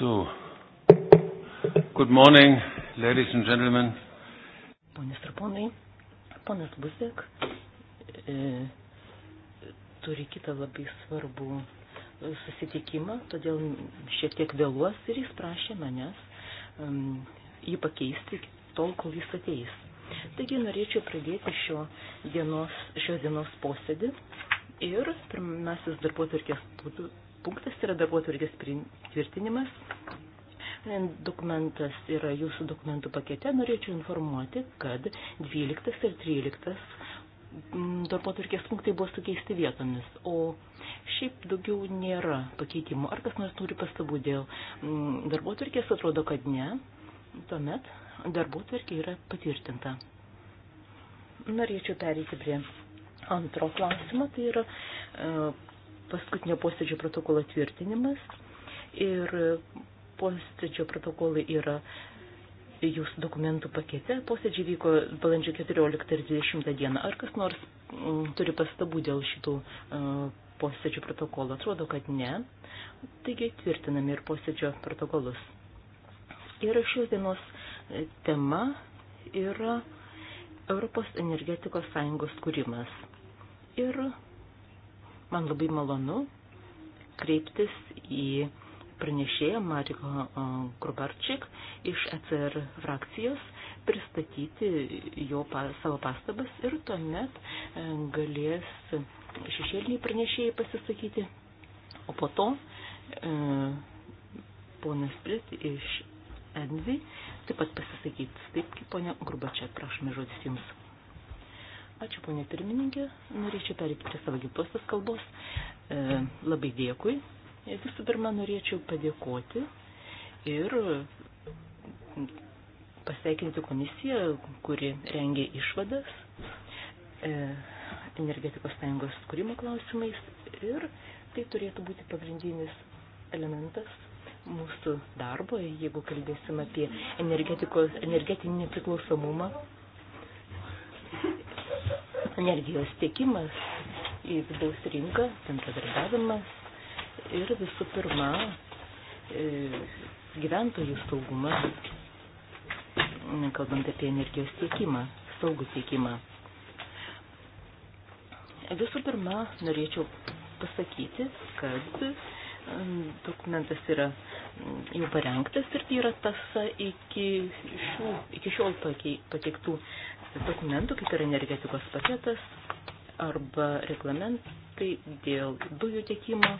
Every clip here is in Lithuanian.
So, good morning, ladies and gentlemen. Ponas ir ponai, ponas Buzek e, turi kitą labai svarbų susitikimą, todėl šiek tiek vėluos ir jis prašė manęs um, jį pakeisti tol, kol jis ateis. Taigi norėčiau pradėti šio dienos, šios dienos posėdį ir pirmasis darbuotvarkės būtų punktas yra darbuotojų tvirtinimas. Dokumentas yra jūsų dokumentų pakete. Norėčiau informuoti, kad 12 ir 13 mm, darbotvarkės punktai buvo sukeisti vietomis, o šiaip daugiau nėra pakeitimų. Ar kas nors turi pastabų dėl mm, darbotvarkės? Atrodo, kad ne. Tuomet darbotvarkė yra patvirtinta. Norėčiau pereiti prie antro klausimo, tai yra e, paskutinio posėdžio protokolo tvirtinimas ir posėdžio protokolai yra jūsų dokumentų pakete. Posėdžiai vyko balandžio 14 ir 20 dieną. Ar kas nors m, mm, turi pastabų dėl šitų m, e, posėdžių protokolų? Atrodo, kad ne. Taigi tvirtinami ir posėdžio protokolus. Ir šios dienos e, tema yra Europos energetikos sąjungos kūrimas. Ir Man labai malonu kreiptis į pranešėją Mariko Grubarčik iš ECR frakcijos, pristatyti jo savo pastabas ir tuomet e, galės šešėliniai pranešėjai pasisakyti. O po to e, ponas Prit iš Envi taip pat pasisakyti. Taip, kaip ponia Grubačia, prašome žodis jums. Ačiū, ponė pirmininkė. Norėčiau perėti prie savo gimtosios kalbos. E, labai dėkui. E, visų pirma, norėčiau padėkoti ir pasveikinti komisiją, kuri rengia išvadas e, energetikos sąjungos skūrimo klausimais ir tai turėtų būti pagrindinis elementas mūsų darbo, jeigu kalbėsim apie energetikos, energetinį nepriklausomumą energijos tiekimas į vidaus rinką, bendradarbiavimas ir visų pirma e, gyventojų saugumas, kalbant apie energijos tiekimą, saugų tiekimą. Visų pirma, norėčiau pasakyti, kad dokumentas yra jau parengtas ir tai yra tasa iki, šių, iki šiol pateiktų dokumentų, kaip yra energetikos paketas arba reglamentai dėl dujų tiekimo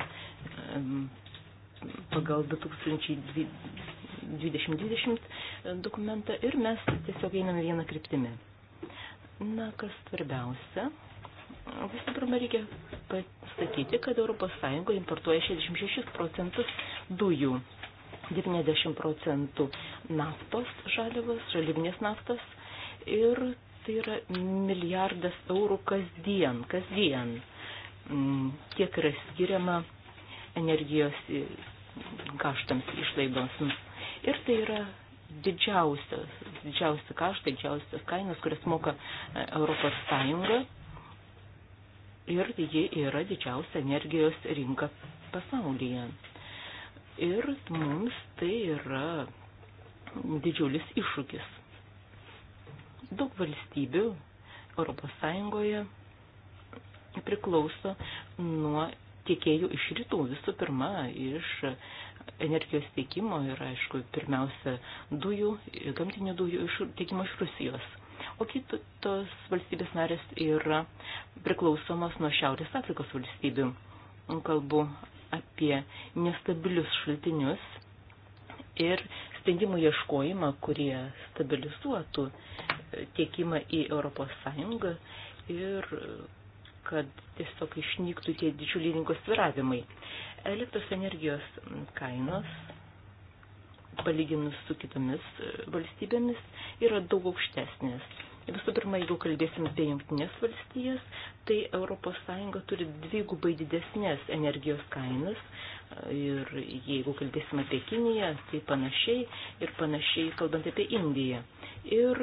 pagal 2020 dokumentą ir mes tiesiog einame vieną kryptimį. Na, kas svarbiausia, visų pirma reikia pasakyti, kad ES importuoja 66 procentus dujų, 90 procentų naftos žaliavos, žalivinės naftos ir tai yra milijardas eurų kasdien, kasdien. Tiek mm, yra skiriama energijos kaštams išlaidoms. Ir tai yra didžiausias, didžiausi kaštai, didžiausias kainas, kurias moka e, Europos Sąjunga. Ir ji yra didžiausia energijos rinka pasaulyje. Ir mums tai yra didžiulis iššūkis Daug valstybių Europos Sąjungoje priklauso nuo tiekėjų iš rytų, visų pirma, iš energijos tiekimo ir, aišku, pirmiausia, dujų, gamtinių dujų iš, tiekimo iš Rusijos. O kitos valstybės narės yra priklausomas nuo Šiaurės Afrikos valstybių. Kalbu apie nestabilius šaltinius ir sprendimų ieškojimą, kurie stabilizuotų tiekimą į Europos Sąjungą ir kad tiesiog išnyktų tie didžiuliai rinkos sviravimai. Elektros energijos kainos, palyginus su kitomis valstybėmis, yra daug aukštesnės Visų pirma, jeigu kalbėsim apie jungtinės valstijas, tai ES turi dvigubai didesnės energijos kainas ir jeigu kalbėsim apie Kiniją, tai panašiai ir panašiai kalbant apie Indiją. Ir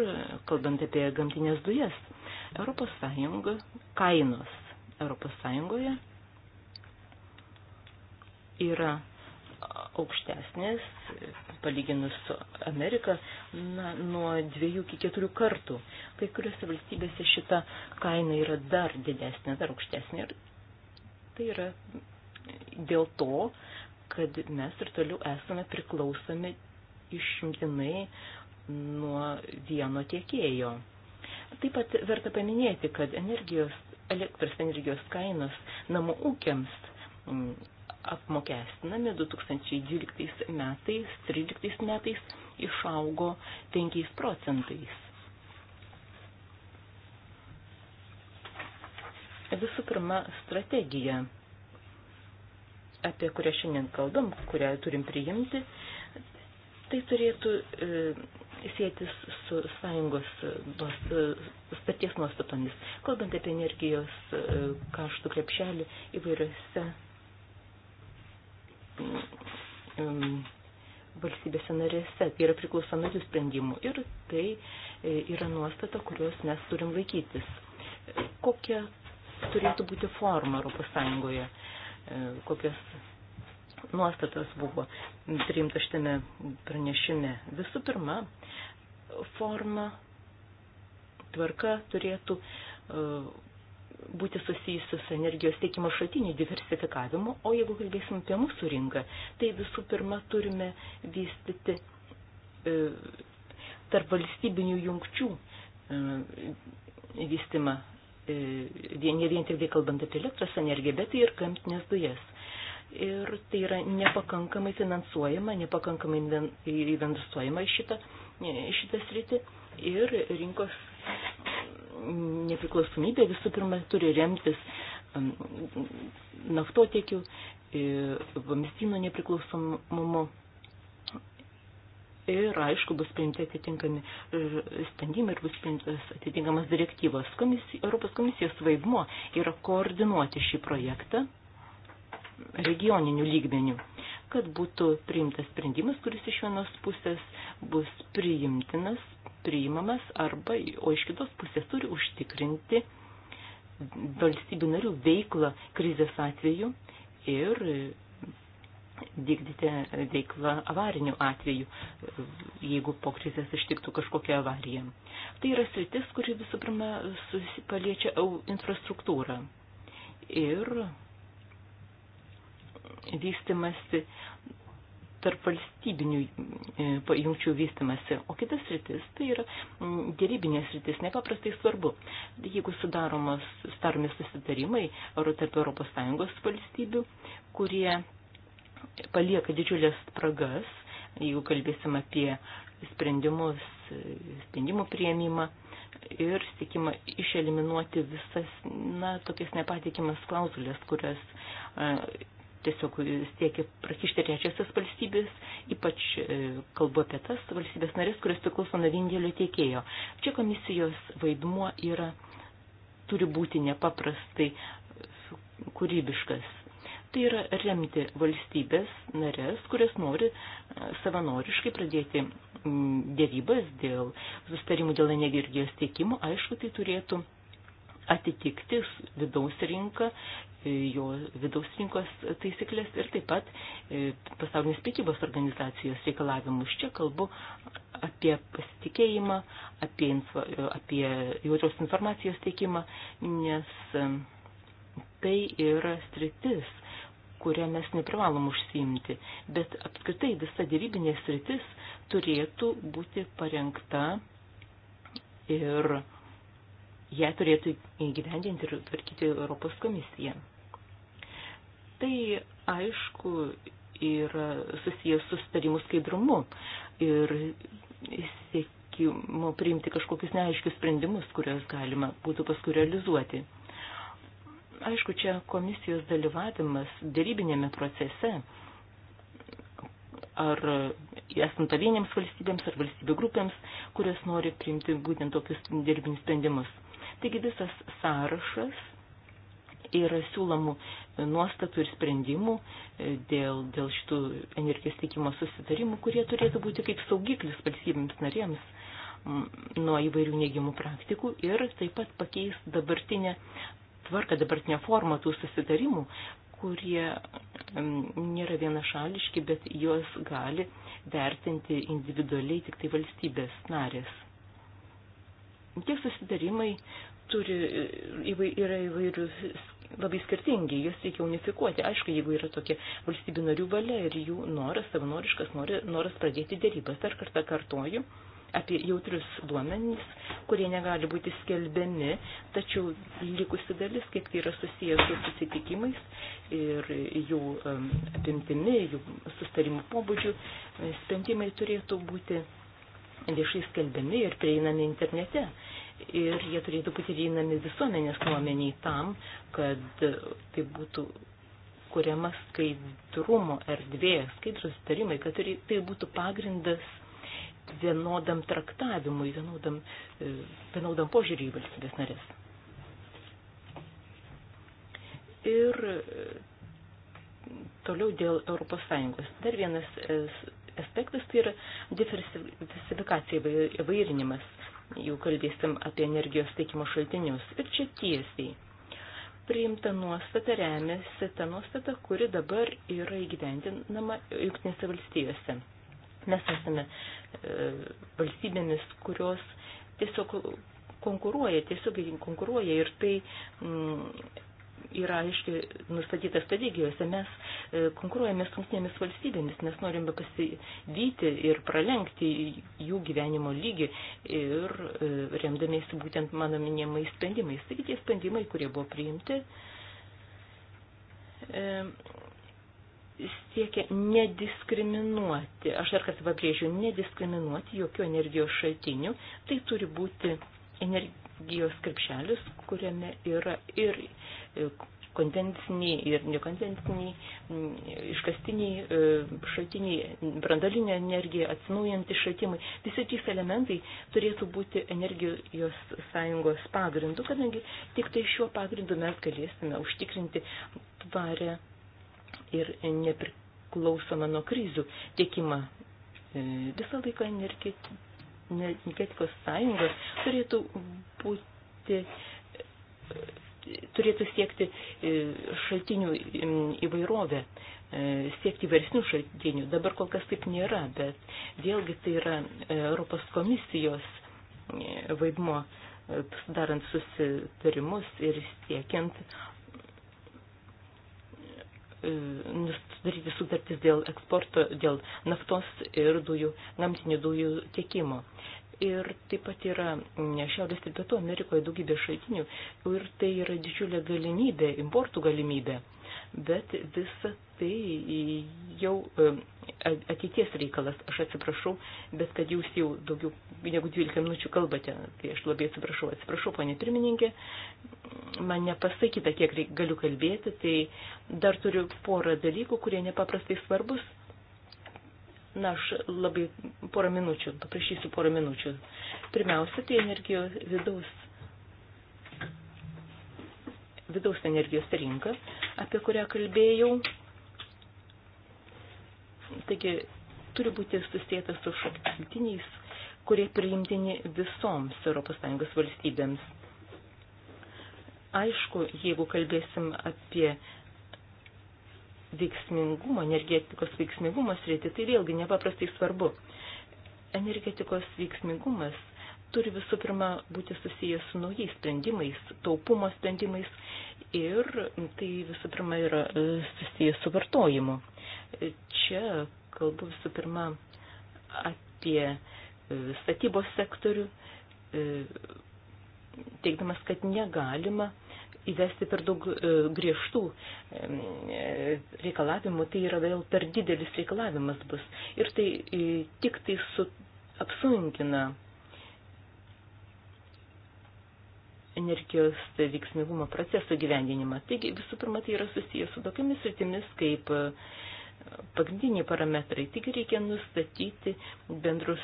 kalbant apie gamtinės dujas, ES kainos ES yra aukštesnis, palyginus su Amerika, na, nuo dviejų iki keturių kartų. Kai kuriuose valstybėse šita kaina yra dar didesnė, dar aukštesnė. Ir tai yra dėl to, kad mes ir toliau esame priklausomi išimtinai nuo vieno tiekėjo. Taip pat verta paminėti, kad energijos, elektros energijos kainos namų ūkiams apmokestinami 2012 metais, 2013 metais išaugo 5 procentais. Visų pirma, strategija, apie kurią šiandien kalbam, kurią turim priimti, tai turėtų e, sėtis su sąjungos e, nuos, e, staties nuostatomis. Kalbant apie energijos e, kaštų krepšelį įvairiose valstybėse narėse, tai yra priklauso nuo jų sprendimų ir tai e, yra nuostata, kurios mes turim laikytis. Kokia turėtų būti forma Europos Sąjungoje, e, kokios nuostatos buvo priimta šitame pranešime. Visų pirma, forma, tvarka turėtų e, būti susijusi su energijos teikimo šaltinių diversifikavimu, o jeigu kalbėsim apie mūsų rinką, tai visų pirma turime vystyti e, tarp valstybinių jungčių e, vystimą, e, vien, ne vien tik tai kalbant apie elektros energiją, bet ir gamtinės dujas. Ir tai yra nepakankamai finansuojama, nepakankamai investuojama į šitą, šitą sritį ir rinkos nepriklausomybė visų pirma turi remtis um, naftotiekių, e, vamzdino nepriklausomumu. Ir aišku, bus priimti atitinkami e, sprendimai ir bus priimtas atitinkamas direktyvos. Komisija, Europos komisijos vaidmuo yra koordinuoti šį projektą regioninių lygmenių, kad būtų priimtas sprendimas, kuris iš vienos pusės bus priimtinas priimamas, arba, o iš kitos pusės turi užtikrinti valstybių narių veiklą krizės atveju ir vykdyti veiklą avarinių atvejų, jeigu po krizės ištiktų kažkokia avarija. Tai yra sritis, kuri visų pirma susipaliečia infrastruktūrą ir vystimasi tarp valstybinių e, jungčių vystimasi, o kitas rytis tai yra dėrybinės rytis, nepaprastai svarbu. Jeigu sudaromas, sudaromi susitarimai tarp Europos Sąjungos valstybių, kurie palieka didžiulės spragas, jeigu kalbėsim apie sprendimus, sprendimų prieimimą ir sėkimą išeliminuoti visas, na, tokias nepatikimas klauzulės, kurias e, tiesiog siekia prakišti trečiasis valstybės, ypač e, kalbu apie tas valstybės narės, kurios priklauso nuo vindėlio tiekėjo. Čia komisijos vaidmuo yra, turi būti nepaprastai kūrybiškas. Tai yra remti valstybės narės, kurios nori e, savanoriškai pradėti dėrybas dėl sustarimų dėl energijos tiekimo, aišku, tai turėtų atitikti vidaus rinką, e, jo vidaus rinkos taisyklės ir taip pat e, pasaulinės prekybos organizacijos reikalavimus. Čia kalbu apie pasitikėjimą, apie, info, e, apie jautrios informacijos teikimą, nes tai yra stritis kurią mes neprivalom užsiimti, bet apskritai visa dėrybinė sritis turėtų būti parengta ir ją turėtų įgyvendinti ir tvarkyti Europos komisija. Tai aišku yra susijęs su starimu skaidrumu ir siekimu priimti kažkokius neaiškius sprendimus, kuriuos galima būtų paskui realizuoti. Aišku, čia komisijos dalyvavimas dėrybinėme procese ar esant pavieniems valstybėms ar valstybių grupėms, kurios nori priimti būtent tokius dirbinius sprendimus. Taigi visas sąrašas yra siūlomų nuostatų ir sprendimų e, dėl, dėl šitų energijos teikimo susitarimų, kurie turėtų būti kaip saugiklis valstybėms narėms nuo įvairių neigiamų praktikų ir taip pat pakeis dabartinę tvarką, dabartinę formą tų susitarimų, kurie nėra vienašališki, bet juos gali vertinti individualiai tik tai valstybės narės. Tie susitarimai turi, yra įvairių labai skirtingi, juos reikia unifikuoti. Aišku, jeigu yra tokia valstybių narių valia ir jų noras, savanoriškas noras pradėti dėrybas. Dar kartą kartoju apie jautrius duomenys, kurie negali būti skelbiami, tačiau likusi dalis, kiek tai yra susijęs su susitikimais ir jų um, apimtimi, jų sustarimų pobūdžių, sprendimai turėtų būti viešai skelbiami ir prieinami internete ir jie turėtų būti įeinami visuomenės nuomeniai tam, kad tai būtų kuriama skaidrumo erdvė, skaidrus tarimai, kad tai būtų pagrindas vienodam traktavimui, vienodam, e, vienodam požiūrį į valstybės narės. Ir e, toliau dėl Europos Sąjungos. Dar vienas aspektas tai yra diversifikacija, įvairinimas jau kalbėsim apie energijos teikimo šaltinius. Ir čia tiesiai. Priimta nuostata remiasi ta nuostata, kuri dabar yra įgyvendinama Junktinėse valstijose. Mes esame e, valstybėmis, kurios tiesiog konkuruoja, tiesiog konkuruoja ir tai mm, yra aiškiai nustatyta strategijose. Mes e, konkuruojame su jungtinėmis valstybėmis, nes norime pasivyti ir pralenkti jų gyvenimo lygį ir e, remdamiesi būtent mano minėjimais sprendimais. Taigi tie sprendimai, kurie buvo priimti, e, siekia nediskriminuoti, aš dar kartą pabrėžiu, nediskriminuoti jokių energijos šaltinių, tai turi būti energijos krepšelis, kuriame yra ir konvenciniai ir nekonvenciniai, iškastiniai e, šaltiniai, brandalinė energija, atsinaujanti šaltimai. Visi trys elementai turėtų būti energijos sąjungos pagrindu, kadangi tik tai šiuo pagrindu mes galėsime užtikrinti tvarę ir nepriklausomą nuo krizių tiekimą. E, visą laiką energetikos sąjunga turėtų būti turėtų siekti e, šaltinių įvairovę, e, siekti įvairesnių šaltinių. Dabar kol kas taip nėra, bet vėlgi tai yra e, Europos komisijos vaidmo sudarant susitarimus ir siekiant sudaryti sutartis dėl eksporto, dėl naftos ir dujų, gamtinių dujų tiekimo ir taip pat yra Šiaurės ir Pietų Amerikoje daugybė šaltinių ir tai yra didžiulė galimybė, importų galimybė. Bet visa tai jau e, ateities reikalas, aš atsiprašau, bet kad jūs jau daugiau negu 12 minučių kalbate, tai aš labai atsiprašau, atsiprašau, ponė pirmininkė, man nepasakyta, kiek galiu kalbėti, tai dar turiu porą dalykų, kurie nepaprastai svarbus Na, aš labai porą minučių, paprašysiu porą minučių. Pirmiausia, tai energijos vidaus, vidaus energijos rinka, apie kurią kalbėjau. Taigi, turi būti susijęta su šaltiniais, kurie priimtini visoms ES valstybėms. Aišku, jeigu kalbėsim apie veiksmingumo, energetikos veiksmingumo sritį, tai vėlgi nepaprastai svarbu. Energetikos veiksmingumas turi visų pirma būti susijęs su naujais sprendimais, taupumo sprendimais ir tai visų pirma yra e, susijęs su vartojimu. Čia kalbu visų pirma apie e, statybos sektorių, e, teikdamas, kad negalima įvesti per daug e, griežtų e, reikalavimų, tai yra vėl per didelis reikalavimas bus. Ir tai e, tik tai su apsunkina energijos veiksmingumo proceso gyvendinimą. Taigi visų pirma, tai yra susijęs su tokiamis sritimis kaip uh, pagrindiniai parametrai, tik reikia nustatyti bendrus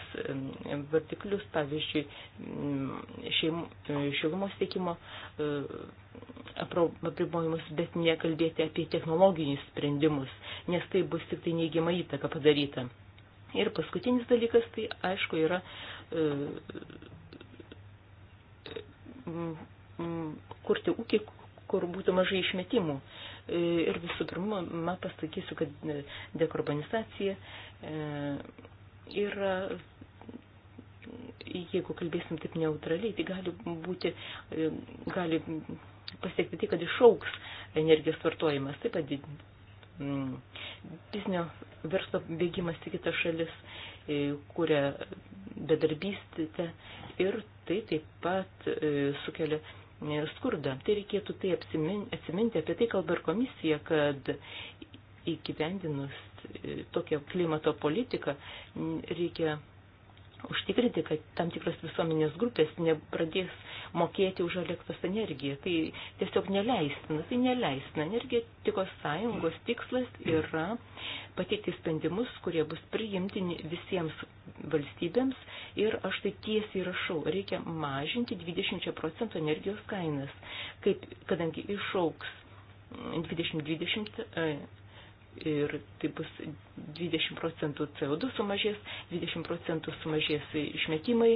vartiklius, pavyzdžiui, e, šilumos tiekimo e, apribojimus, bet nekalbėti apie technologinius sprendimus, nes tai bus tik tai neigiama įtaka padaryta. Ir paskutinis dalykas, tai aišku, yra e, kurti ūkį, kur būtų mažai išmetimų. E, Ir visų pirma, man pasakysiu, kad dekarbonizacija e, yra jeigu kalbėsim taip neutraliai, tai gali būti, e, gali pasiekti tai, kad išauks energijos vartojimas, taip pat biznio verslo bėgimas į kitas šalis, e, kuria bedarbystė ir tai taip pat sukelia E, skurdą. Tai reikėtų tai atsiminti, apie tai kalba ir komisija, kad įgyvendinus e, tokią klimato politiką reikia užtikrinti, kad tam tikros visuomenės grupės nepradės mokėti už elektros energiją. Tai tiesiog neleistina, tai neleistina. Energetikos sąjungos tikslas yra pateikti sprendimus, kurie bus priimtini visiems valstybėms ir aš tai tiesiai rašau, reikia mažinti 20 procentų energijos kainas, kaip, kadangi išauks 2020. 20, ir tai bus 20 procentų CO2 sumažės, 20 procentų sumažės išmetimai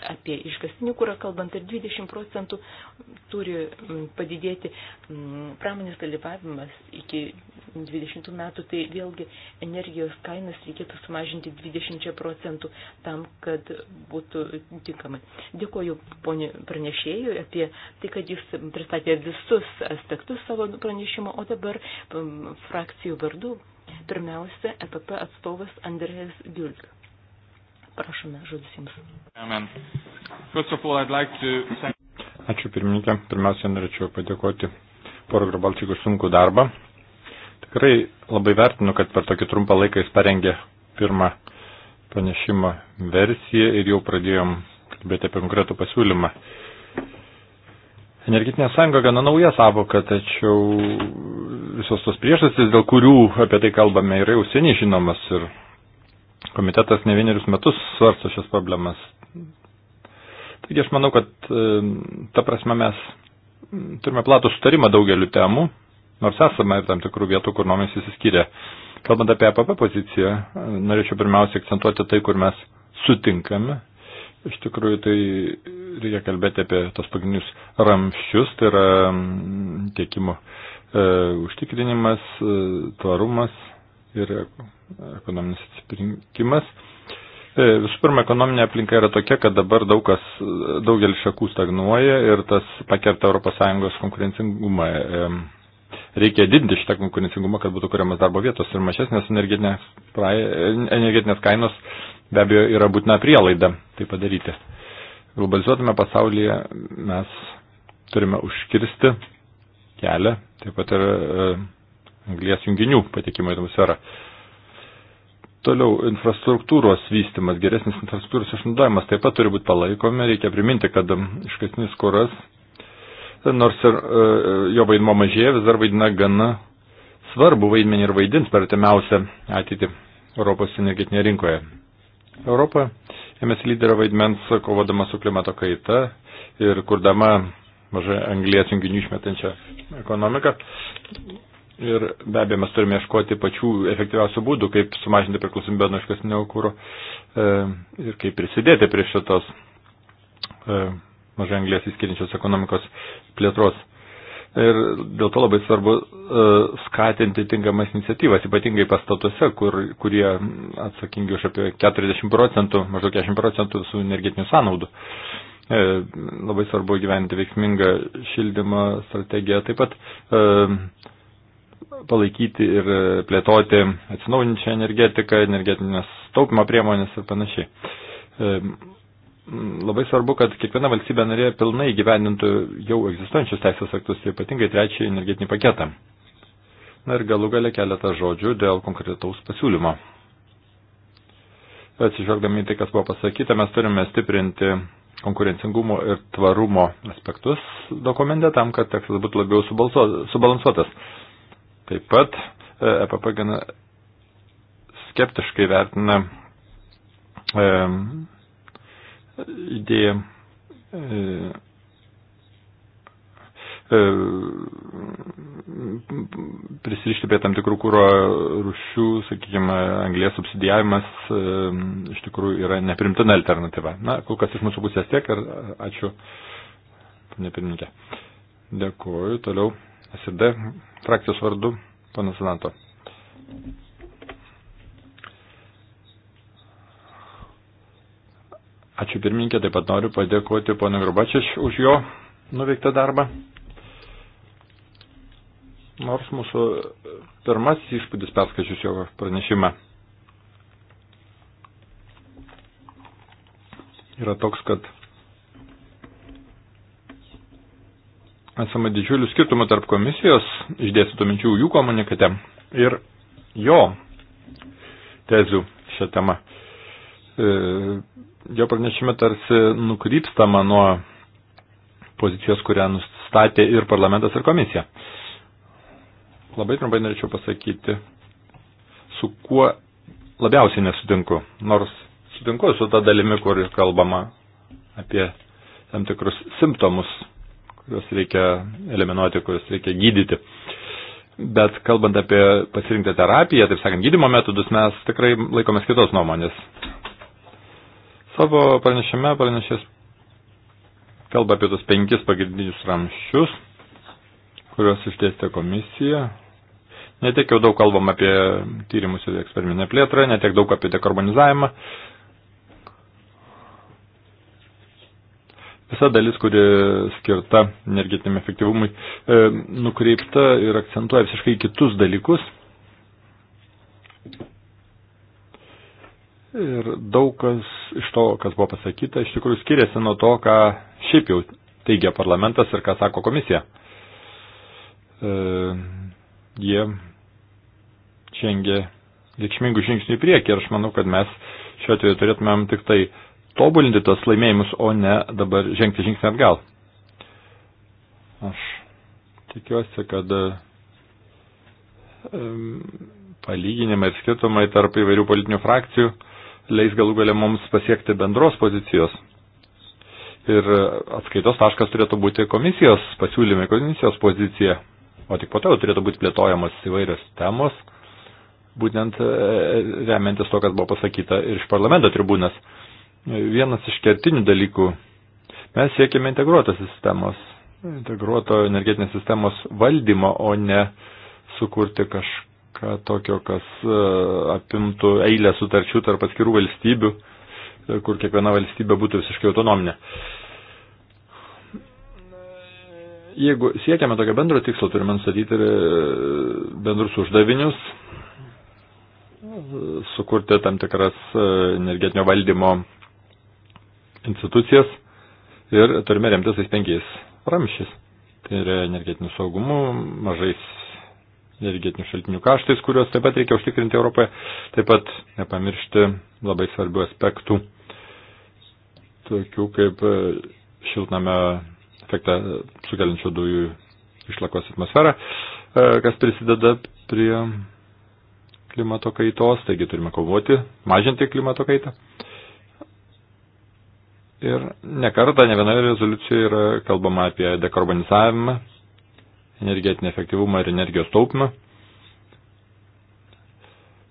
apie iškastinį kūrą kalbant ir 20 procentų turi mm, padidėti mm, pramonės dalyvavimas iki 20 metų, tai vėlgi energijos kainas reikėtų sumažinti 20 procentų tam, kad būtų tinkamai. Dėkuoju ponė pranešėjui apie tai, kad jis pristatė visus aspektus savo pranešimo, o dabar mm, frakcijų vardu pirmiausia EPP atstovas Andrės Gilgas. Prašome, žodis jums. Amen. First of all, I'd like to... Ačiū pirmininkė. Pirmiausia, norėčiau padėkoti poro Grabalčikų sunku darbą. Tikrai labai vertinu, kad per tokį trumpą laiką jis parengė pirmą pranešimo versiją ir jau pradėjom kalbėti apie konkretų pasiūlymą. Energetinė sąjunga gana nauja savoka, tačiau visos tos priežastys, dėl kurių apie tai kalbame, yra jau seniai žinomas ir Komitetas ne vienerius metus svarsto šias problemas. Taigi aš manau, kad e, ta prasme mes turime platų sutarimą daugeliu temų, nors esame ir tam tikrų vietų, kur nuomonės įsiskyrė. Kalbant apie APP e poziciją, e, norėčiau pirmiausia akcentuoti tai, kur mes sutinkame. Iš tikrųjų, tai reikia kalbėti apie tos pagrindinius ramščius, tai yra mm, tiekimo e, užtikrinimas, e, tvarumas ir ekonominis atsipirinkimas. E, visų pirma, ekonominė aplinka yra tokia, kad dabar daug kas, daugelis šakų stagnuoja ir tas pakerta ES konkurencingumą. E, reikia didinti šitą konkurencingumą, kad būtų kuriamas darbo vietos ir mažesnės energetinės, energetinės kainos be abejo yra būtina prielaida tai padaryti. Globalizuotame pasaulyje mes turime užkirsti kelią, taip pat ir e, anglės junginių patekimo į atmosferą. sferą Toliau infrastruktūros vystimas, geresnis infrastruktūros išnaudojimas taip pat turi būti palaikomi. Reikia priminti, kad um, iškaisnis kuras, nors ir e, jo vaidmo mažėja, vis dar vaidina gana svarbu vaidmenį ir vaidins per temiausią ateitį Europos energetinėje rinkoje. Europa ėmėsi lyderio vaidmens kovodama su klimato kaita ir kurdama mažai anglės junginių išmetančią ekonomiką. Ir be abejo, mes turime ieškoti pačių efektyviausių būdų, kaip sumažinti priklausomybę nuo iškasnio kūro e, ir kaip prisidėti prie šitos e, mažai anglės įskiriančios ekonomikos plėtros. Ir dėl to labai svarbu e, skatinti tinkamas iniciatyvas, ypatingai pastatuose, kur, kurie atsakingi už apie 40 procentų, maždaug 40 procentų visų energetinių sąnaudų. E, labai svarbu gyventi veiksmingą šildymo strategiją. Taip pat e, palaikyti ir e, plėtoti atsinaujinčią energetiką, energetinės taupimo priemonės ir panašiai. E, labai svarbu, kad kiekviena valstybė narė pilnai gyvenintų jau egzistuojančius teisės aktus, ypatingai trečiąjį energetinį paketą. Na ir galų gale keletą žodžių dėl konkretaus pasiūlymo. Atsižvelgdami tai, kas buvo pasakyta, mes turime stiprinti konkurencingumo ir tvarumo aspektus dokumente tam, kad tekstas būtų labiau subalansuotas. Taip pat EPP e gana skeptiškai vertina e, idėją e, e, prisirišti prie tam tikrų kūro rušių, sakykime, anglės subsidijavimas e, iš tikrųjų yra neprimtina alternatyva. Na, kol kas iš mūsų pusės tiek ir ačiū, nepirmininkė. Dėkuoju, toliau. SRD frakcijos vardu, panas Nato. Ačiū pirmininkė, taip pat noriu padėkoti ponui Grubačiš už jo nuveiktą darbą. Nors mūsų pirmasis įspūdis perskaičius jo pranešimą yra toks, kad esama didžiulių skirtumų tarp komisijos išdėstytų minčių jų komunikate ir jo tezių šią temą. E, jo pranešime tarsi nukrypstama nuo pozicijos, kurią nustatė ir parlamentas, ir komisija. Labai trumpai norėčiau pasakyti, su kuo labiausiai nesutinku, nors sutinku su ta dalimi, kur kalbama apie tam tikrus simptomus kuriuos reikia eliminuoti, kuriuos reikia gydyti. Bet kalbant apie pasirinktą terapiją, taip sakant, gydimo metodus, mes tikrai laikomės kitos nuomonės. Savo pranešime pranešės kalba apie tos penkis pagrindinius ramščius, kuriuos išdėstė komisija. Netiek jau daug kalbam apie tyrimus ir eksperimentinę plėtrą, netiek daug apie dekarbonizavimą, Visa dalis, kuri skirta energetiniam efektyvumui, e, nukreipta ir akcentuoja visiškai kitus dalykus. Ir daug kas iš to, kas buvo pasakyta, iš tikrųjų skiriasi nuo to, ką šiaip jau teigia parlamentas ir ką sako komisija. E, jie žengė reikšmingų žingsnių į priekį ir aš manau, kad mes šiuo atveju turėtumėm tik tai tobulinti tos laimėjimus, o ne dabar žengti žingsnį atgal. Aš tikiuosi, kad palyginimai ir skirtumai tarp įvairių politinių frakcijų leis galų galę mums pasiekti bendros pozicijos. Ir atskaitos taškas turėtų būti komisijos pasiūlymai, komisijos pozicija, o tik po to turėtų būti plėtojamas įvairios temos, būtent e, remiantis to, kas buvo pasakyta ir iš parlamento tribūnas vienas iš kertinių dalykų. Mes siekime integruotos sistemos, integruoto energetinės sistemos valdymo, o ne sukurti kažką tokio, kas e, apimtų eilę sutarčių tarp atskirų valstybių, e, kur kiekviena valstybė būtų visiškai autonominė. Jeigu siekiame tokio bendro tikslo, turime nustatyti ir e, bendrus uždavinius, sukurti tam tikras energetinio valdymo institucijas ir turime remtis tais penkiais ramšiais. Tai yra energetiniu saugumu, mažais energetinių šaltinių kaštais, kuriuos taip pat reikia užtikrinti Europoje, taip pat nepamiršti labai svarbių aspektų, tokių kaip e, šiltname efektą sukeliančių dujų išlakos atmosferą, e, kas prisideda prie klimato kaitos, taigi turime kovoti, mažinti klimato kaitą. Ir nekarta, ne vienoje rezoliucijoje yra kalbama apie dekarbonizavimą, energetinį efektyvumą ir energijos taupimą,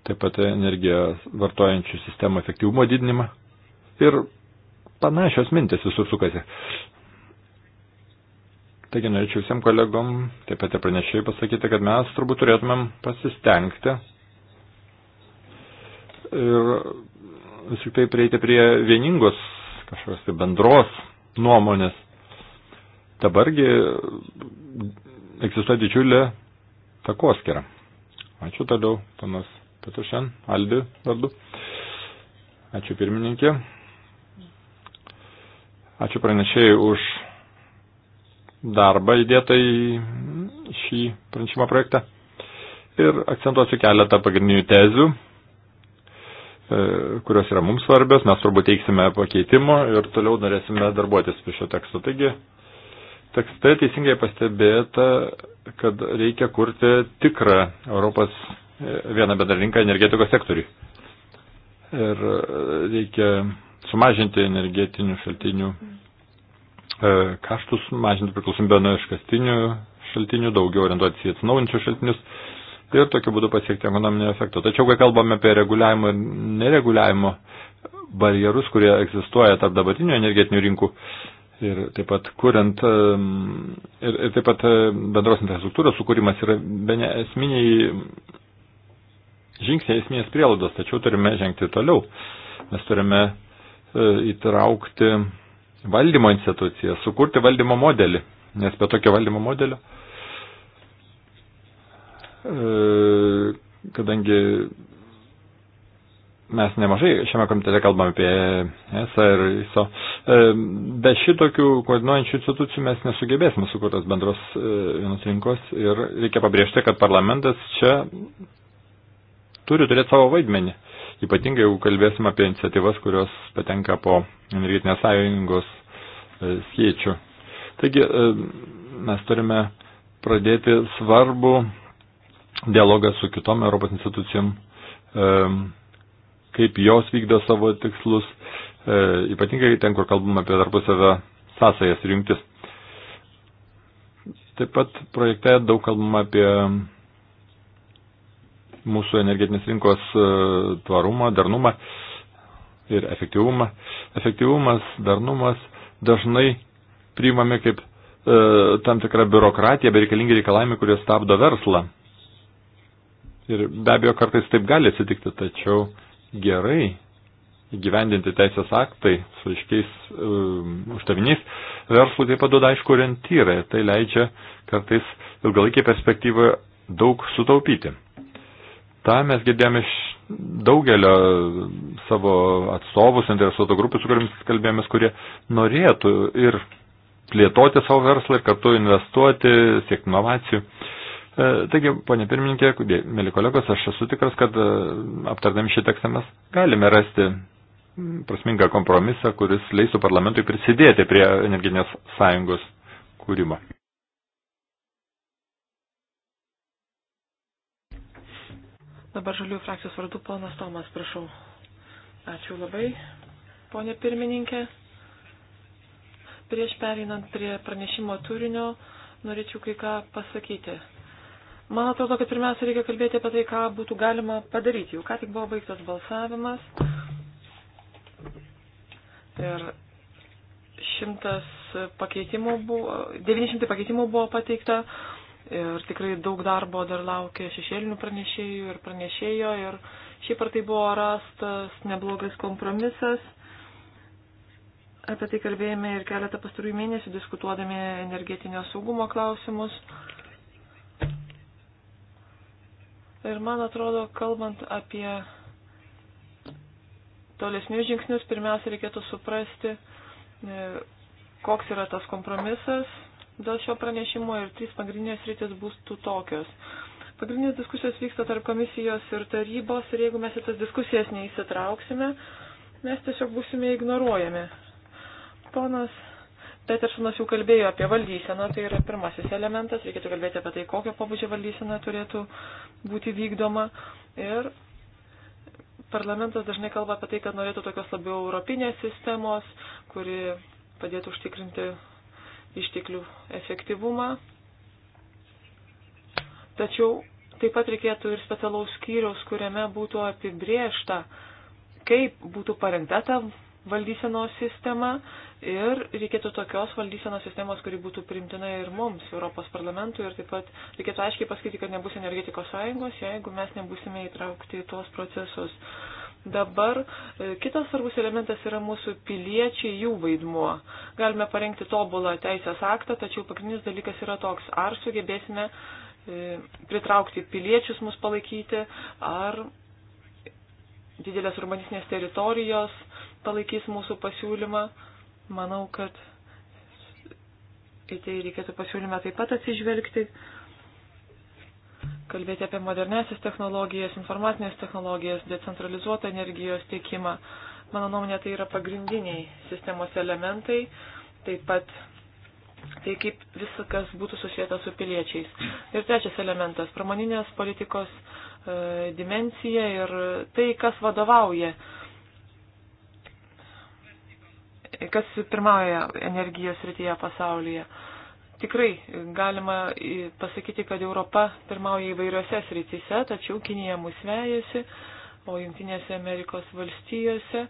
taip pat energiją vartojančių sistemų efektyvumo didinimą. Ir panašios mintis visur sukasi. Taigi norėčiau visiem kolegom, taip pat ir pranešėjai pasakyti, kad mes turbūt turėtumėm pasistengti ir vis tik tai prieiti prie vieningos kažkokios tai bendros nuomonės. Dabargi egzistuoja didžiulė takoskira. Ačiū toliau, panas Petušen, Aldi vardu. Ačiū pirmininkė. Ačiū pranešėjai už darbą įdėtą į šį pranešimo projektą. Ir akcentuosiu keletą pagrindinių tezių, E, kurios yra mums svarbios, mes turbūt teiksime pakeitimų ir toliau norėsime darbuotis prie šio teksto. Taigi, tekste teisingai pastebėta, kad reikia kurti tikrą Europos e, vieną bedarinką energetikos sektoriui. Ir e, reikia sumažinti energetinių šaltinių kaštus, mažinti priklausomybę nuo iškastinių šaltinių, daugiau orientuotis į atsinaujančius šaltinius ir tokiu būdu pasiekti ekonominio efekto. Tačiau, kai kalbame apie reguliavimo ir nereguliavimo barjerus, kurie egzistuoja tarp dabartinių energetinių rinkų ir taip pat kuriant ir, ir taip pat bendros infrastruktūros sukūrimas yra bene esminiai žingsniai, esminės prielaidos, tačiau turime žengti toliau. Mes turime e, įtraukti valdymo instituciją, sukurti valdymo modelį, nes be tokio valdymo modelio uh, E, kadangi mes nemažai šiame komitete kalbam apie ESA ir ISO. E, be šitokių koordinuojančių institucijų mes nesugebėsime sukurtas bendros e, vienos rinkos ir reikia pabrėžti, kad parlamentas čia turi turėti savo vaidmenį. Ypatingai jeigu kalbėsim apie iniciatyvas, kurios patenka po energetinės sąjungos skiečių. Taigi mes turime pradėti svarbu dialogą su kitom Europos institucijom, kaip jos vykdo savo tikslus, e, ypatingai ten, kur kalbam apie tarpusavę sąsajas ir jungtis. Taip pat projekte daug kalbam apie mūsų energetinės rinkos e, tvarumą, darnumą ir efektyvumą. Efektyvumas, darnumas dažnai priimami kaip e, tam tikra biurokratija, bereikalingi reikalavimai, kurie stabdo verslą. Ir be abejo, kartais taip gali atsitikti, tačiau gerai gyvendinti teisės aktai su aiškiais um, užtaviniais verslui taip pat duoda aišku orientyrą ir tai leidžia kartais ilgalaikį perspektyvą daug sutaupyti. Ta mes girdėjome iš daugelio savo atstovų, interesuoto grupės, su kuriamis kalbėjomės, kurie norėtų ir plėtoti savo verslą ir kartu investuoti, siekti inovacijų. Uh, E, taigi, ponė pirmininkė, mėly kolegos, aš esu tikras, kad e, aptardami šį tekstą mes galime rasti prasmingą kompromisą, kuris leisų parlamentui prisidėti prie energinės sąjungos kūrimo. Dabar žalių frakcijos vardu ponas Tomas, prašau. Ačiū labai, ponė pirmininkė. Prieš pereinant prie pranešimo turinio, norėčiau kai ką pasakyti. Man atrodo, kad pirmiausia reikia kalbėti apie tai, ką būtų galima padaryti. Jau ką tik buvo baigtas balsavimas. Ir šimtas pakeitimų buvo, 900 pakeitimų buvo pateikta ir tikrai daug darbo dar laukia šešėlinių pranešėjų ir pranešėjo ir šiaip ar tai buvo rastas neblogas kompromisas. Apie tai kalbėjome ir keletą pastarųjų mėnesių diskutuodami energetinio saugumo klausimus. Ir man atrodo, kalbant apie tolesnius žingsnius, pirmiausia reikėtų suprasti, e, koks yra tas kompromisas dėl šio pranešimo ir trys pagrindinės rytis būtų tokios. Pagrindinės diskusijos vyksta tarp komisijos ir tarybos ir jeigu mes į tas diskusijas neįsitrauksime, mes tiesiog būsime ignoruojami. Ponas Petersonas jau kalbėjo apie valdyseną, tai yra pirmasis elementas, reikėtų kalbėti apie tai, kokio pobūdžio valdysena turėtų būti vykdoma. Ir parlamentas dažnai kalba apie tai, kad norėtų tokios labiau europinės sistemos, kuri padėtų užtikrinti išteklių efektyvumą. Tačiau taip pat reikėtų ir specialaus skyriaus, kuriame būtų apibriešta, kaip būtų parengta ta valdysenos sistemą ir reikėtų tokios valdysenos sistemos, kuri būtų primtina ir mums, Europos parlamentui, ir taip pat reikėtų aiškiai pasakyti, kad nebus energetikos sąjungos, jeigu mes nebusime įtraukti į tuos procesus. Dabar e, kitas svarbus elementas yra mūsų piliečiai, jų vaidmuo. Galime parengti tobulą teisės aktą, tačiau pagrindinis dalykas yra toks, ar sugebėsime e, pritraukti piliečius mus palaikyti, ar didelės urbanistinės teritorijos palaikys mūsų pasiūlymą. Manau, kad į tai reikėtų pasiūlymę taip pat atsižvelgti, kalbėti apie modernesias technologijas, informacinės technologijas, decentralizuotą energijos tiekimą. Mano nuomonė, tai yra pagrindiniai sistemos elementai, taip pat tai kaip viskas būtų susijęta su piliečiais. Ir trečias elementas - pramoninės politikos e, dimencija ir tai, kas vadovauja e, kas pirmauja energijos rytyje pasaulyje. Tikrai galima pasakyti, kad Europa pirmauja įvairiose srityse, tačiau Kinija mus vejasi, o Junktinėse Amerikos valstijose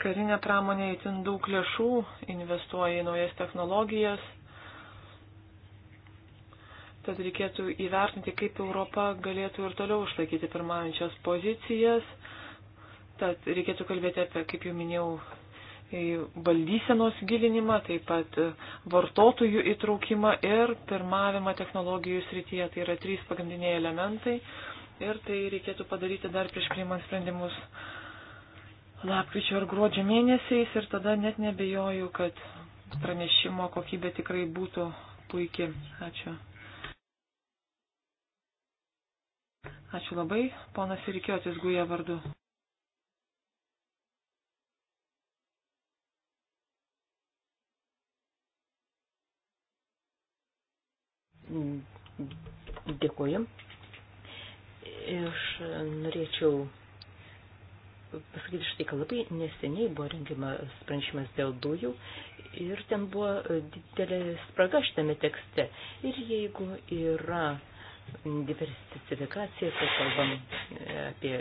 karinė pramonė įtin daug lėšų investuoja į naujas technologijas Tad reikėtų įvertinti, kaip Europa galėtų ir toliau išlaikyti pirmaujančias pozicijas. Tad reikėtų kalbėti apie, kaip jau minėjau, valdysenos gilinimą, taip pat vartotojų įtraukimą ir pirmavimą technologijų srityje. Tai yra trys pagrindiniai elementai ir tai reikėtų padaryti dar prieš priimant sprendimus lapkričio ar gruodžio mėnesiais ir tada net nebejoju, kad pranešimo kokybė tikrai būtų puikiai. Ačiū. Ačiū labai, ponas Irikiotis Guja vardu. Dėkuoju. Aš norėčiau pasakyti štai, kad labai neseniai buvo rengiamas pranešimas dėl dujų ir ten buvo didelė spraga šitame tekste. Ir jeigu yra diversifikaciją, kai kalbam e, apie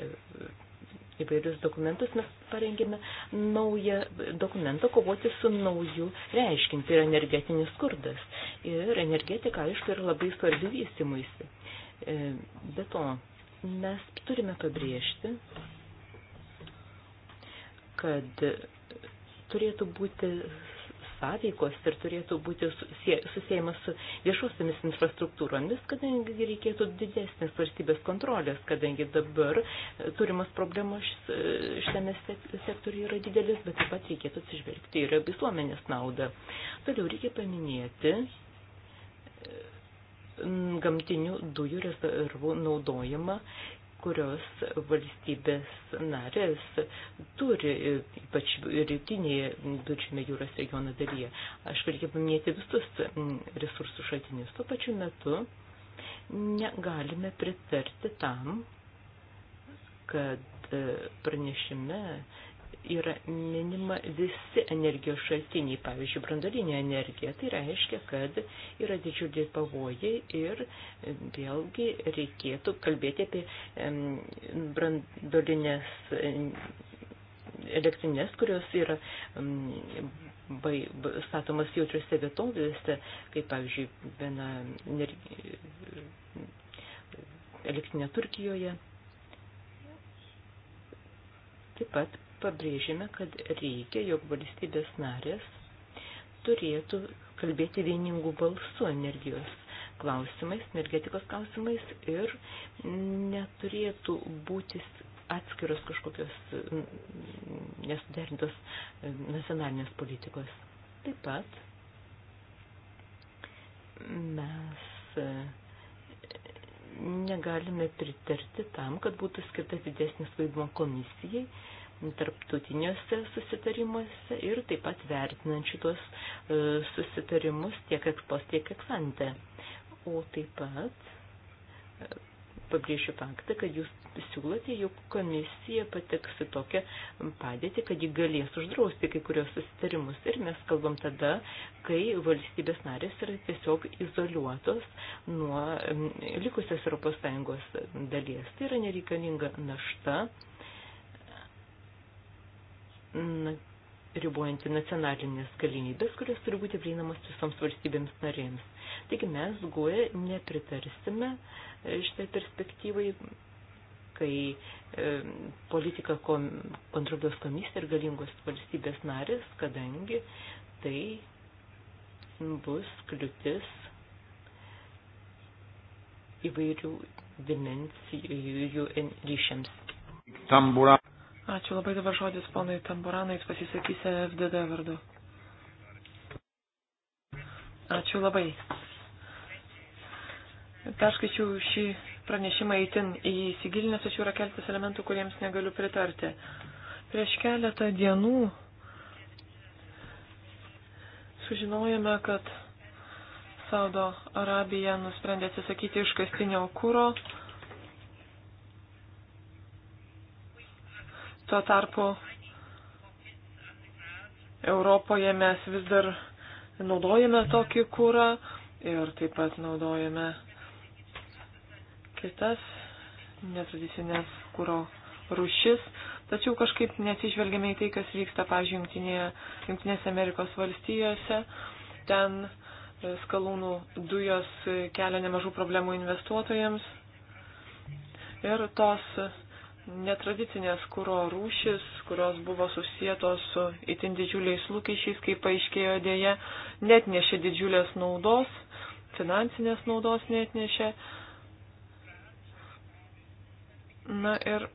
įvairius dokumentus, mes parengėme naują dokumentą kovoti su nauju reiškiniu, tai yra energetinis skurdas. Ir energetika, aišku, yra labai svarbi vystimuisi. E, be to, mes turime pabrėžti, kad turėtų būti sąveikos ir turėtų būti susijęjimas su viešosiamis infrastruktūromis, kadangi reikėtų didesnės valstybės kontrolės, kadangi dabar e, turimas problemos e, šiame sektoriuje yra didelis, bet taip pat reikėtų atsižvelgti ir visuomenės naudą. Toliau reikia paminėti e, gamtinių dujų rezervų naudojimą kurios valstybės narės turi, ypač rytinėje Duržymė jūros regiono dalyje. Aš reikia paminėti visus resursų šaltinius. Tuo pačiu metu negalime pritarti tam, kad e, pranešime yra minima visi energijos šaltiniai, pavyzdžiui, brandolinė energija. Tai reiškia, kad yra didžiuliai pavojai ir vėlgi reikėtų kalbėti apie brandolinės elektrinės, kurios yra bai, statomas jautriuose vietovėse, kaip pavyzdžiui, viena elektrinė Turkijoje. Taip pat pabrėžėme, kad reikia, jog valstybės narės turėtų kalbėti vieningų balsų energijos klausimais, energetikos klausimais ir neturėtų būti atskiros kažkokios nesuderintos e, nacionalinės politikos. Taip pat mes e, negalime pritarti tam, kad būtų skirtas didesnis vaidmo komisijai tarptautiniuose susitarimuose ir taip pat vertinant šitos e, susitarimus tiek ekspos, tiek eksante. O taip pat e, pabrėšiu faktą, kad jūs siūlote, jog komisija pateks į tokią padėtį, kad ji galės uždrausti kai kurios susitarimus. Ir mes kalbam tada, kai valstybės narės yra tiesiog izoliuotos nuo likusios ES dalies. Tai yra nereikalinga našta ribuojanti nacionalinės galimybės, kurios turi būti prieinamas visoms valstybėms narėms. Taigi mes GUE nepritarsime e, šitai perspektyvai, kai e, politika kom, kontroliuos komisija ir galingos valstybės narės, kadangi tai bus kliūtis įvairių dimensijų ryšiams. Tambura. Ačiū labai dabar žodis ponui Tamburanai, jis pasisakys FDD vardu. Ačiū labai. Perskaičiau šį pranešimą įtin įsigilinęs, tačiau yra keltas elementų, kuriems negaliu pritarti. Prieš keletą dienų sužinojame, kad Saudo Arabija nusprendė atsisakyti iškastinio kūro Tuo tarpu Europoje mes vis dar naudojame tokį kūrą ir taip pat naudojame kitas netradicinės kūro rušis, tačiau kažkaip nesižvelgiame į tai, kas vyksta, pavyzdžiui, Junktinėje, Junktinėse Amerikos valstijose. Ten e, skalūnų dujos kelia nemažų problemų investuotojams. Ir tos netradicinės kūro rūšis, kurios buvo susijėtos su itin didžiuliais lūkesčiais, kaip paaiškėjo dėje, net nešė didžiulės naudos, finansinės naudos net nešė. Na ir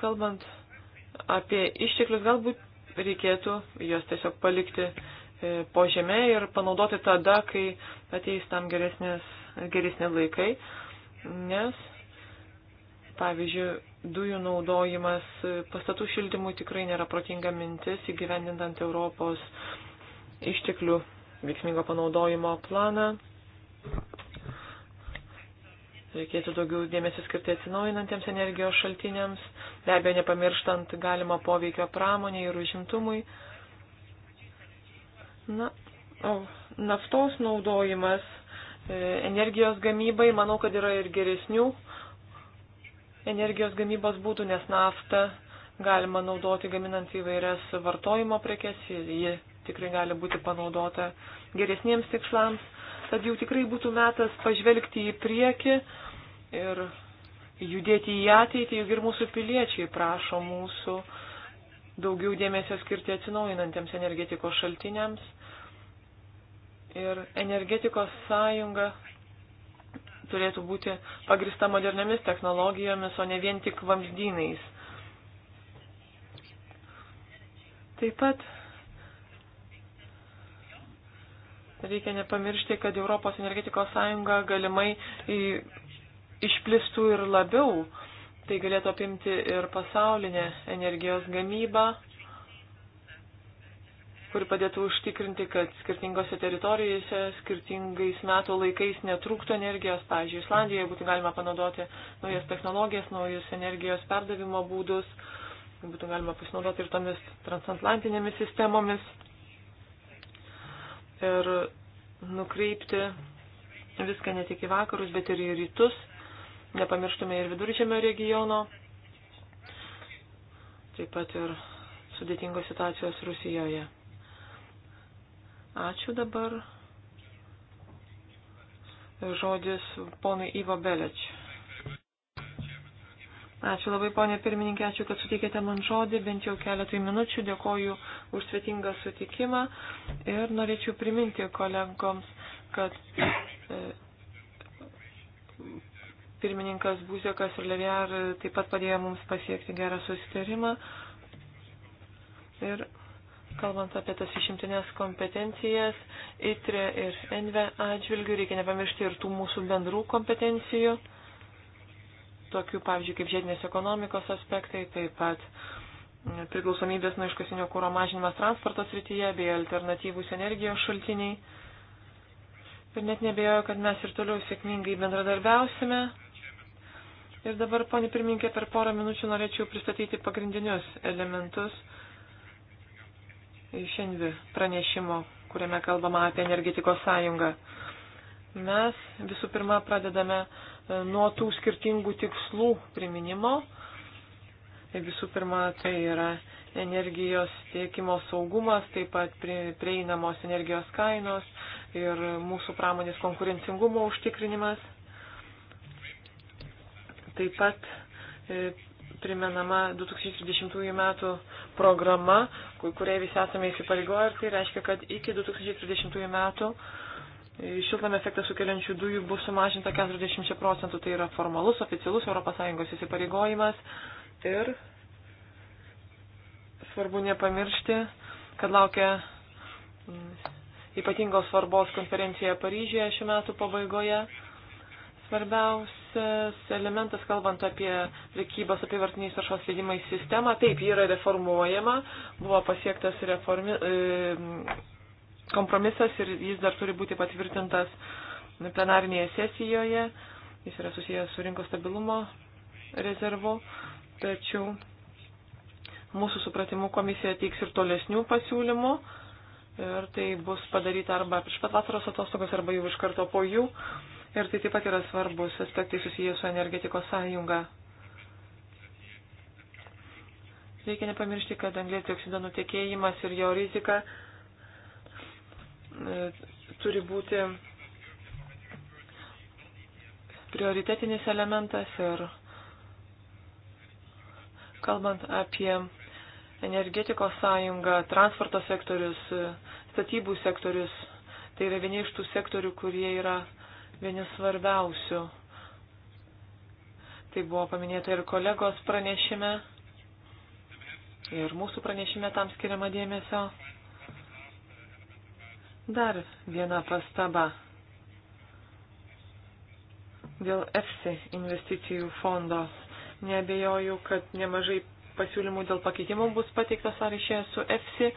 kalbant apie išteklius, galbūt reikėtų juos tiesiog palikti e, po žemę ir panaudoti tada, kai ateis tam geresnės, geresnė laikai, nes Pavyzdžiui, dujų naudojimas pastatų šildymui tikrai nėra protinga mintis įgyvendintant Europos išteklių veiksmingo panaudojimo planą. Reikėtų daugiau dėmesio skirti atsinaujinantiems energijos šaltiniams, be abejo nepamirštant galimo poveikio pramonė ir užimtumui. Na, o, naftos naudojimas e, energijos gamybai, manau, kad yra ir geresnių energijos gamybos būdų, nes naftą galima naudoti gaminant įvairias vartojimo prekes ir ji tikrai gali būti panaudota geresniems tikslams. Tad jau tikrai būtų metas pažvelgti į priekį ir judėti į ateitį, juk ir mūsų piliečiai prašo mūsų daugiau dėmesio skirti atsinaujinantiems energetikos šaltiniams. Ir energetikos sąjunga turėtų būti pagrista moderniamis technologijomis, o ne vien tik vamzdynais. Taip pat reikia nepamiršti, kad Europos energetikos sąjunga galimai išplistų ir labiau. Tai galėtų apimti ir pasaulinę energijos gamybą kuri padėtų užtikrinti, kad skirtingose teritorijose skirtingais metų laikais netrūktų energijos. Pavyzdžiui, Islandijoje būtų galima panaudoti naujas technologijas, naujus energijos perdavimo būdus, būtų galima pasinaudoti ir tomis transatlantinėmis sistemomis ir nukreipti viską ne tik į vakarus, bet ir į rytus. Nepamirštume ir viduržėmio regiono, taip pat ir sudėtingos situacijos Rusijoje. Ačiū dabar. Žodis ponui Ivo Beleč. Ačiū labai, ponė pirmininkė, ačiū, kad suteikėte man žodį, bent jau keletui minučių. Dėkoju už svetingą sutikimą ir norėčiau priminti kolegoms, kad e, pirmininkas Buzekas ir Leviar taip pat padėjo mums pasiekti gerą susitarimą. Ir kalbant apie tas išimtinės kompetencijas, ITRE ir ENVE atžvilgių reikia nepamiršti ir tų mūsų bendrų kompetencijų, tokių, pavyzdžiui, kaip žiedinės ekonomikos aspektai, taip pat priklausomybės nuo iškasinio kūro mažinimas transporto srityje bei alternatyvūs energijos šaltiniai. Ir net nebejoju, kad mes ir toliau sėkmingai bendradarbiausime. Ir dabar, ponė pirminkė, per porą minučių norėčiau pristatyti pagrindinius elementus iš Envi pranešimo, kuriame kalbama apie energetikos sąjungą. Mes visų pirma pradedame e, nuo tų skirtingų tikslų priminimo. E, visų pirma, tai yra energijos tiekimo saugumas, taip pat prieinamos energijos kainos ir mūsų pramonės konkurencingumo užtikrinimas. Taip pat e, primenama 2030 metų programa, kuriai visi esame įsipareigoję ir tai reiškia, kad iki 2030 metų e, šiltnamio efektą sukeliančių dujų bus sumažinta 40 procentų. Tai yra formalus, oficialus ES įsipareigojimas ir svarbu nepamiršti, kad laukia mm, ypatingos svarbos konferencija Paryžėje šiuo metu pabaigoje. Svarbiausia svarbiausias elementas, kalbant apie prekybos apivartiniais taršos leidimais sistemą. Taip, ji yra reformuojama, buvo pasiektas reformi, e, kompromisas ir jis dar turi būti patvirtintas plenarinėje sesijoje. Jis yra susijęs su rinkos stabilumo rezervu, tačiau mūsų supratimu komisija teiks ir tolesnių pasiūlymų. Ir tai bus padaryta arba prieš pat vasaros atostogas, arba jau iš karto po jų. Uh, Ir tai taip pat yra svarbus aspektai susijęs su energetikos sąjunga. Reikia nepamiršti, kad anglės dioksido nutekėjimas ir jo rizika e, turi būti prioritetinis elementas ir kalbant apie energetikos sąjungą, transporto sektorius, e, statybų sektorius, tai yra vieni iš tų sektorių, kurie yra vieni svarbiausių. Tai buvo paminėta ir kolegos pranešime, ir mūsų pranešime tam skiriama dėmesio. Dar viena pastaba dėl EFSI investicijų fondo. Nebejoju, kad nemažai pasiūlymų dėl pakeitimų bus pateiktas ar išėjęs su EFSI.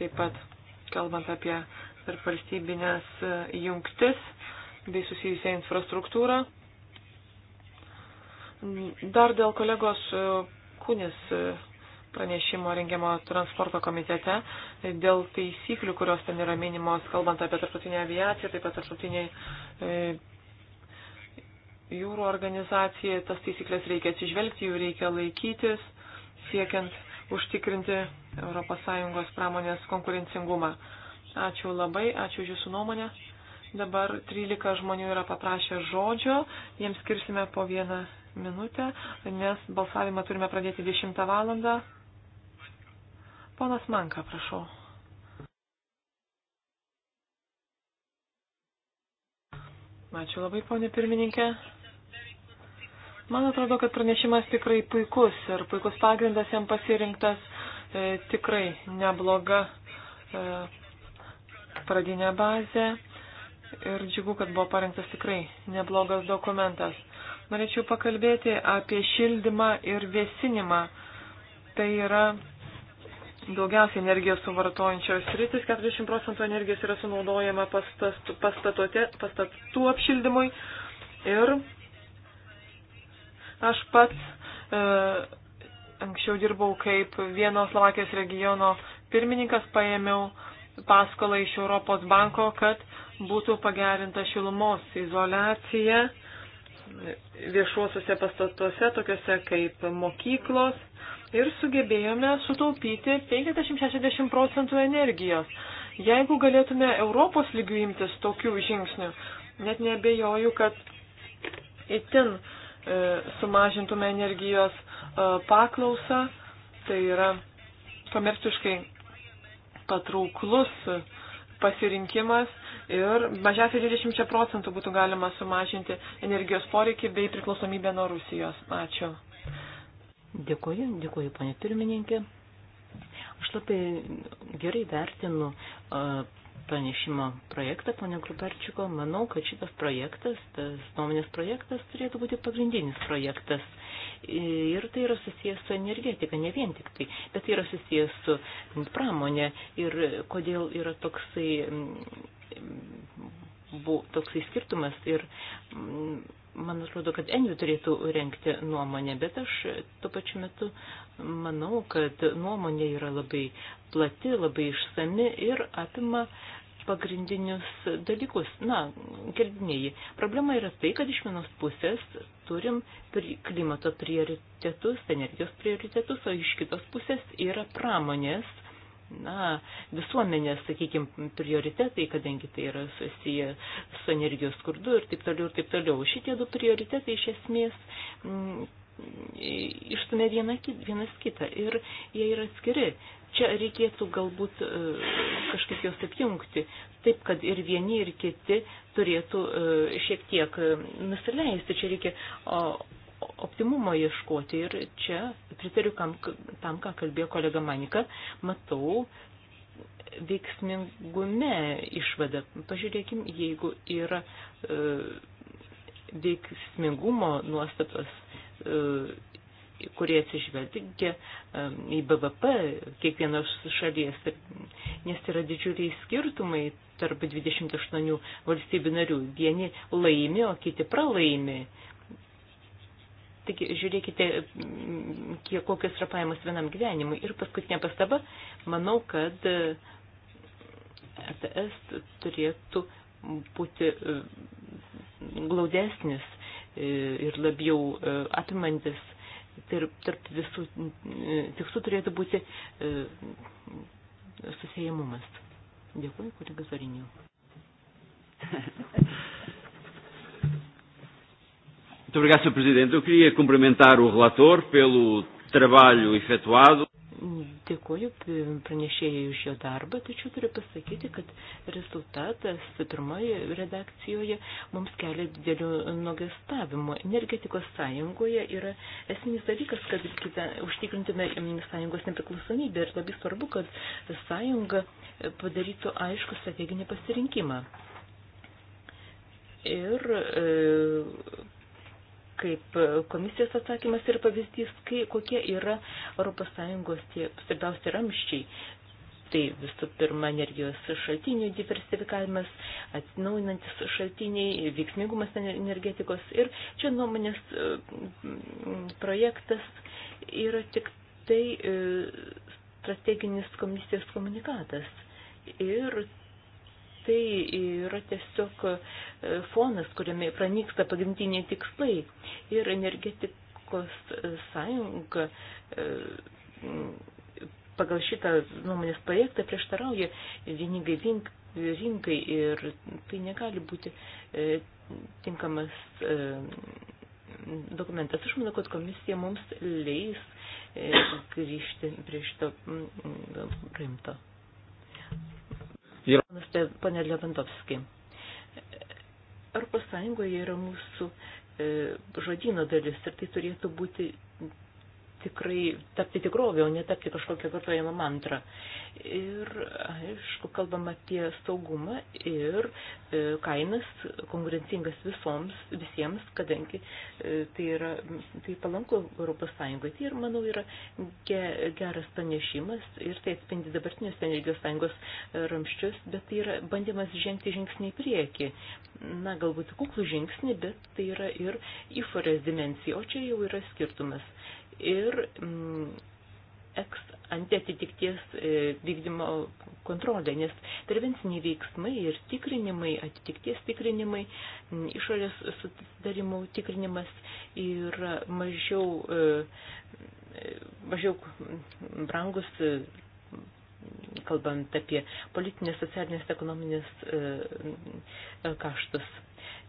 Taip pat, kalbant apie tarp valstybinės jungtis, bei susijusią infrastruktūrą. Dar dėl kolegos Kūnis pranešimo rengiamo transporto komitete, dėl taisyklių, kurios ten yra minimos, kalbant apie tarptautinę aviaciją, taip pat tarptautinį e, jūrų organizaciją, tas taisyklės reikia atsižvelgti, jų reikia laikytis, siekiant užtikrinti ES pramonės konkurencingumą. Ačiū labai, ačiū už Jūsų nuomonę. Dabar 13 žmonių yra paprašę žodžio, jiems skirsime po vieną minutę, nes balsavimą turime pradėti 10 valandą. Ponas Manka, prašau. Ačiū labai, ponė pirmininkė. Man atrodo, kad pranešimas tikrai puikus ir puikus pagrindas jam pasirinktas e, tikrai nebloga e, pradinė bazė ir džiugu, kad buvo parengtas tikrai neblogas dokumentas. Norėčiau pakalbėti apie šildymą ir vėsinimą. Tai yra daugiausiai energijos suvartojančios rytis, 40 procentų energijos yra sunaudojama pastatų apšildymui. Ir aš pats e, anksčiau dirbau kaip vieno Slovakijos regiono pirmininkas, paėmiau paskolą iš Europos banko, kad e, būtų pagerinta šilumos izolacija viešuosiuose pastatuose, tokiuose kaip mokyklos, ir sugebėjome sutaupyti 50-60 procentų energijos. Jeigu galėtume Europos lygių imtis tokių žingsnių, net nebejoju, kad itin e, sumažintume energijos e, paklausą, tai yra komerciškai patrauklus pasirinkimas ir mažiausiai 20 procentų būtų galima sumažinti energijos poreikį bei priklausomybę nuo Rusijos. Ačiū. Dėkuoju, dėkuoju, panė pirmininkė. Aš labai gerai vertinu pranešimo projektą, ponė Gruberčiko. Manau, kad šitas projektas, tas nuomonės projektas, turėtų būti pagrindinis projektas Ir tai yra susijęs su energetika, ne vien tik tai, bet tai yra susijęs su pramonė. Ir kodėl yra toksai, mm, bu, toksai skirtumas. Ir mm, man atrodo, kad Envi turėtų renkti nuomonę, bet aš tuo pačiu metu manau, kad nuomonė yra labai plati, labai išsami ir apima pagrindinius dalykus. Na, gerbiniai, problema yra tai, kad iš vienos pusės turim klimato prioritetus, energijos prioritetus, o iš kitos pusės yra pramonės, na, visuomenės, sakykime, prioritetai, kadangi tai yra susiję su energijos skurdu ir taip toliau, ir taip toliau. Šitie du prioritetai iš esmės. M, mm, išstumia viena, vienas kitą ir jie yra skiri. Čia reikėtų galbūt e, kažkaip juos apjungti, taip kad ir vieni, ir kiti turėtų e, šiek tiek e, nusileisti. Čia reikia optimumo ieškoti ir čia pritariu kam, tam, ką kalbėjo kolega Manika, matau veiksmingume išvada. Pažiūrėkim, jeigu yra veiksmingumo nuostatos kurie atsižvelgia į BVP kiekvienos šalies, nes yra didžiuliai skirtumai tarp 28 valstybių narių. Vieni laimi, o kiti pralaimi. Taigi žiūrėkite, kiek, kokios yra pajamos vienam gyvenimui. Ir paskutinė pastaba, manau, kad ETS e turėtų būti e, glaudesnis e, ir labiau apimantis tarp visų e, tikslų turėtų būti e, susijėmumas. Dėkui, kunigas Arinio. Muito obrigado, Sr. Presidente. Eu queria cumprimentar o relator pelo trabalho efetuado. Dėkuoju pranešėjai už jo darbą, tačiau turiu pasakyti, kad rezultatas pirmoje redakcijoje mums kelia didelių nuogestavimų. Energetikos sąjungoje yra esminis dalykas, kad kita, užtikrintume sąjungos nepriklausomybę ir labai svarbu, kad sąjunga padarytų aišku strateginį pasirinkimą. Ir e, kaip komisijos atsakymas ir pavyzdys, kai, kokie yra ES tie svarbiausi ramščiai. Tai visų pirma energijos šaltinių diversifikavimas, atsinaujinantis šaltiniai, veiksmingumas energetikos ir čia nuomonės projektas yra tik tai e, strateginis komisijos komunikatas. Ir tai yra tiesiog e, fonas, kuriame pranyksta pagrindiniai tikslai. Ir energetikos sąjunga e, pagal šitą nuomonės projektą prieštarauja vieningai rinkai ir tai negali būti e, tinkamas dokumentas. Aš manau, kad komisija mums leis grįžti prie šito rimto yra. Pane Levantovski, Europos Sąjungoje yra mūsų e, žodino dalis ir tai turėtų būti tikrai tapti tikrovę, o netapti kažkokią vartojamą mantrą. Ir, aišku, kalbam apie saugumą ir e, kainas konkurencingas visoms, visiems, kadangi e, tai yra tai palanku Europos Sąjungai. Tai ir, manau, yra ge, geras panešimas ir tai atspindi dabartinius energijos sąjungos ramščius, bet tai yra bandymas žengti žingsnį į priekį. Na, galbūt kuklų žingsnį, bet tai yra ir išorės dimensija, o čia jau yra skirtumas ir mm, eks ant atitikties e, vykdymo kontrolę, nes prevenciniai veiksmai ir tikrinimai, atitikties tikrinimai, išorės susidarimų tikrinimas yra mažiau, e, mažiau brangus, e, kalbant apie politinės, socialinės, ekonominės kaštus.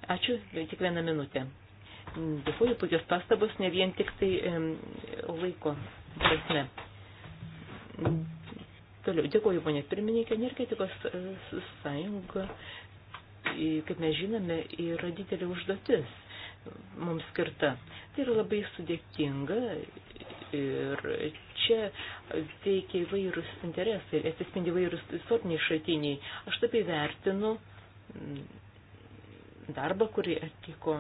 Ačiū, tik vieną minutę. Dėkuoju, puikios pastabos, ne vien tik tai laiko prasme. Toliau, dėkuoju, ponė pirmininkė, energetikos e, sąjunga, kaip mes žinome, yra didelė užduotis mums skirta. Tai yra labai sudėtinga ir čia veikia įvairūs interesai, atsispindi įvairūs istoriniai šaltiniai. Aš taip įvertinu darbą, kurį atliko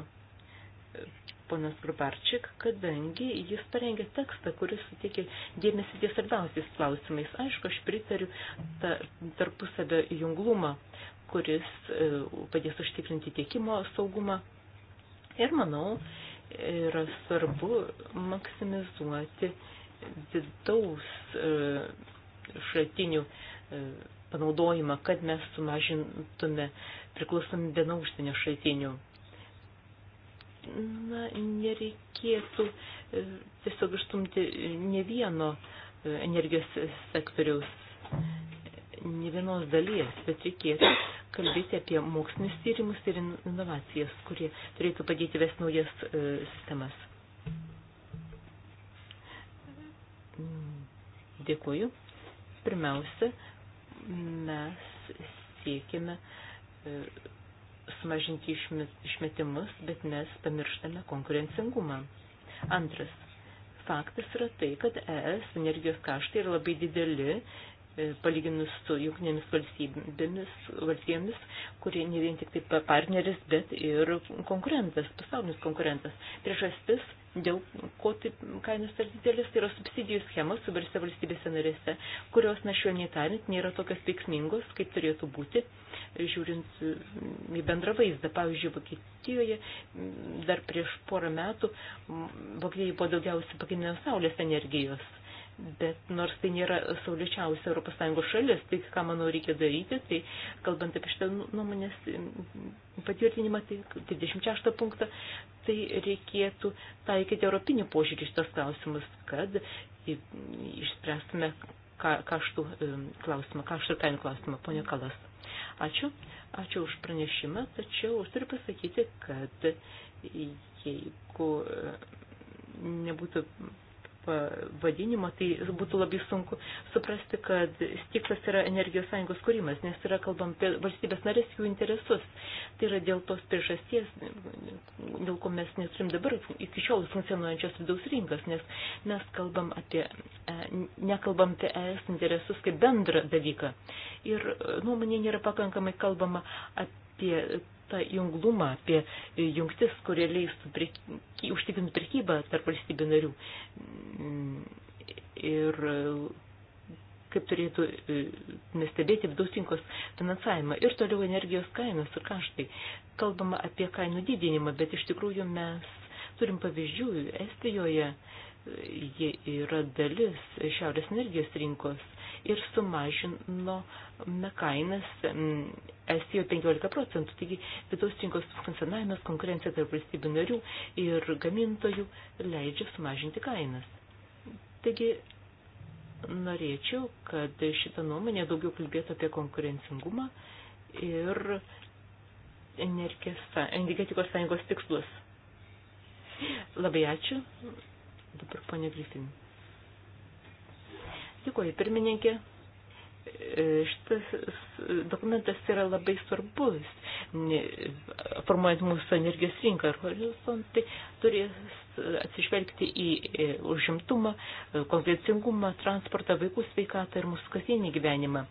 ponas Grubarčik, kadangi jis parengė tekstą, kuris sutikė dėmesį ties svarbiausiais klausimais. Aišku, aš pritariu tą tarpusavio junglumą, kuris e, padės užtikrinti tiekimo saugumą. Ir manau, yra svarbu maksimizuoti vidaus e, šaltinių e, panaudojimą, kad mes sumažintume priklausomybę nuo užsienio šaltinių na, nereikėtų e, tiesiog išstumti ne vieno e, energijos sektoriaus, ne vienos dalies, bet reikėtų kalbėti apie mokslinis tyrimus ir inovacijas, kurie turėtų padėti ves naujas e, sistemas. Mm, dėkuoju. Pirmiausia, mes siekime sumažinti išmetimus, bet mes pamirštame konkurencingumą. Antras faktas yra tai, kad ES energijos kaštai yra labai dideli e, palyginus su jungtinėmis valstybėmis, valstybėmis, kurie ne vien tik taip partneris, bet ir konkurentas, pasaulinis konkurentas. Priežastis dėl ko taip kainos yra didelės, tai yra subsidijų schemos įvairiose valstybėse narėse, kurios, na švelniai tariant, nėra tokios veiksmingos, kaip turėtų būti, žiūrint mm, į bendrą vaizdą. Pavyzdžiui, Vokietijoje mm, dar prieš porą metų mm, Vokietijai buvo daugiausiai pagrindinės saulės energijos Bet nors tai nėra sauličiausia ES šalis, tai ką manau reikia daryti, tai kalbant apie šitą nu-, nuomonės patvirtinimą, tai 26 punktą, tai reikėtų taikyti europinį požiūrį šitas klausimus, kad išspręstume kaštų klausimą, kaštų ir kainų klausimą, ponė Kalas. Ačiū, ačiū už pranešimą, tačiau aš turiu pasakyti, kad jeigu nebūtų pavadinimo, tai būtų labai sunku suprasti, kad tikslas yra energijos sąjungos kūrimas, nes yra kalbam apie valstybės narės jų interesus. Tai yra dėl tos priežasties, dėl ko mes neturim dabar iki šiol funkcionuojančios vidaus rinkos, nes mes kalbam apie, e, nekalbam apie ES interesus kaip bendrą dalyką. Ir e, nuomonė nėra pakankamai kalbama apie tą junglumą, apie jungtis, kurie leistų preky, užtikrinti prekybą tarp valstybių narių. Mm, ir e, kaip turėtų e, stebėti vidaus rinkos finansavimą. Ir toliau energijos kainos ir kaštai. Kalbama apie kainų didinimą, bet iš tikrųjų mes turim pavyzdžių Estijoje, e, ji yra dalis šiaurės energijos rinkos ir sumažinome kainas Estijoje 15 procentų. Taigi vidaus rinkos funkcionavimas, konkurencija tarp valstybių narių ir gamintojų leidžia sumažinti kainas. Taigi norėčiau, kad šitą nuomonę daugiau kalbėtų apie konkurencingumą ir energetikos sąjungos tikslus. Labai ačiū. Dabar ponia Grifin. Dėkuoju, pirmininkė. E, šitas e, dokumentas yra labai svarbus, formuojant mūsų energijos rinką ir horizontai, turės atsižvelgti į e, užimtumą, konkurencingumą, transportą, vaikų sveikatą ir mūsų kasdienį gyvenimą.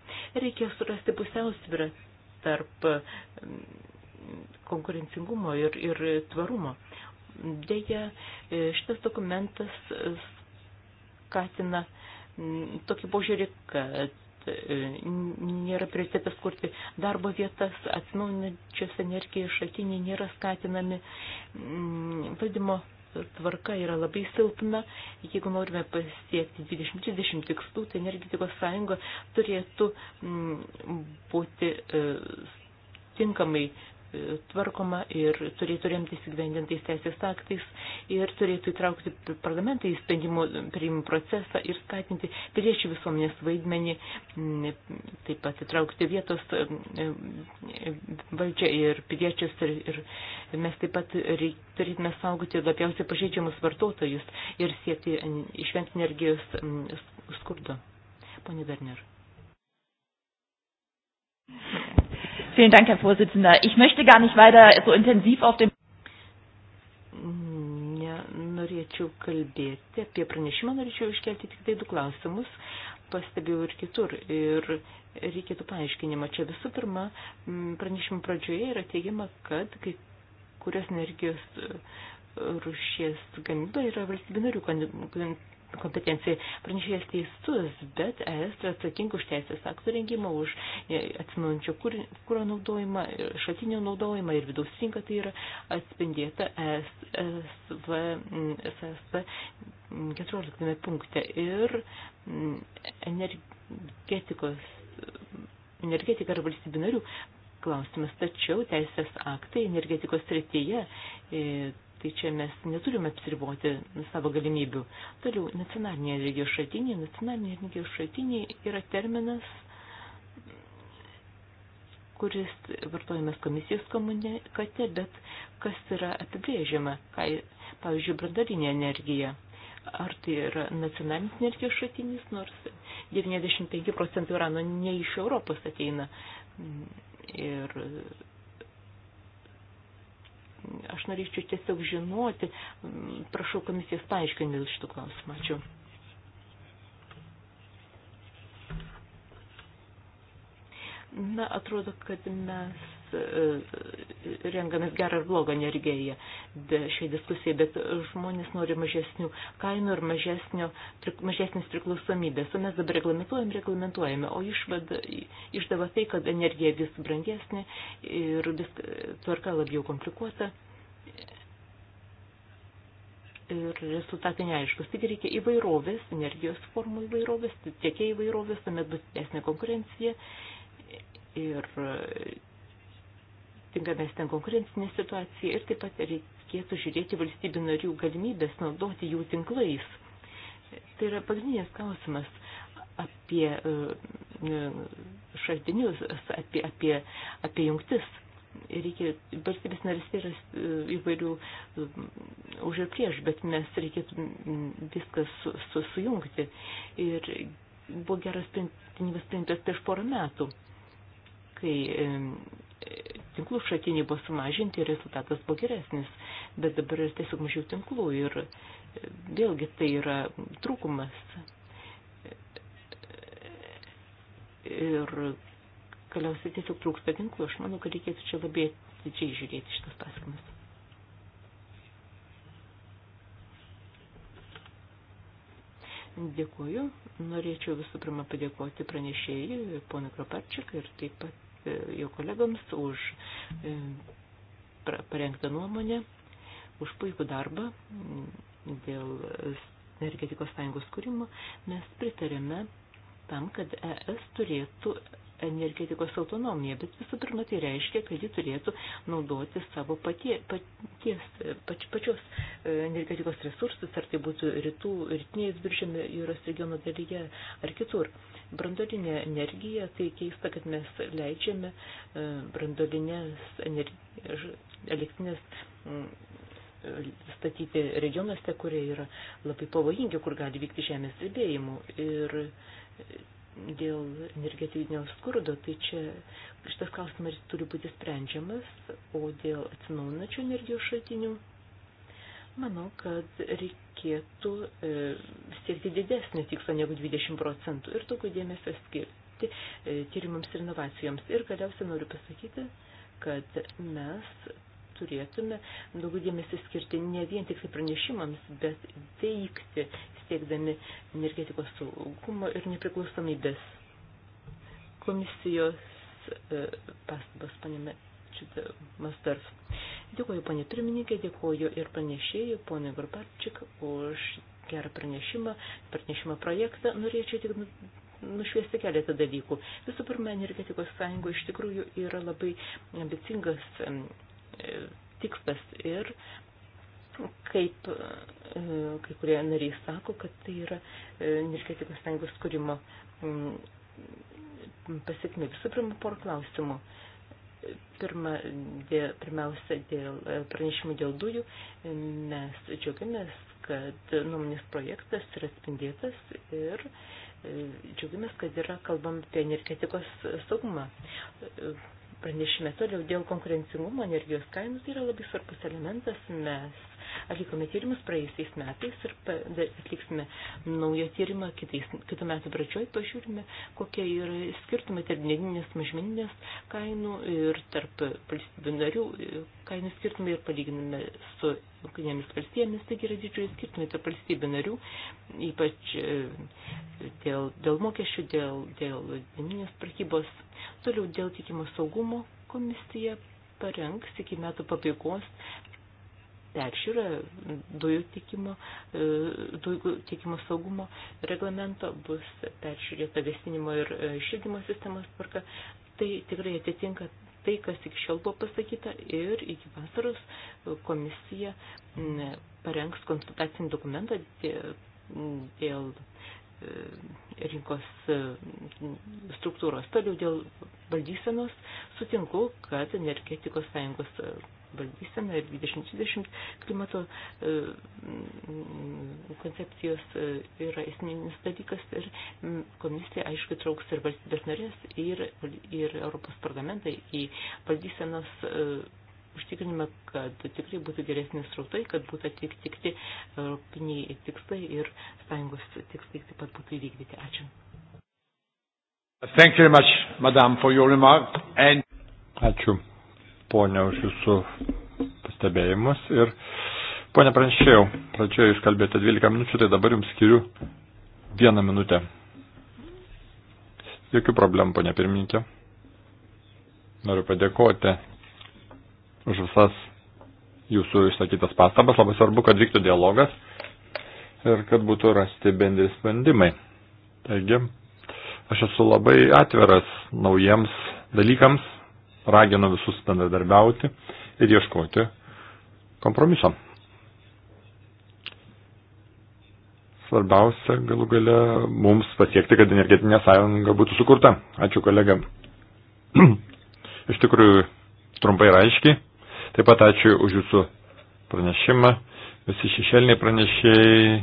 Reikia surasti pusiausvyrą tarp mm, konkurencingumo ir, ir tvarumo. Deja, šitas dokumentas skatina uh, tokį požiūrį, kad e, nėra prioritetas kurti darbo vietas, atsinaujinančios energijos šaltiniai nėra skatinami, mm, valdymo tvarka yra labai silpna, jeigu norime pasiekti 2030 tikslų, tai energetikos sąjunga turėtų mm, būti e, tinkamai tvarkoma ir turėtų remtis įgyvendintais teisės aktais ir turėtų įtraukti parlamentą į sprendimų priimimų procesą ir skatinti piliečių visuomenės vaidmenį, taip pat įtraukti vietos valdžią ir piliečius ir, ir mes taip pat reik, turėtume saugoti labiausiai pažeidžiamus vartotojus ir siekti išvengti energijos skurdo. Pone Werner. Vielen Dank, Herr Vorsitzender. Ich möchte gar nicht weiter so intensiv auf dem. Mm, Nenorėčiau kalbėti apie pranešimą, norėčiau iškelti tik tai du klausimus, pastebėjau ir kitur. Ir reikėtų paaiškinimo. Čia visų pirma, mm, pranešimo pradžioje yra teigiama, kad kai kurios energijos e, rušies gamyba yra valstybinarių kompetencija. Pranešėjas teisus, bet ES yra atsakinga už teisės aktų rengimą, už e, atsinaujančio kūro naudojimą, šaltinio naudojimą ir vidaus rinką tai yra atspindėta ES, SV, SSV 14 punkte ir energetikos energetika yra valstybių narių klausimas, tačiau teisės aktai energetikos srityje e, Tai čia mes neturime apsiriboti savo galimybių. Toliau, nacionalinė energijos šaltinė. Nacionalinė energijos šaltinė yra terminas, kuris vartojamas komisijos komunikate, bet kas yra apibrėžiama, kai, pavyzdžiui, brandarinė energija. Ar tai yra nacionalinis energijos šaltinis, nors 95 procentų urano ne iš Europos ateina. Ir Aš norėčiau tiesiog žinoti, prašau komisijos paaiškinti dėl šitų klausimų. Ačiū. Na, atrodo, kad mes E, renkamės gerą ar blogą energiją šiai diskusijai, bet žmonės nori mažesnių kainų ir mažesnio, mažesnės priklausomybės. O mes dabar reglamentuojam, reglamentuojame, o išvada, išdava tai, kad energija vis brangesnė ir vis tvarka labiau komplikuota ir rezultatai neaiškus. Taigi reikia įvairovės, energijos formų įvairovės, tiekiai įvairovės, tuomet bus didesnė konkurencija ir tinkamesnę konkurencinę situaciją ir taip pat reikėtų žiūrėti valstybių narių galimybės naudoti jų tinklais. Tai yra pagrindinės klausimas apie e, e, šaltinius, apie, apie, apie jungtis. Reikia, valstybės narys yra e, įvairių už ir prieš, bet mes reikėtų viską su, su, sujungti. Ir buvo geras sprendimas priimtas prieš porą metų, kai tinklų šaltiniai buvo sumažinti ir rezultatas buvo geresnis, bet dabar yra tiesiog mažiau tinklų ir e, vėlgi tai yra trūkumas. Ir galiausiai tiesiog trūksta tinklų, aš manau, kad reikėtų čia labai atidžiai žiūrėti šitas pasakymas. Dėkuoju. Norėčiau visų pirma padėkoti pranešėjui, ponui Kroparčikai ir taip pat jo kolegams už e, parengtą nuomonę, už puikų darbą dėl energetikos sąjungos kūrimo. Mes pritarėme tam, kad ES turėtų energetikos autonomiją, bet visų pirma tai reiškia, kad ji turėtų naudoti savo patie, paties, pač, pačios e, energetikos resursus, ar tai būtų rytų, rytinėje viduržėmio jūros regiono dalyje ar kitur. Brandolinė energija, tai keista, kad mes leidžiame e, brandolinės elektrinės statyti regionuose, kurie yra labai pavojingi, kur gali vykti žemės drebėjimų. Ir dėl energetinio skurdo, tai čia šitas klausimas turi būti sprendžiamas, o dėl atsinaujinačių energijos šaltinių, manau, kad reikėtų e, siekti didesnį tikslą negu 20 procentų ir daugiau dėmesio skirti e, tyrimams ir inovacijoms. Ir galiausiai noriu pasakyti, kad mes turėtume daugiau dėmesio skirti ne vien tik tai pranešimams, bet veikti, siekdami energetikos saugumo ir nepriklausomybės. Komisijos e, pastabas, panėme, šitą mastarf. Dėkuoju, panė pirmininkė, dėkuoju ir panešėjai, ponė Gorbačik, už gerą pranešimą, pranešimą projektą. Norėčiau tik nu, nušviesti keletą dalykų. Visų pirma, energetikos sąjungo iš tikrųjų yra labai ambicingas tikslas ir kaip e, kai kurie nariai sako, kad tai yra e, energetikos sąjungos kūrimo mm, pasiekmė. Visų pirma, porą klausimų. Pirma, dėl, pirmiausia, dėl e, pranešimų dėl dujų mes džiaugiamės, kad nuomonės projektas yra atspindėtas ir džiaugiamės, kad yra kalbam apie energetikos saugumą pranešime toliau dėl konkurencingumo energijos kainų, tai yra labai svarbus elementas, mes Atlikome tyrimus praėjusiais metais ir atliksime naują tyrimą kitais, kitų metų pradžioj, pažiūrime, kokie yra skirtumai tarp nedinės mažmeninės kainų ir tarp valstybių narių e, kainų skirtumai ir palyginame su jungtinėmis valstybėmis, taigi yra didžiuliai skirtumai tarp valstybių narių, ypač e, dėl, dėl mokesčių, dėl, dėl dieninės prekybos. Toliau dėl tikimo saugumo komisija parengs iki metų pabaigos peržiūra dujų tikimo, e, dujų tikimo saugumo reglamento, bus peržiūrėta vėsinimo ir e, šildymo sistemos tvarka. Tai tikrai atitinka tai, kas iki šiol buvo pasakyta ir iki vasaros komisija parengs konsultacinį dokumentą dėl e, rinkos struktūros. Toliau dėl valdysenos sutinku, kad energetikos sąjungos valdysena ir 2020 klimato e, koncepcijos e, yra esminis dalykas ir komisija aišku trauks ir valstybės narės ir, ir Europos parlamentai į valdysenos e, užtikrinimą, kad tikrai būtų geresnis srautai, kad būtų atitikti europiniai tikslai ir sąjungos tikslai taip pat būtų įvykdyti. Ačiū. Thank you very much, madam, for your remark. And... Ačiū ponia, už jūsų pastebėjimus. Ir ponia pranešėjau, pradžioje jūs kalbėjote 12 minučių, tai dabar jums skiriu vieną minutę. Jokių problemų, ponia pirmininkė. Noriu padėkoti už visas jūsų išsakytas pastabas. Labai svarbu, kad vyktų dialogas ir kad būtų rasti bendri sprendimai. Taigi, aš esu labai atviras naujiems dalykams, ragino visus bendradarbiauti ir ieškoti kompromiso. Svarbiausia galų gale mums pasiekti, kad energetinė sąjunga būtų sukurta. Ačiū kolega. Iš tikrųjų, trumpai ir aiškiai. Taip pat ačiū už jūsų pranešimą. Visi šešėliniai pranešėjai,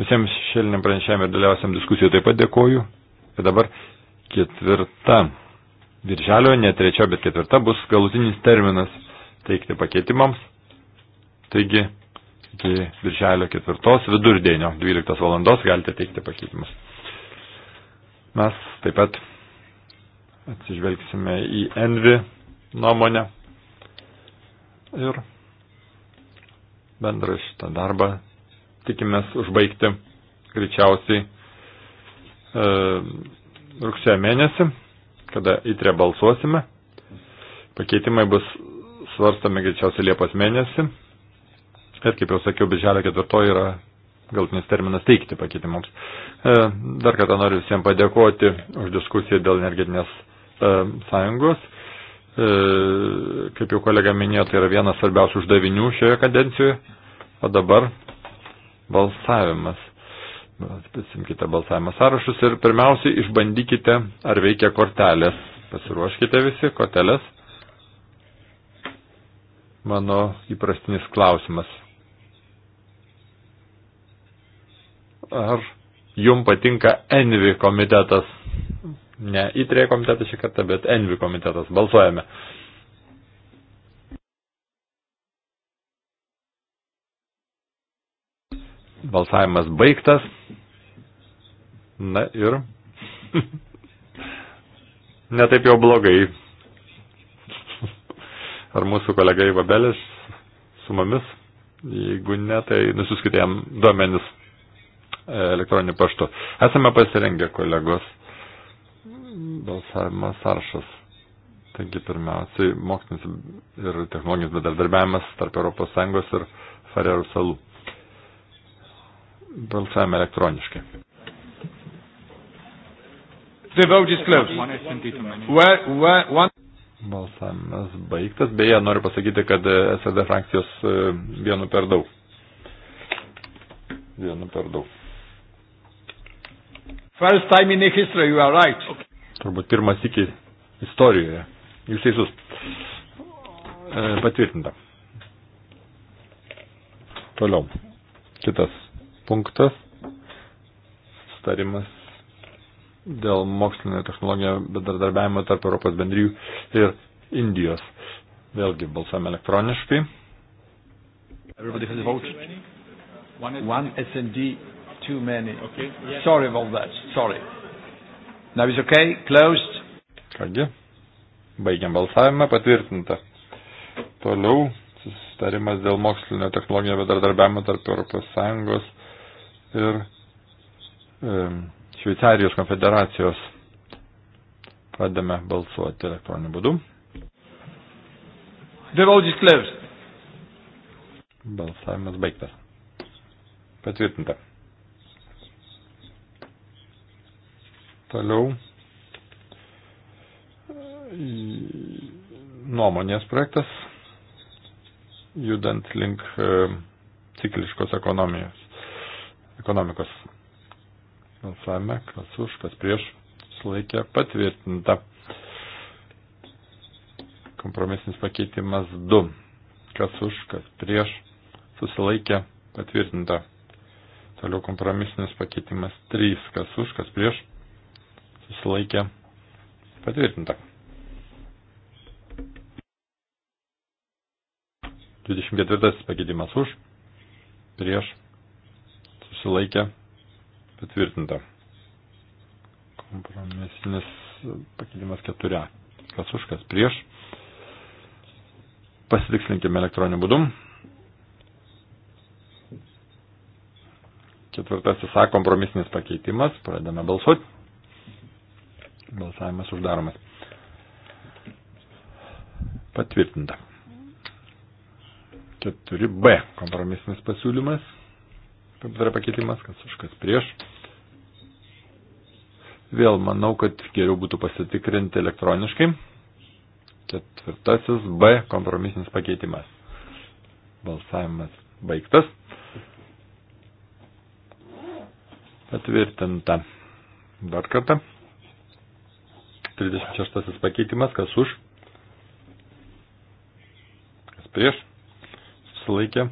visiems šešėliniam pranešėjim ir dalyvausiam diskusijų taip pat dėkoju. Ir dabar ketvirta Virželio, ne trečia, bet ketvirta bus galutinis terminas teikti pakeitimams. Taigi, iki virželio ketvirtos vidurdienio 12 valandos galite teikti pakeitimus. Mes taip pat atsižvelgsime į Envi nuomonę ir bendrą šitą darbą tikimės užbaigti greičiausiai e, rugsėjo mėnesį kada įtrė balsuosime. Pakeitimai bus svarstami greičiausiai Liepos mėnesį. Ir kaip jau sakiau, birželio ketvirtoji yra galtinis terminas teikti pakeitimams. E, dar kartą noriu visiems padėkoti už diskusiją dėl energetinės e, sąjungos. E, kaip jau kolega minėjo, tai yra vienas svarbiausių uždavinių šioje kadencijoje, o dabar balsavimas pasimkite balsavimo sąrašus ir pirmiausiai išbandykite, ar veikia kortelės. Pasiruoškite visi kortelės. Mano įprastinis klausimas. Ar jum patinka Envi komitetas? Ne, įtrė e komitetas šį kartą, bet Envi komitetas. Balsuojame. Balsavimas baigtas. Na ir. Netaip jau blogai. Ar mūsų kolegai Vabelis su mumis? Jeigu ne, tai nusiskite jam duomenis elektroniniu paštu. Esame pasirengę kolegos balsavimo sąrašas. Taigi pirmiausiai mokslinis ir technologinis bedarbiavimas tarp ES ir Farerų salų. Balsavome elektroniškai. The vote is closed. Where, where, one... Balsavimas baigtas. Beje, noriu pasakyti, kad e, SRD frakcijos e, vienu per daug. Vienu per daug. First time in history, you are right. Okay. Turbūt pirmas iki istorijoje. Jūs teisus. E, patvirtinta. Toliau. Kitas punktas, starimas dėl mokslinio technologinio bendradarbiavimo tarp Europos bendrijų ir Indijos. Vėlgi balsam elektroniškai. Everybody has voted. One SND too many. Okay. Yeah. Sorry about that. Sorry. Now it's okay. Closed. Kągi. Baigiam balsavimą. Patvirtinta. Toliau susitarimas dėl mokslinio technologinio bendradarbiavimo tarp Europos Sąjungos ir Šveicarijos konfederacijos. Pradame balsuoti elektroniniu būdu. Devaudžis klevs. Balsavimas baigtas. Patvirtinta. Toliau nuomonės projektas judant link cikliškos ekonomijos ekonomikos finansavime, kas už, kas prieš, sulaikė patvirtinta. Kompromisinis pakeitimas 2. Kas už, kas prieš, susilaikė patvirtinta. Toliau kompromisinis pakeitimas 3. Kas už, kas prieš, susilaikė patvirtinta. 24 pakeitimas už, prieš, susilaikė, patvirtinta. Kompromisinis pakeitimas 4. Kas už, kas prieš. Pasitikslinkime elektroniniu būdu. Ketvirtasis A kompromisinis pakeitimas. Pradedame balsuoti. Balsavimas uždaromas. Patvirtinta. 4B kompromisinis pasiūlymas kompiuterio pakeitimas, kas už kas prieš. Vėl manau, kad geriau būtų pasitikrinti elektroniškai. Ketvirtasis B kompromisinis pakeitimas. Balsavimas baigtas. Patvirtinta. Dar kartą. 36 pakeitimas, kas už, kas prieš, susilaikė,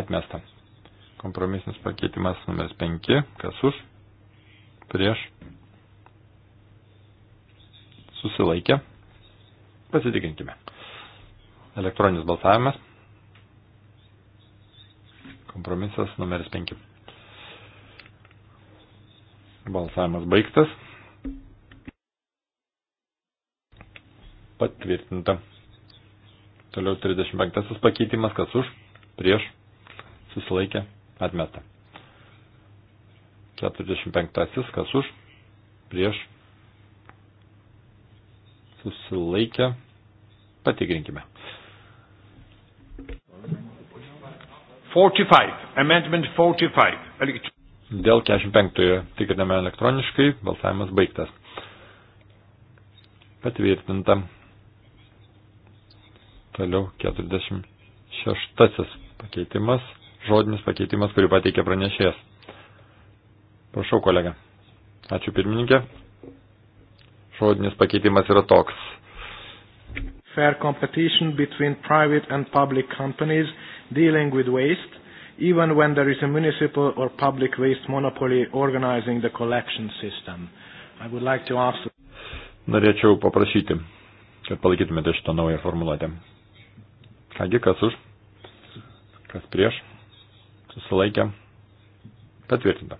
atmesta. Kompromisinis pakeitimas numeris 5. Kas už? Prieš. Susilaikė. Pasitikinkime. Elektroninis balsavimas. Kompromisas numeris 5. Balsavimas baigtas. Patvirtinta. Toliau 35 pakeitimas, kas už, prieš, susilaikė, Atmeta. 45. Kas už? Prieš. Susilaikę. Patikrinkime. 45. Amendment 45. Dėl 45 tikriname elektroniškai, balsavimas baigtas. Patvirtinta. Toliau 46 pakeitimas žodinis pakeitimas, kurį pateikė pranešėjas. Prašau, kolega. Ačiū pirmininkė. Žodinis pakeitimas yra toks. Fair competition between private and public companies dealing with waste, even when there is a municipal or public waste monopoly organizing the collection system. I would like to ask... Norėčiau paprašyti, kad palaikytumėte šitą naują formuluotę. Kągi, kas už? Kas prieš? susilaikė, patvirtinta.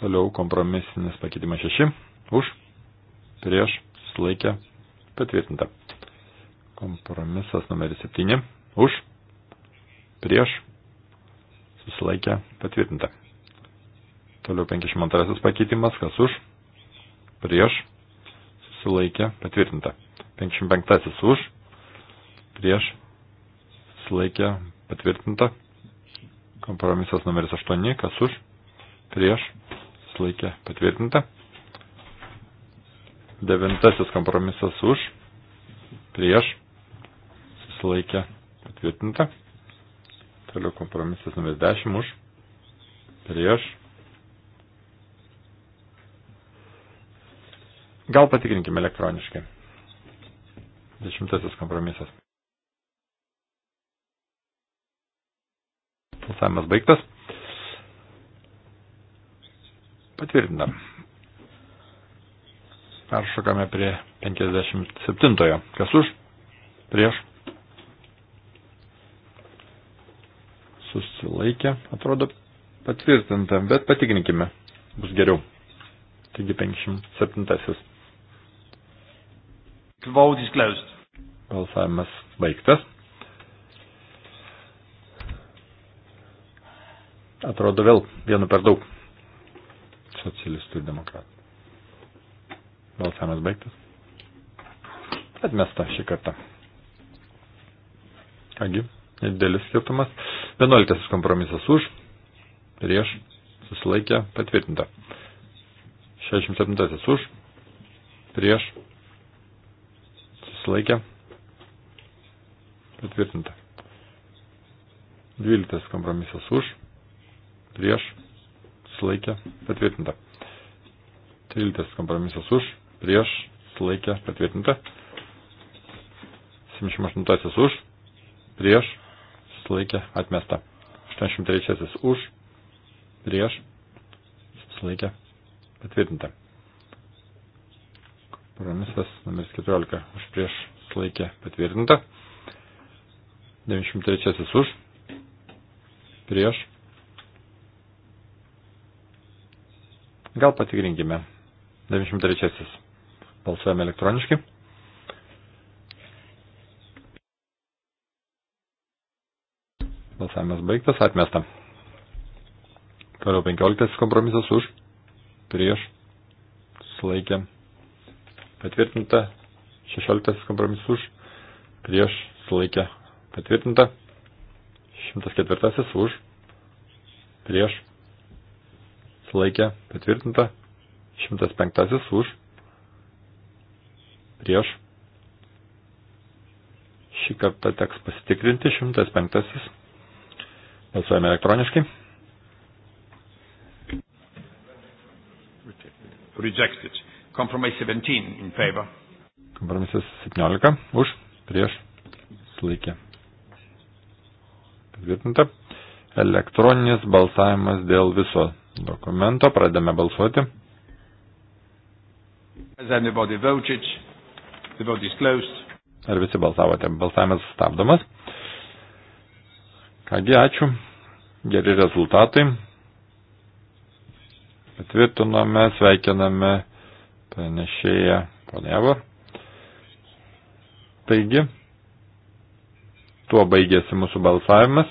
Toliau kompromisinis pakeitimas 6, už, prieš, susilaikė, patvirtinta. Kompromisas numeris 7, už, prieš, susilaikė, patvirtinta. Toliau 52 pakeitimas, kas už, prieš, susilaikė, patvirtinta. 55 už, prieš, susilaikė, patvirtinta. Kompromisas numeris 8, kas už, prieš, susilaikė patvirtinta. Devintasis kompromisas už, prieš, susilaikė patvirtinta. Toliau kompromisas numeris 10 už, prieš. Gal patikrinkime elektroniškai. Dešimtasis kompromisas. Balsavimas baigtas. Patvirtinam. Peršokame prie 57-ojo. Kas už? Prieš. Susilaikė. Atrodo patvirtinta, bet patikrinkime. Bus geriau. Taigi 57-asis. Balsavimas baigtas. Atrodo vėl vienu per daug socialistų ir demokratų. Balsavimas baigtas. Atmesta šį kartą. Agi, nedėlis skirtumas. 11 kompromisas už, prieš, susilaikė, patvirtinta. 67 už, prieš, susilaikė, patvirtinta. 12 kompromisas už, prieš, slaikę, patvirtinta. 13 kompromisas už, prieš, slaikę, patvirtinta. 78 už, prieš, slaikę, atmesta. 83 už, prieš, slaikę, patvirtinta. Kompromisas numeris 14 už, prieš, slaikę, patvirtinta. 93 už, prieš, Gal patikrinkime. 93. Balsuojame elektroniškai. Balsavimas baigtas, atmesta. Toliau 15 kompromisas už, prieš, sulaikė, patvirtinta, 16 kompromisas už, prieš, sulaikė, patvirtinta, 104 už, prieš, Sulaikė. Patvirtinta. 105 už. Prieš. Šį kartą teks pasitikrinti. 105. Balsuojame elektroniškai. Rejected. Compromise 17 in favor. Kompromisas 17 už. Prieš. Sulaikė. Patvirtinta. Elektroninis balsavimas dėl viso dokumento, pradame balsuoti. Ar visi balsavote? Balsavimas stabdomas. Kągi, ačiū. Geri rezultatai. Patvirtiname, sveikiname pranešėją ponevą. Taigi, tuo baigėsi mūsų balsavimas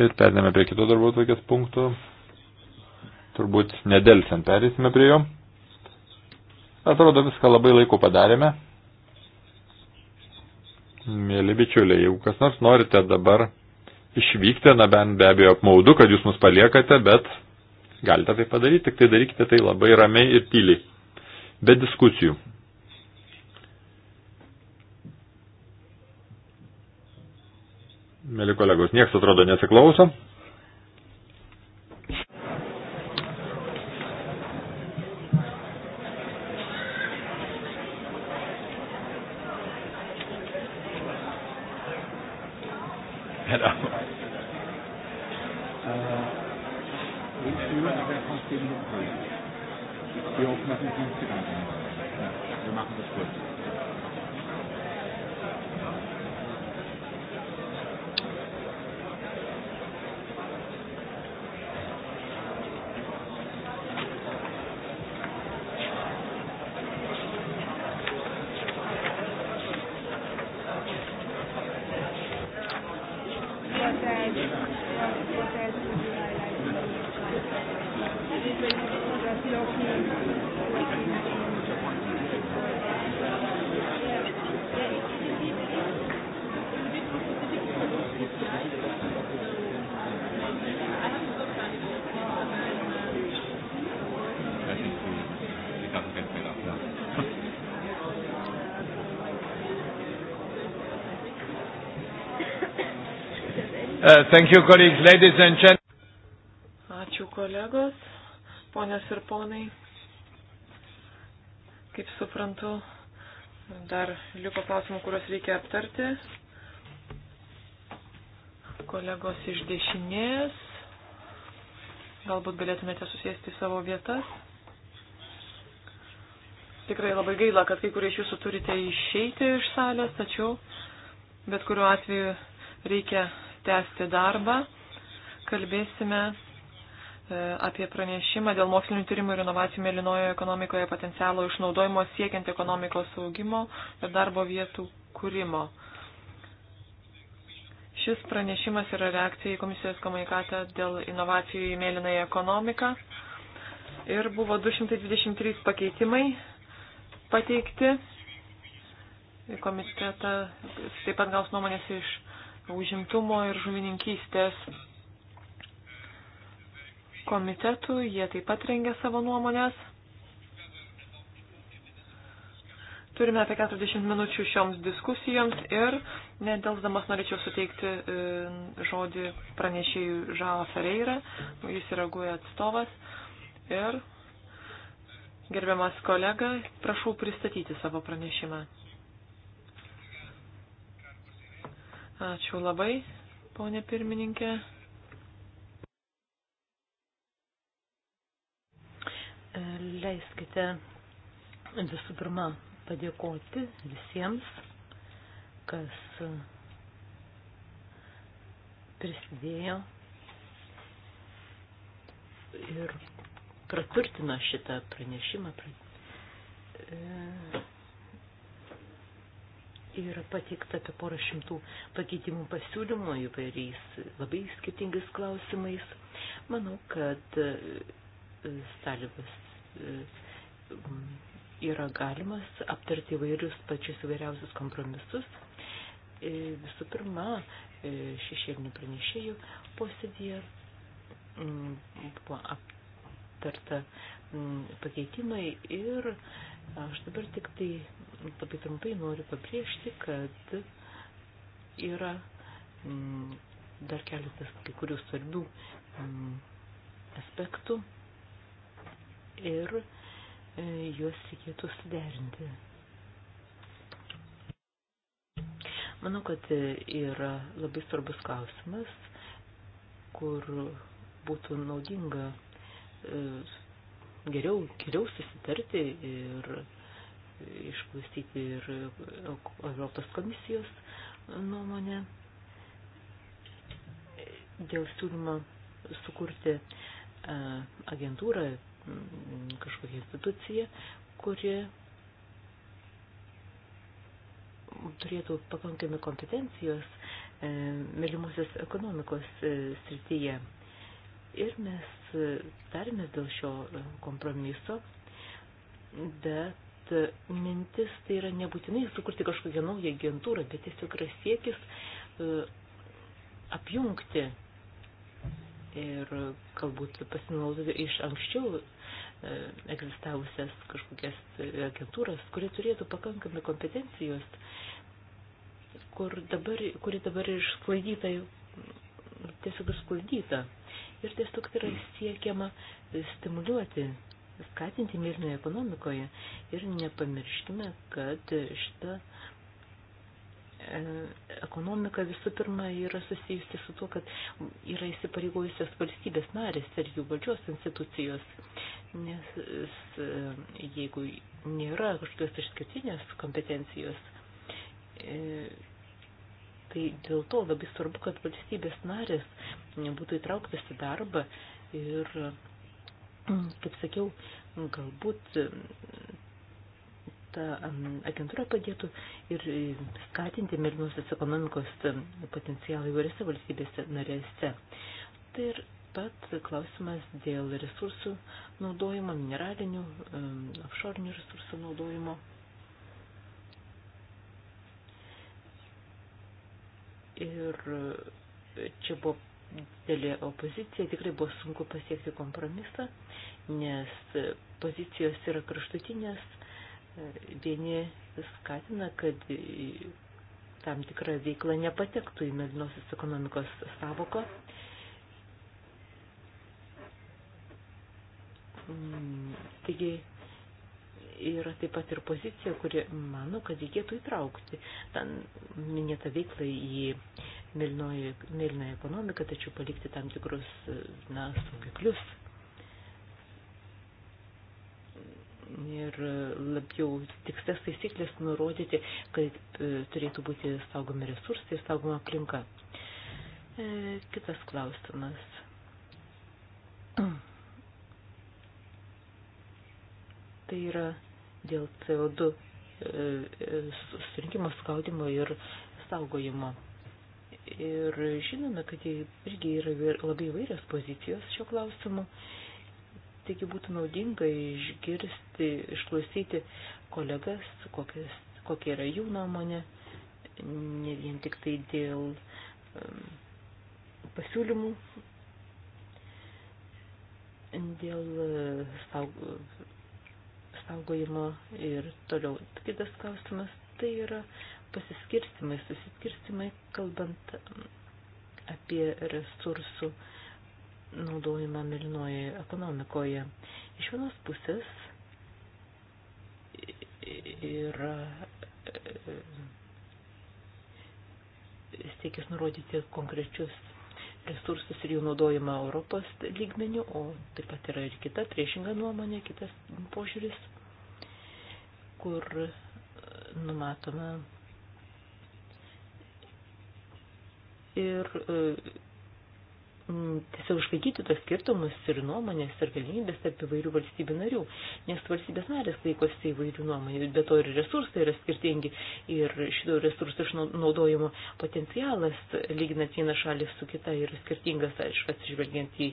ir perdėme prie kito darbo tokias punktų turbūt nedelsiant perėsime prie jo. Atrodo, viską labai laiku padarėme. Mėly bičiuliai, jeigu kas nors norite dabar išvykti, na bent be abejo apmaudu, kad jūs mus paliekate, bet galite tai padaryti, tik tai darykite tai labai ramiai ir tyliai, be diskusijų. Mėly kolegos, niekas atrodo nesiklauso. Kandidaten festgelegt. Ja. Uh, thank you, colleagues, ladies and gentlemen. Ačiū kolegos, ponios ir ponai. Kaip suprantu, dar liko klausimų, kuriuos reikia aptarti. Kolegos iš dešinės, galbūt galėtumėte susėsti savo vietas. Tikrai labai gaila, kad kai kurie iš jūsų turite išeiti iš salės, tačiau bet kuriuo atveju reikia tęsti darbą. Kalbėsime e, apie pranešimą dėl mokslinių tyrimų ir inovacijų mėlynojo ekonomikoje potencialo išnaudojimo siekiant ekonomikos augimo ir darbo vietų kūrimo. Šis pranešimas yra reakcija į komisijos komunikatą dėl inovacijų į mėlynąją ekonomiką ir buvo 223 pakeitimai pateikti. Komitetą taip pat gaus nuomonės iš užimtumo ir žuvininkystės komitetų. Jie taip pat rengia savo nuomonės. Turime apie 40 minučių šioms diskusijoms ir nedelsdamas norėčiau suteikti e, žodį pranešėjų Žao Ferreira, jis yra guoja e atstovas ir Gerbiamas kolega, prašau pristatyti savo pranešimą. Ačiū labai, ponė pirmininkė. Leiskite visų pirma padėkoti visiems, kas prisidėjo ir praturtino šitą pranešimą. E, yra pateikta apie porą šimtų pakeitimų pasiūlymų įvairiais labai skirtingais klausimais. Manau, kad e, sąlygos e, yra galimas aptarti įvairius pačius įvairiausius kompromisus. Visų pirma, šešėlinių pranešėjų posėdėje buvo aptarti aptarta mm, pakeitimai ir aš dabar tik tai labai trumpai noriu pabrėžti, kad yra mm, dar keletas kai kurių svarbių mm, aspektų ir e, juos reikėtų suderinti. Manau, kad yra labai svarbus klausimas, kur būtų naudinga E, geriau, geriau susitarti ir išklausyti ir Europos komisijos nuomonę dėl siūlymo sukurti e, agentūrą, kažkokią instituciją, kuri turėtų pakankamai kompetencijos e, mylimosios ekonomikos srityje. E, Ir mes tarėmės dėl šio kompromiso, bet mintis tai yra nebūtinai sukurti kažkokią naują agentūrą, bet tiesiog yra siekis e, apjungti ir galbūt pasinaudoti iš anksčiau e, egzistavusias kažkokias agentūras, kurie turėtų pakankamai kompetencijos, kur dabar, kuri dabar išsklaidyta, tiesiog išsklaidyta ir tiesiog yra siekiama stimuliuoti, skatinti mėlynoje ekonomikoje. Ir nepamirškime, kad šita e, ekonomika visų pirma yra susijusi su tuo, kad yra įsipareigojusios valstybės narės ir jų valdžios institucijos. Nes e, jeigu nėra kažkokios išskirtinės kompetencijos, e, Tai dėl to labai svarbu, kad valstybės narės būtų įtrauktas į darbą ir, mm, kaip sakiau, galbūt mm, ta mm, agentūra padėtų ir skatinti mėlynosios ekonomikos potencialą įvairiose valstybėse narėse. Tai ir pat klausimas dėl resursų naudojimo, mineralinių, offshore resursų naudojimo. Ir e, čia buvo didelė opozicija, tikrai buvo sunku pasiekti kompromisą, nes e, pozicijos yra kraštutinės, e, vieni skatina, kad tam tikra veikla nepatektų į melinosios ekonomikos savoką. Mm, taigi, yra taip pat ir pozicija, kuri mano, kad reikėtų įtraukti ten minėtą veiklą į mėlyną ekonomiką, tačiau palikti tam tikrus, na, saugiklius. Ir labiau tikslas taisyklės nurodyti, kad e, turėtų būti saugomi resursai, saugoma aplinka. E, kitas klausimas. Tai yra dėl CO2 e, e, surinkimo, skaudimo ir saugojimo. Ir žinome, kad jie irgi yra labai vairios pozicijos šio klausimu. Taigi būtų naudinga išgirsti, išklausyti kolegas, kokias, kokia yra jų nuomonė, ne vien tik tai dėl um, pasiūlymų dėl e, saug, saugojimo ir toliau. Kitas klausimas tai yra pasiskirstimai, susiskirstimai, kalbant apie resursų naudojimą milinoje ekonomikoje. Iš vienos pusės yra e, e, e, siekis nurodyti konkrečius resursus ir jų naudojimą Europos lygmenių, o taip pat yra ir kita priešinga nuomonė, kitas požiūris, kur e, numatoma ir e, tiesiog išlaikyti tos skirtumus ir nuomonės ir galimybės tarp įvairių valstybių narių, nes valstybės narės laikosi įvairių nuomonių, bet to ir resursai yra skirtingi ir šito resursų išnaudojimo potencialas, lyginant vieną šalį su kita, yra skirtingas, aišku, atsižvelgiant į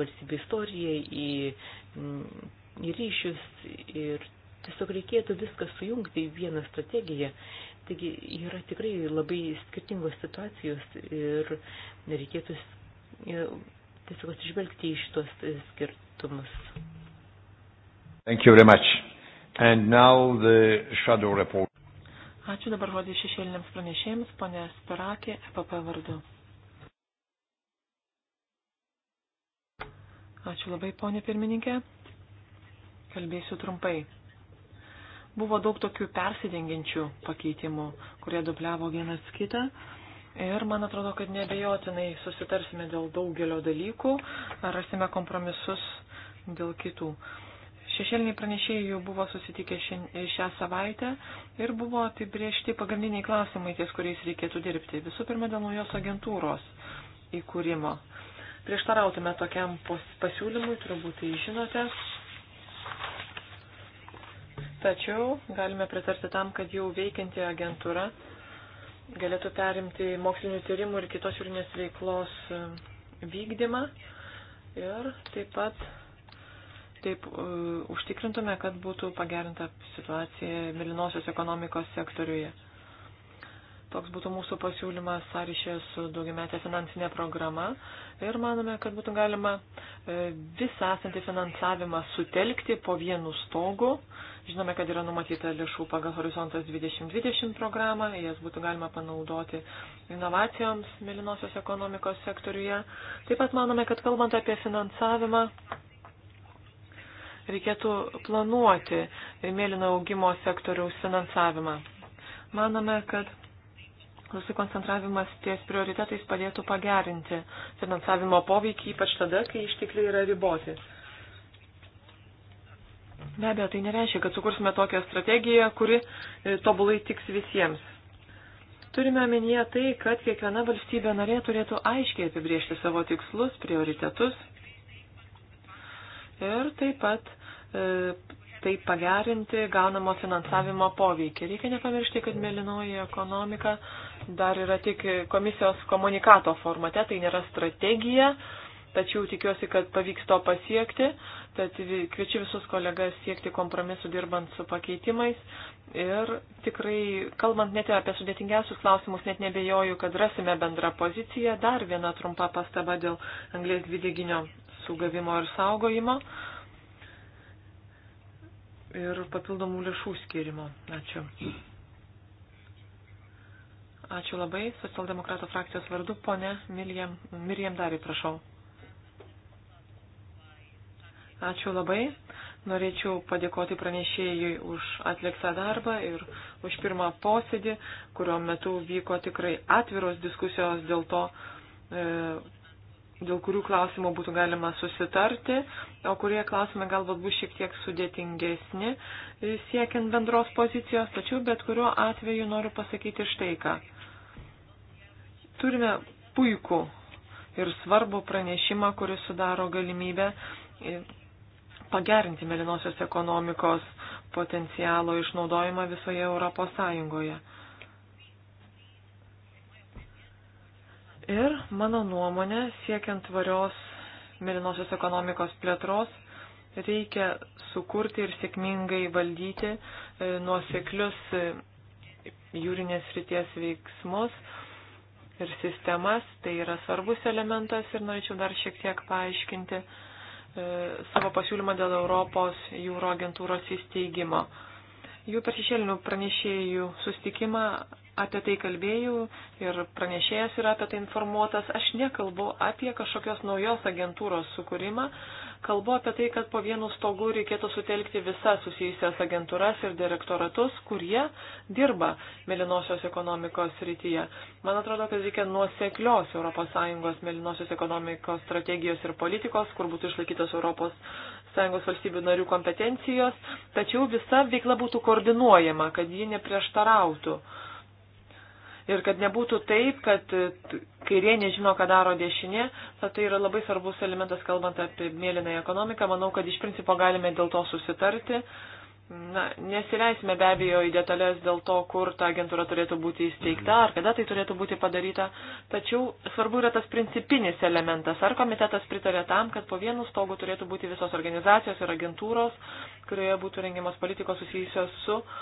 valstybių istoriją, į, į ryšius ir tiesiog reikėtų viską sujungti į vieną strategiją. Taigi yra tikrai labai skirtingos situacijos ir reikėtų tiesiog atsižvelgti į šitos skirtumus. Thank you very much. And now the shadow report. Ačiū dabar žodį šešėliniams pranešėjams, ponė Sparakė, EPP vardu. Ačiū labai, ponė pirmininkė. Kalbėsiu trumpai. Buvo daug tokių persidengiančių pakeitimų, kurie dubliavo vienas kitą. Uh, Ir man atrodo, kad nebejotinai susitarsime dėl daugelio dalykų, rasime kompromisus dėl kitų. Šešėliniai pranešėjai jau buvo susitikę šią savaitę ir buvo apibriežti pagrindiniai klausimai, ties kuriais reikėtų dirbti. Visų pirma, dėl naujos agentūros įkūrimo. Prieštarautume tokiam pasiūlymui, turbūt tai žinote. Tačiau galime pritarti tam, kad jau veikianti agentūra galėtų perimti mokslinių tyrimų ir kitos jūrinės veiklos e, vykdymą ir taip pat taip uh, užtikrintume, kad būtų pagerinta situacija milinosios ekonomikos sektoriuje. Toks būtų mūsų pasiūlymas sąryšė su daugiametė finansinė programa ir manome, kad būtų galima e, visą esantį finansavimą sutelkti po vienu stogu Žinome, kad yra numatyta lėšų pagal Horizontas 2020 programą, jas būtų galima panaudoti inovacijoms mėlynosios ekonomikos sektoriuje. Taip pat manome, kad kalbant apie finansavimą, reikėtų planuoti mėlyno augimo sektoriaus finansavimą. Manome, kad susikoncentravimas ties prioritetais padėtų pagerinti finansavimo poveikį, ypač tada, kai ištikliai yra riboti. Be abejo, tai nereiškia, kad sukursime tokią strategiją, kuri e, tobulai tiks visiems. Turime omenyje tai, kad kiekviena valstybė narė turėtų aiškiai apibriežti savo tikslus, prioritetus ir taip pat e, tai pagerinti gaunamo finansavimo poveikį. Reikia nepamiršti, kad mėlynoji ekonomika dar yra tik komisijos komunikato formate, tai nėra strategija, tačiau tikiuosi, kad pavyks to pasiekti, tad kviečiu visus kolegas siekti kompromisų dirbant su pakeitimais ir tikrai, kalbant net apie sudėtingiausius klausimus, net nebejoju, kad rasime bendrą poziciją. Dar viena trumpa pastaba dėl anglės dvideginio sugavimo ir saugojimo ir papildomų lėšų skirimo. Ačiū. Ačiū labai. Socialdemokratų frakcijos vardu, ponė Mirjam, Mirjam Dari, prašau. Ačiū labai. Norėčiau padėkoti pranešėjui už atliktą darbą ir už pirmą posėdį, kurio metu vyko tikrai atviros diskusijos dėl to, e, dėl kurių klausimų būtų galima susitarti, o kurie klausimai galbūt bus šiek tiek sudėtingesni e, siekiant bendros pozicijos, tačiau bet kuriuo atveju noriu pasakyti štai ką. Turime puikų ir svarbų pranešimą, kuris sudaro galimybę e, pagerinti melinosios ekonomikos potencialo išnaudojimą visoje Europos Sąjungoje. Ir mano nuomonė, siekiant tvarios melinosios ekonomikos plėtros, reikia sukurti ir sėkmingai valdyti e, nuoseklius e, jūrinės ryties veiksmus ir sistemas. Tai yra svarbus elementas ir norėčiau dar šiek tiek paaiškinti. E, savo pasiūlymą dėl Europos jūro agentūros įsteigimo. Jų per šešėlinių pranešėjų sustikimą apie tai kalbėjau ir pranešėjas yra apie tai informuotas. Aš nekalbu apie kažkokios naujos agentūros sukūrimą, Kalbu apie tai, kad po vienu stogu reikėtų sutelkti visas susijusias agentūras ir direktoratus, kurie dirba melinosios ekonomikos srityje. Man atrodo, kad reikia nuoseklios ES melinosios ekonomikos strategijos ir politikos, kur būtų išlaikytos ES valstybių narių kompetencijos, tačiau visa veikla būtų koordinuojama, kad ji neprieštarautų uh, Ir kad nebūtų taip, kad e, kairė nežino, ką daro dešinė, tai yra labai svarbus elementas, kalbant apie mėlynąją ekonomiką. Manau, kad iš principo galime dėl to susitarti. Na, nesileisime be abejo į detalės dėl to, kur ta agentūra turėtų būti įsteigta, ar kada tai turėtų būti padaryta, tačiau svarbu yra tas principinis elementas. Ar komitetas pritarė tam, kad po vienu stogu turėtų būti visos organizacijos ir agentūros, kurioje būtų rengiamos politikos susijusios su uh,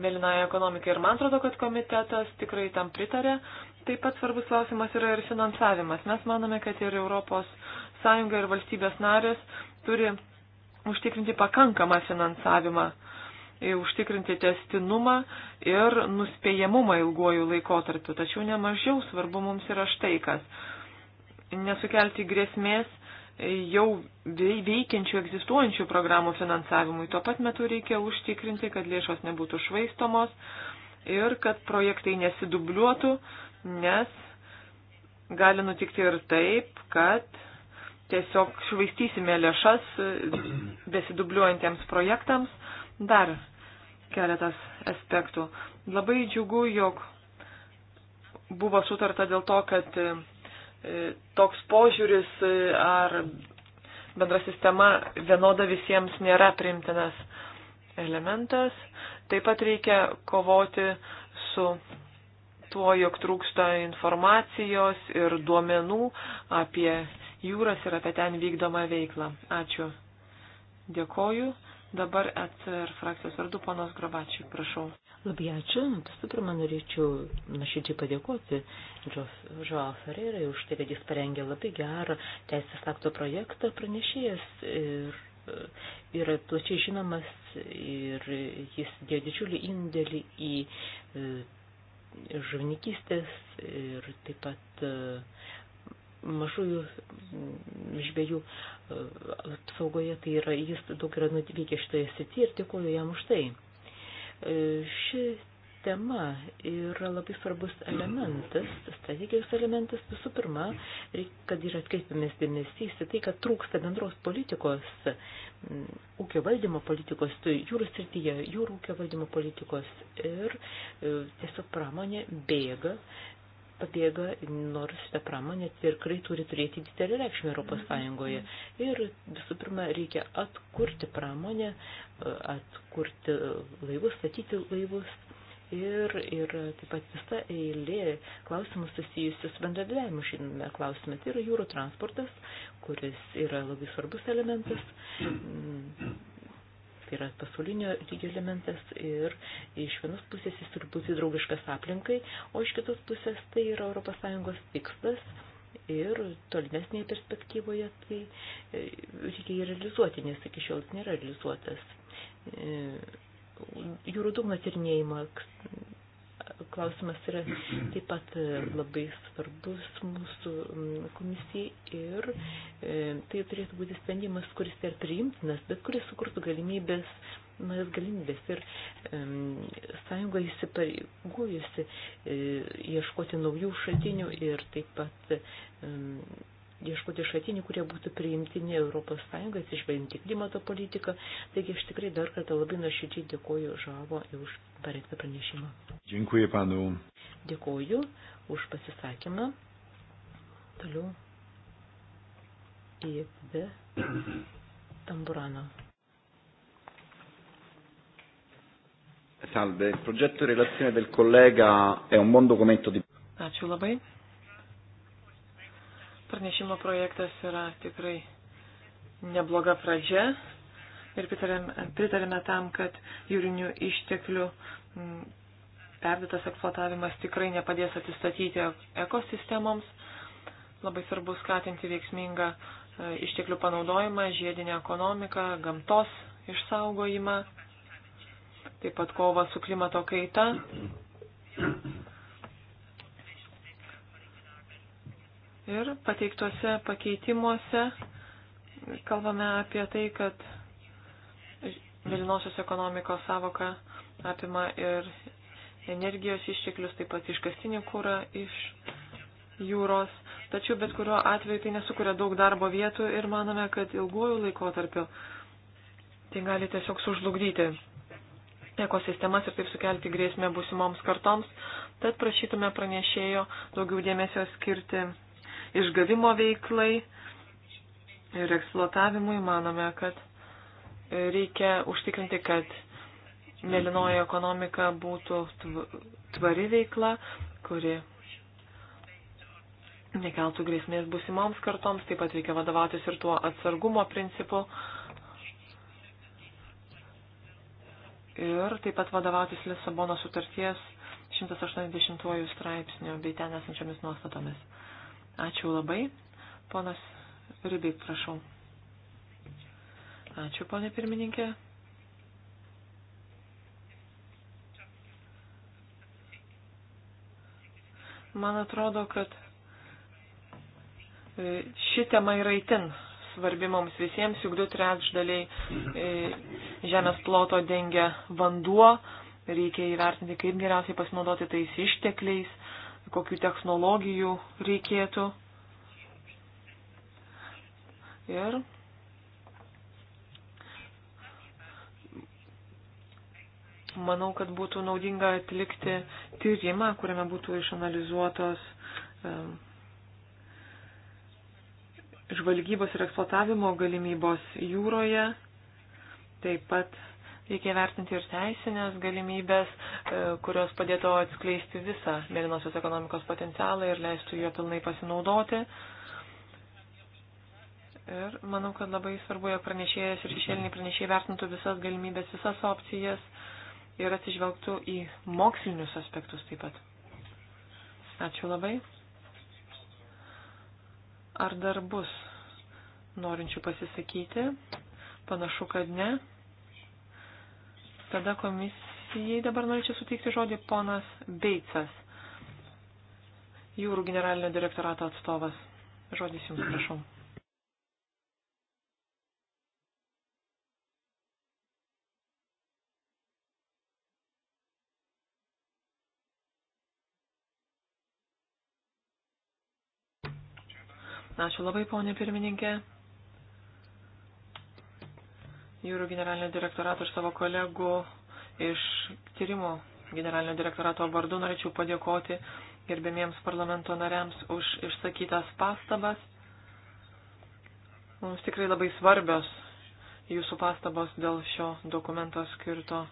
mėlynąją ekonomiką. Ir man atrodo, kad komitetas tikrai tam pritarė. Taip pat svarbus klausimas yra ir finansavimas. Mes manome, kad ir Europos Sąjunga ir valstybės narės turi užtikrinti pakankamą finansavimą, užtikrinti testinumą ir nuspėjamumą ilguoju laikotarpiu. Tačiau nemažiau svarbu mums yra štai kas. Nesukelti grėsmės jau veikiančių egzistuojančių programų finansavimui. Tuo pat metu reikia užtikrinti, kad lėšos nebūtų švaistomos ir kad projektai nesidubliuotų, nes gali nutikti ir taip, kad tiesiog švaistysime lėšas besidubliuojantiems projektams. Dar keletas aspektų. Labai džiugu, jog buvo sutarta dėl to, kad E, toks požiūris e, ar bendra sistema vienoda visiems nėra primtinas elementas. Taip pat reikia kovoti su tuo, jog trūksta informacijos ir duomenų apie jūras ir apie ten vykdomą veiklą. Ačiū. Dėkoju. Dabar atsir frakcijos vardu panos Grabačiui, prašau. Labai ačiū. Visų pirma, norėčiau nuoširdžiai padėkoti Žoa Ferrerai už tai, kad jis parengė labai gerą teisės akto projektą pranešėjas ir yra plačiai žinomas ir jis dėjo didžiulį indėlį į e, žuvininkystės ir taip pat e, mažųjų mm, žvėjų e, apsaugoje, tai yra, jis daug yra nuveikęs šitoje srityje ir dėkuoju jam už tai. E, ši tema yra labai svarbus elementas, strategijos elementas visų pirma, kad yra atkreipiamės dėmesys į tai, kad trūksta bendros politikos, mm, ūkio valdymo politikos, tai jūrų srityje, jūrų ūkio valdymo politikos ir e, tiesiog pramonė bėga pabėga, nors šitą pramonę tikrai turi turėti didelį reikšmę Europos mhm. Sąjungoje. Ir visų pirma, reikia atkurti pramonę, atkurti laivus, statyti laivus. Ir, ir taip pat visa eilė klausimų susijusių su bendradarbiavimu šiame klausime. Tai yra jūrų transportas, kuris yra labai svarbus elementas. Mm tai yra pasaulinio lygio elementas ir iš vienos pusės jis turi būti draugiškas aplinkai, o iš kitos pusės tai yra ES tikslas ir tolimesnėje perspektyvoje tai e, reikia jį realizuoti, nes iki šiol jis nėra realizuotas. E, jūrų dugno tyrinėjimas klausimas yra taip pat e, labai svarbus mūsų komisijai ir e, tai turėtų būti sprendimas, kuris ir priimtinas, bet kuris sukurtų galimybės, naujas galimybės ir sąjunga įsipareigojusi e, ieškoti naujų šaltinių ir taip pat ieškoti šaltinių, kurie būtų priimtini Europos Sąjungai, atsižvelginti klimato politiką. Taigi aš tikrai dar kartą labai nuoširdžiai dėkoju Žavo už parengtą pranešimą. Dėkuoju, panu. Dėkoju už pasisakymą. Toliau į D. Tamburano. Salve, il progetto di relazione del collega è un buon documento di... Ačiū labai. Pranešimo projektas yra tikrai nebloga pradžia ir pritarėme, pritarėme tam, kad jūrinių išteklių mm, perdėtas eksploatavimas tikrai nepadės atsistatyti e-, ekosistemoms. Labai svarbu skatinti veiksmingą e, išteklių panaudojimą, žiedinę ekonomiką, gamtos išsaugojimą, taip pat kovą su klimato kaita. Ir pateiktuose pakeitimuose kalbame apie tai, kad mėlynosios ekonomikos savoka apima ir energijos išteklius, taip pat iškastinį kūrą iš jūros. Tačiau bet kuriuo atveju tai nesukuria daug darbo vietų ir manome, kad ilguoju laikotarpiu tai gali tiesiog sužlugdyti ekosistemas ir taip sukelti grėsmę būsimoms kartoms. Tad prašytume pranešėjo daugiau dėmesio skirti išgavimo veiklai ir eksploatavimui. Manome, kad reikia užtikrinti, kad mėlynoji ekonomika būtų tvari veikla, kuri nekeltų grėsmės busimoms kartoms, taip pat reikia vadovautis ir tuo atsargumo principu. Ir taip pat vadovautis Lisabono sutarties 180 straipsnių bei ten esančiomis nuostatomis. Ačiū labai. Ponas Ribik, prašau. Ačiū, ponė pirmininkė. Man atrodo, kad e, ši tema yra itin svarbi mums visiems, juk du trečdaliai e, žemės ploto dengia vanduo, reikia įvertinti, kaip geriausiai pasinaudoti tais ištekliais, kokių technologijų reikėtų. Ir manau, kad būtų naudinga atlikti tyrimą, kuriame būtų išanalizuotos žvalgybos ir eksploatavimo galimybos jūroje, taip pat Reikia vertinti ir teisinės galimybės, e, kurios padėtų atskleisti visą mėlynosios ekonomikos potencialą ir leistų juo pilnai pasinaudoti. Ir manau, kad labai svarbu, jog pranešėjas ir šešėliniai pranešėjai vertintų visas galimybės, visas opcijas ir atsižvelgtų į mokslinius aspektus taip pat. Ačiū labai. Ar dar bus norinčių pasisakyti? Panašu, kad ne. Tada komisijai dabar norėčiau suteikti žodį ponas Beicas, jūrų generalinio direktorato atstovas. Žodis jums, prašau. Ačiū labai, ponė pirmininkė jūrų generalinio direktorato ir savo kolegų iš tyrimų generalinio direktorato vardu norėčiau padėkoti gerbėmiems parlamento nariams už išsakytas pastabas. Mums tikrai labai svarbios jūsų pastabos dėl šio dokumento skirto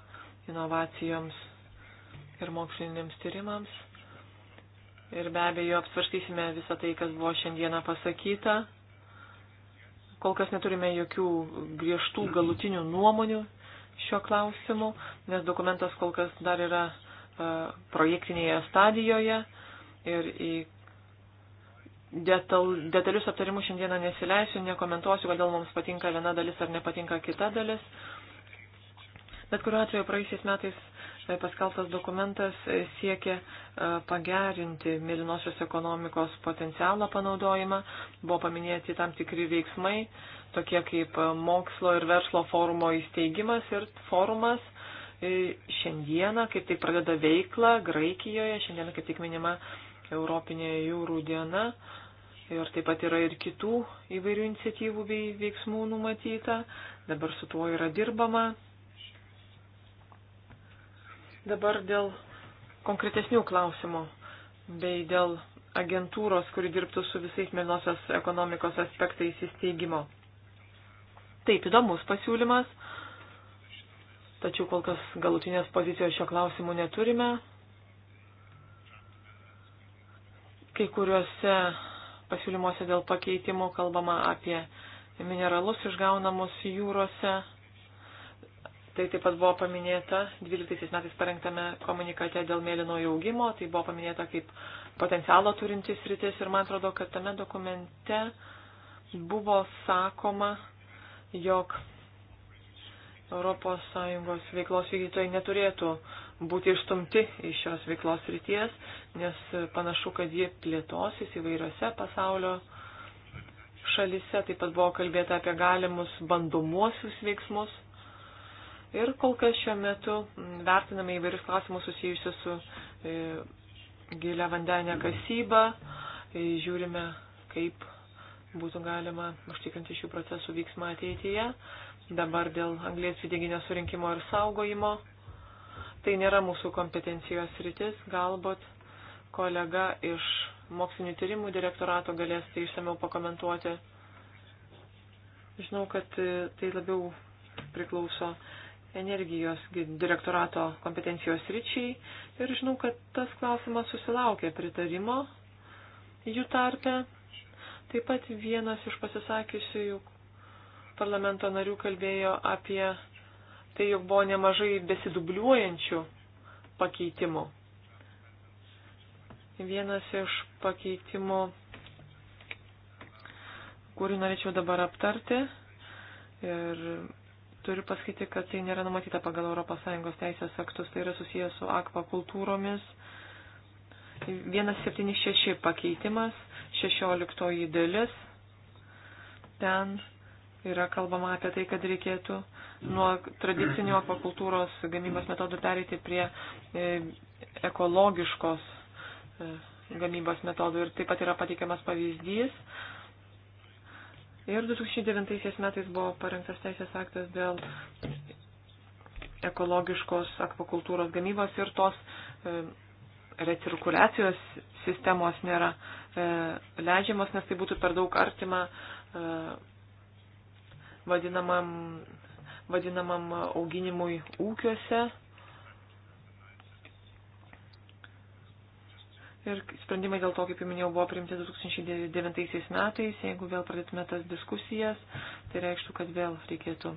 inovacijoms ir moksliniams tyrimams. Ir be abejo apsvarstysime visą tai, kas buvo šiandieną pasakyta. Kol kas neturime jokių griežtų galutinių nuomonių šiuo klausimu, nes dokumentas kol kas dar yra e, projektinėje stadijoje ir į detal, detalius aptarimus šiandieną nesileisiu, nekomentuosiu, kodėl mums patinka viena dalis ar nepatinka kita dalis. Bet kuriuo atveju praeisiais metais E, paskaltas dokumentas e, siekia e, pagerinti mėlynosios ekonomikos potencialą panaudojimą. Buvo paminėti tam tikri veiksmai, tokie kaip mokslo ir verslo forumo įsteigimas ir forumas. Šiandieną, kaip tik pradeda veiklą Graikijoje, šiandieną kaip tik minima Europinė jūrų diena ir taip pat yra ir kitų įvairių iniciatyvų bei veiksmų numatyta, dabar su tuo yra dirbama. Dabar dėl konkretesnių klausimų bei dėl agentūros, kuri dirbtų su visais mėlynosios ekonomikos aspektais įsteigimo. Taip, įdomus pasiūlymas, tačiau kol kas galutinės pozicijos šio klausimu neturime. Kai kuriuose pasiūlymuose dėl pakeitimo kalbama apie mineralus išgaunamus jūrose Tai taip pat buvo paminėta 12 metais parengtame komunikate dėl mėlynojo augimo, tai buvo paminėta kaip potencialo turintis rytis ir man atrodo, kad tame dokumente buvo sakoma, jog ES veiklos vykdytojai neturėtų būti išstumti iš šios veiklos ryties, nes panašu, kad ji plėtosis įvairiose pasaulio šalise. Taip pat buvo kalbėta apie galimus bandomuosius veiksmus. Ir kol kas šiuo metu vertiname įvairius klausimus susijusius su e, gilia vandenė kasyba, e, žiūrime, kaip būtų galima užtikrinti šių procesų vyksmą ateityje. Dabar dėl anglės dvideginio surinkimo ir saugojimo. Tai nėra mūsų kompetencijos rytis, galbūt kolega iš mokslinių tyrimų direktorato galės tai išsameu pakomentuoti. Žinau, kad e, tai labiau priklauso energijos direktorato kompetencijos ryčiai ir žinau, kad tas klausimas susilaukė pritarimo jų tarpe. Taip pat vienas iš pasisakysiųjų parlamento narių kalbėjo apie tai, jog buvo nemažai besidubliuojančių pakeitimų. Vienas iš pakeitimų, kurį norėčiau dabar aptarti ir Turiu pasakyti, kad tai nėra numatyta pagal ES teisės aktus, tai yra susijęs su akvakultūromis. 176 pakeitimas, 16 dalis. Ten yra kalbama apie tai, kad reikėtų nuo tradicinių akvakultūros gamybos metodų pereiti prie e, ekologiškos e, gamybos metodų. Ir taip pat yra pateikiamas pavyzdys Ir 2009 metais buvo parengtas teisės aktas dėl ekologiškos akvakultūros gamybos ir tos e, recirkuliacijos sistemos nėra e, leidžiamos, nes tai būtų per daug artima e, vadinamam, vadinamam auginimui ūkiuose. Ir sprendimai dėl to, kaip jau minėjau, buvo priimti 2009 metais. Jeigu vėl pradėtume tas diskusijas, tai reikštų, kad vėl reikėtų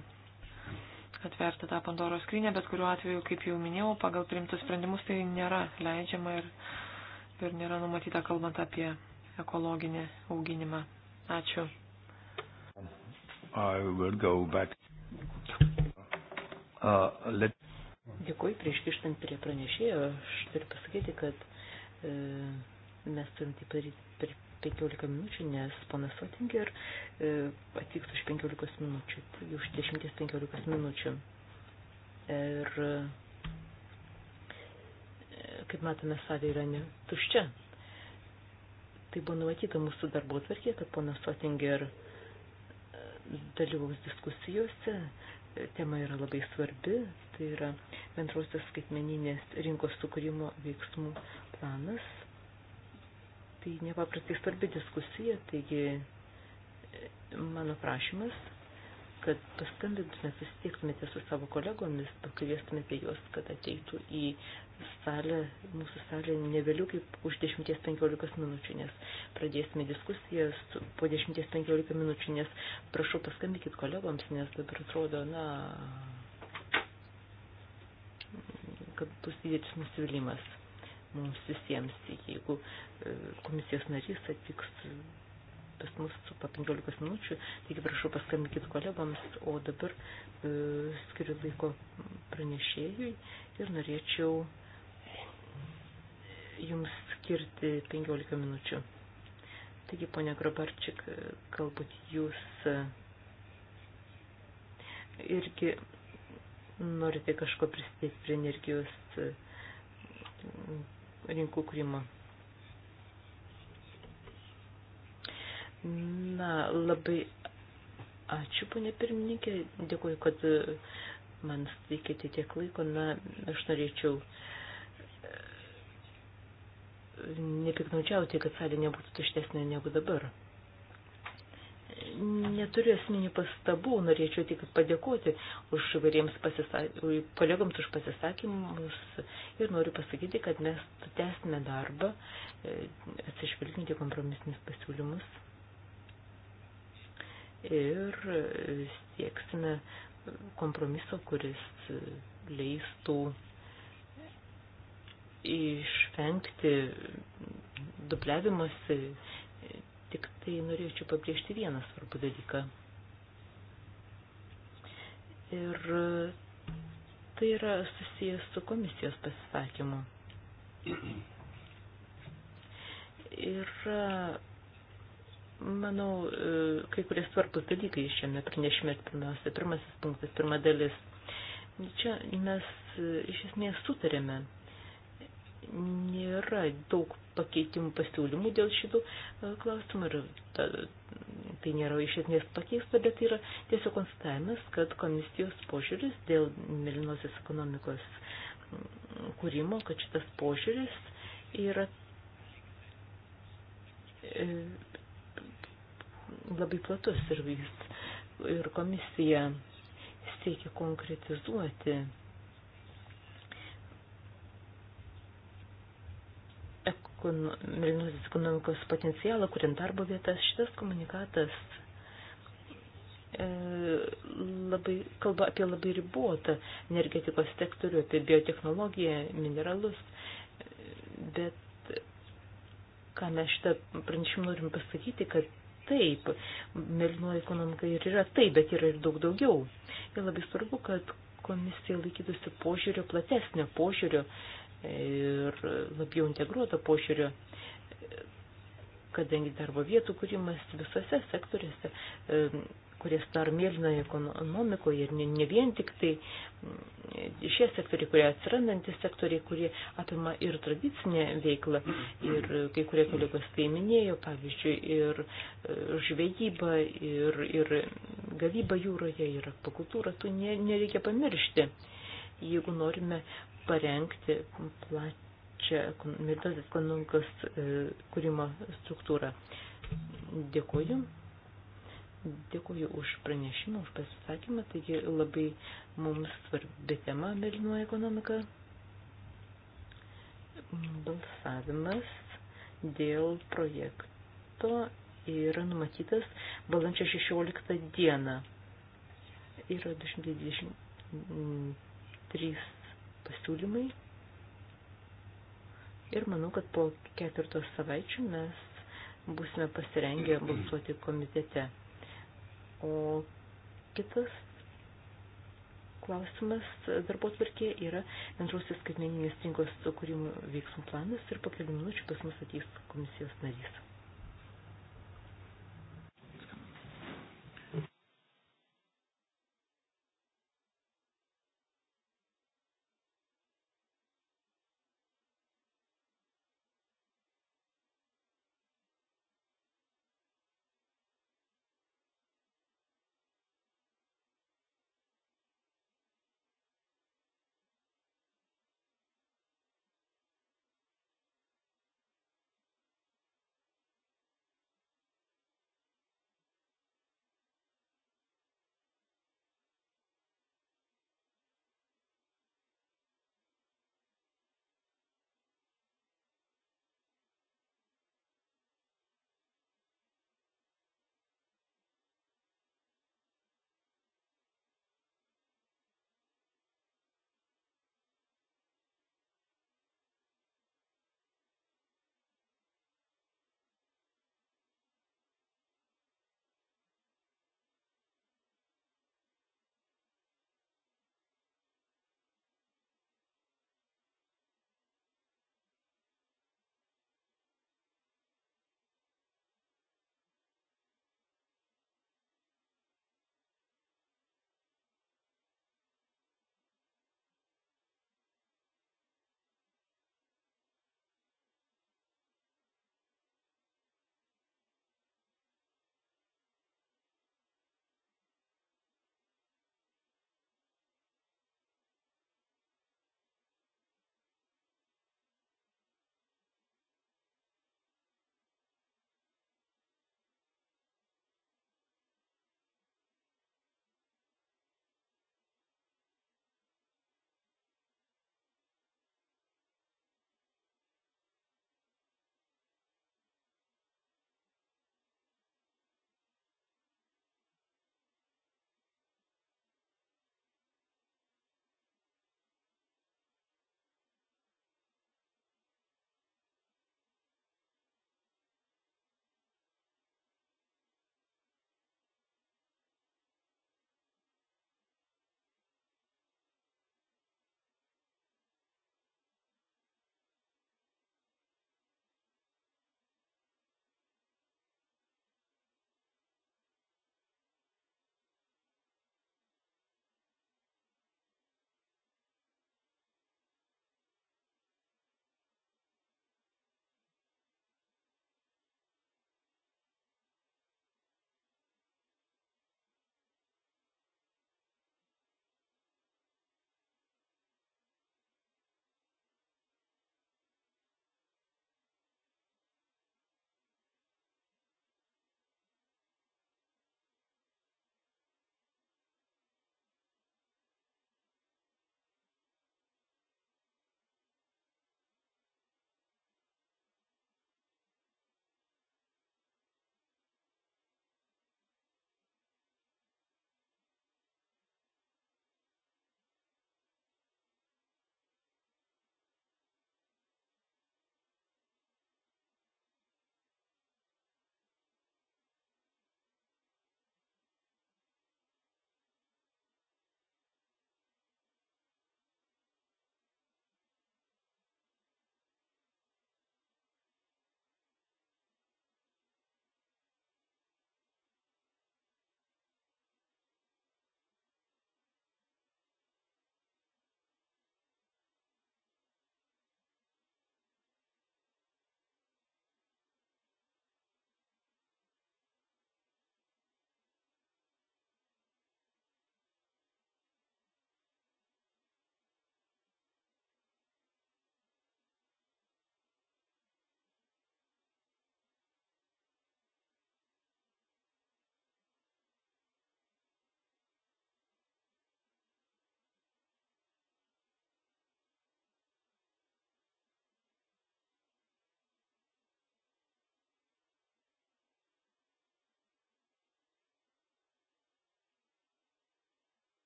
atverti tą Pandoro skrynę, bet kuriuo atveju, kaip jau minėjau, pagal priimtus sprendimus tai nėra leidžiama ir, ir nėra numatyta kalbant apie ekologinį auginimą. Ačiū. Uh, let... Dėkui, prieš kištant prie pranešėjo, aš turiu pasakyti, kad E, mes turim tai padaryti per 15 minučių, nes ponas Sotinger e, atvyks už 15 minučių, tai už 10-15 minučių. Ir e, kaip matome, salė yra ne tuščia. Tai buvo numatyta mūsų darbo tvarkė, kad ponas Sotinger dalyvaus diskusijose, tema yra labai svarbi, tai yra bendrosios skaitmeninės rinkos sukūrimo veiksmų planas. Tai nepaprastai svarbi diskusija, taigi mano prašymas, kad paskambintumėt, susitiktumėte su savo kolegomis, pakviestumėte juos, kad ateitų į salę, mūsų salę ne vėliau kaip už 10-15 minučių, nes pradėsime diskusijas po 10-15 minučių, nes prašau paskambinkit kolegoms, nes dabar atrodo, na, kad bus didelis nusivylimas mums visiems, jeigu e, komisijos narys atvyks e, pas mus po 15 minučių, taigi prašau paskambinkit kolegoms, o dabar e, skiriu laiko pranešėjui ir norėčiau jums skirti 15 minučių. Taigi, ponia Grabarčik, galbūt jūs e, irgi norite kažko prisidėti prie energijos rinkų kūrimą. Na, labai ačiū, ponė pirmininkė, dėkuoju, kad e, man suteikėte tiek laiko. Na, aš norėčiau e, nepiknaudžiauti, kad salė nebūtų tuštesnė negu dabar neturiu esminių pastabų, norėčiau tik padėkoti už įvairiems kolegams už pasisakymus ir noriu pasakyti, kad mes tęsime darbą, e, atsižvelginti kompromisinius pasiūlymus ir e, sieksime kompromiso, kuris leistų išvengti dubliavimuose tai norėčiau pabrėžti vieną svarbų dalyką. Ir tai yra susijęs su komisijos pasisakymu. Ir manau, kai kurie svarbus dalykai šiame pranešime, pirmiausia, pirmasis punktas, pirma dalis. Čia mes iš esmės sutarėme nėra daug pakeitimų pasiūlymų dėl šitų e, klausimų ir ta, tai nėra iš esmės pakeista, bet tai yra tiesiog konstatavimas, kad komisijos požiūris dėl melinosios ekonomikos kūrimo, kad šitas požiūris yra e, labai platus ir vis. Ir komisija siekia konkretizuoti mėlynosios ekonomikos potencialą, kuriant darbo vietas, šitas komunikatas e, labai, kalba apie labai ribotą energetikos sektorių, apie biotechnologiją, mineralus, bet ką mes šitą pranešimą norim pasakyti, kad taip, mėlynoji ekonomika ir yra taip, bet yra ir daug daugiau. Ir labai svarbu, kad komisija laikytųsi požiūrio, platesnio požiūrio, e, ir labiau integruoto požiūrio, kadangi darbo vietų kūrimas visose sektoriuose, e, kurie sudaro mėlynoje ekonomikoje ir ne, ne vien tik tai mm, šie sektoriai, kurie atsirandantys sektoriai, kurie apima ir tradicinę veiklą. Ir kai kurie kolegos tai minėjo, pavyzdžiui, ir e, žvejyba, ir, ir gavyba jūroje, ir akvakultūra, tų nereikia pamiršti jeigu norime parengti plačią komitos ekonomikos e, kūrimo struktūrą. Dėkuoju. Dėkuoju už pranešimą, už pasisakymą. Taigi labai mums svarbi tema mėlynoja ekonomika. Balsavimas dėl projekto yra numatytas balandžio 16 dieną. Yra 220 trys pasiūlymai. Ir manau, kad po ketvirtos savaičių mes būsime pasirengę balsuoti komitete. O kitas klausimas darbo tvarkė yra bendrosios skaitmeninės rinkos sukūrimo veiksmų planas ir po kelių minučių pas mus ateis komisijos narys.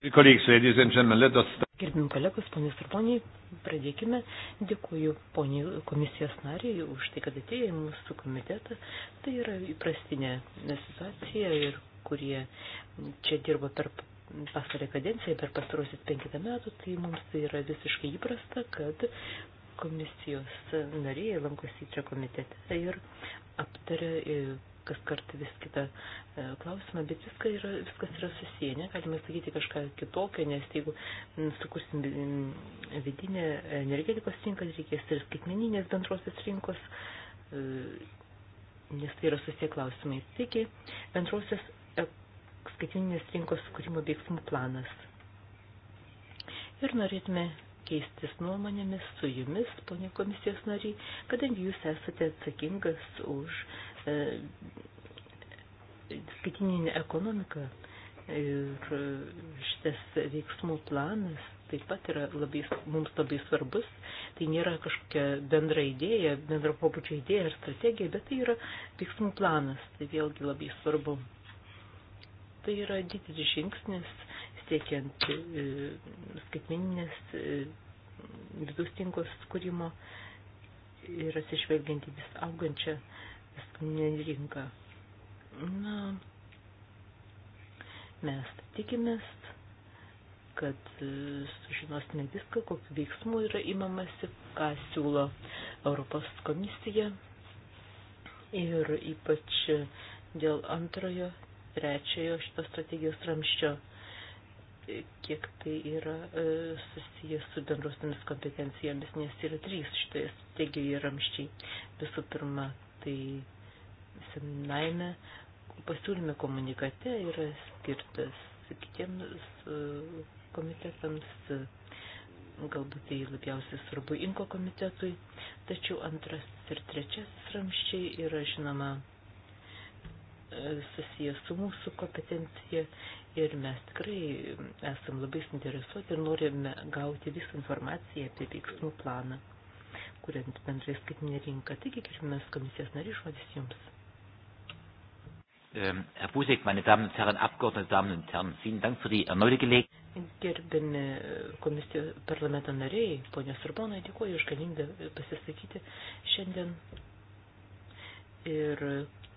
Gerbim kolegos, ponius ir poniai, pradėkime. Dėkuoju poniai komisijos nariai už tai, kad atėjo į mūsų komitetą. Tai yra įprastinė situacija ir kurie čia dirba per pastarę kadenciją, per pastarosius penkitą metų, tai mums tai yra visiškai įprasta, kad komisijos nariai lankosi čia komitete ir aptarė kas kart vis kitą e, klausimą, bet viskas yra, viskas yra susiję, negalime sakyti kažką kitokio, nes jeigu sukursim vidinę energetikos rinką, tai reikės ir skaitmeninės bendrosios rinkos, e, nes tai yra susiję klausimai. Taigi, bendrosios e, skaitmeninės rinkos sukūrimo veiksmų planas. Ir norėtume keistis nuomonėmis su jumis, ponė komisijos nariai, kadangi jūs esate atsakingas už E, skaitinė ekonomika ir šitas veiksmų planas taip pat yra labai, mums labai svarbus. Tai nėra kažkokia bendra idėja, bendra pobūdžio idėja ar strategija, bet tai yra veiksmų planas. Tai vėlgi labai svarbu. Tai yra didelis žingsnis siekiant e, skaitmeninės e, vidaus tinklos skūrimo ir atsižvelgiant į vis augančią e, skaitmeninę rinką. Na, mes tikimės, kad sužinosime viską, kokiu veiksmu yra imamasi, ką siūlo Europos komisija ir ypač dėl antrojo, trečiojo šitos strategijos ramščio kiek tai yra e, susijęs su bendrosiamis kompetencijomis, nes yra trys šitoje strategijoje ramščiai. Visų pirma, tai senaime pasiūlyme komunikate yra skirtas kitiems e, komitetams, galbūt tai labiausiai svarbu inko komitetui, tačiau antrasis ir trečiasis ramščiai yra žinoma e, susijęs su mūsų kompetencija ir mes tikrai esam labai suinteresuoti ir norime gauti visą informaciją apie veiksmų planą kuriant bendrąją skaitinę rinką. Taigi, gerbiamas komisijos narys, žodis jums. Ehm, Herr Busek, meine Damen und Herren Abgeordnete, Damen und Herren, vielen Dank für die erneute Gelegenheit. Gerbiami komisijos parlamento nariai, ponios ir ponai, dėkuoju už galimybę pasisakyti šiandien. Ir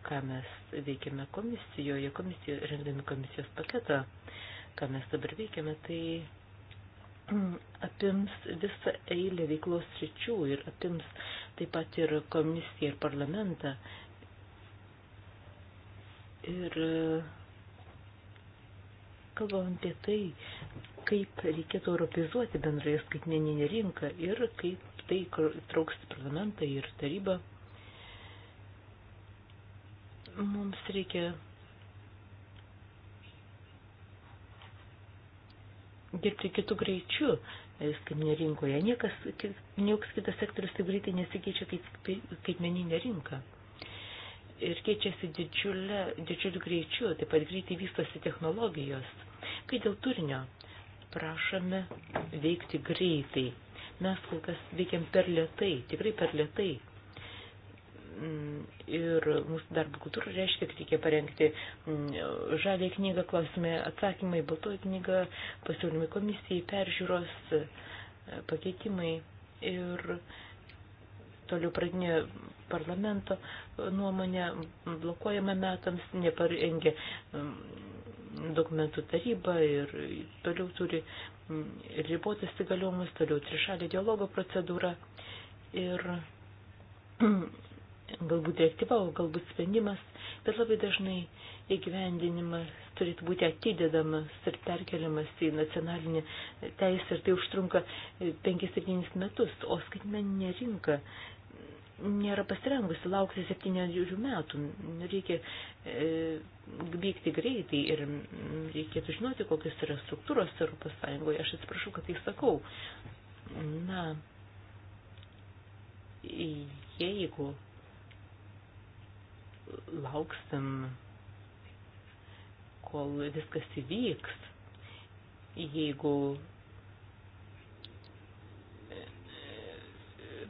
ką mes veikiame komisijoje, komisijoje rengdami komisijos paketą, ką mes dabar veikiame, tai apims visą eilę veiklos sričių ir apims taip pat ir komisiją ir parlamentą. Ir e, kalbam apie tai, kaip reikėtų europizuoti bendrąją skaitmeninę rinką ir kaip tai trauks parlamentą ir tarybą. Mums reikia dirbti kitų greičių skaitmeninė rinkoje. Niekas, niekas kitas sektorius taip greitai nesikeičia kaip skaitmeninė rinka. Ir keičiasi didžiulė, didžiuliu greičiu, taip pat greitai vystosi technologijos. Kai dėl turinio prašome veikti greitai. Mes kol kas veikiam per lietai, tikrai per lietai. Mm, ir mūsų darbo kultūra reiškia, kad reikia parengti mm, žalę knygą, klausimai, atsakymai, baltoji knyga, pasiūlymai komisijai, peržiūros, e, pakeitimai ir toliau pradinė parlamento nuomonė blokuojama metams, neparengė mm, dokumentų taryba ir toliau turi ribotas įgaliojimus, toliau trišalė dialogo procedūra ir galbūt direktyva, o galbūt sprendimas, bet labai dažnai įgyvendinimas turėtų būti atidedamas ir perkeliamas į nacionalinį teisę ir tai užtrunka 5-7 e, metus, o skaitmeninė rinka nėra pasirengusi laukti 7 metų. Reikia e, vykti greitai ir reikėtų žinoti, kokios yra struktūros Europos Sąjungoje. Aš atsiprašau, kad tai sakau. Na, jeigu lauksim, kol viskas įvyks. Jeigu e, e,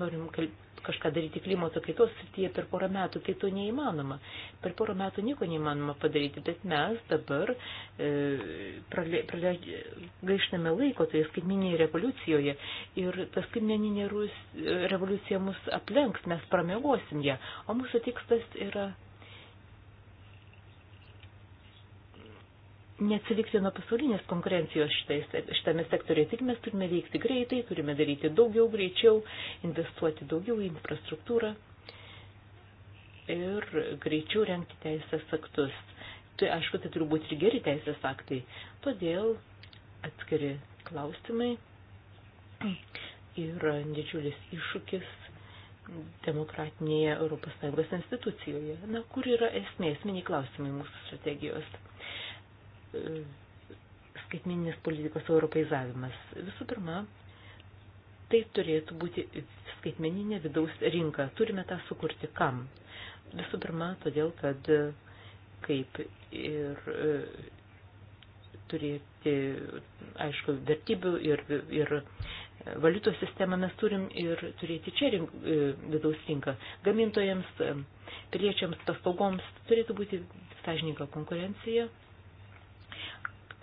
norim kalbėti kažką daryti klimato kaitos srityje per porą metų, tai to neįmanoma. Per porą metų nieko neįmanoma padaryti, bet mes dabar e, prale, prale, gaištame laiko toje tai skaitminėje revoliucijoje ir ta skaitmeninė revoliucija mus aplenks, mes pramėgosim ją, o mūsų tikslas yra neatsilikti nuo pasaulinės konkurencijos šitai, šitame sektorėje. Tik mes turime veikti greitai, turime daryti daugiau, greičiau, investuoti daugiau į infrastruktūrą ir greičiau renkti teisės aktus. Tai aišku, tai turi būti ir geri teisės aktai. Todėl atskiri klausimai yra didžiulis iššūkis demokratinėje ES institucijoje. Na, kur yra esmė, esminiai klausimai mūsų strategijos. E, skaitmeninės politikos europeizavimas. Visų pirma, tai turėtų būti skaitmeninė vidaus rinka. Turime tą sukurti kam? Visų pirma, todėl, kad e, kaip ir e, turėti, aišku, vertybių ir, ir valiutos sistemą mes turim ir turėti čia rink, vidaus rinką. Gamintojams, piliečiams, paslaugoms turėtų būti sąžininka konkurencija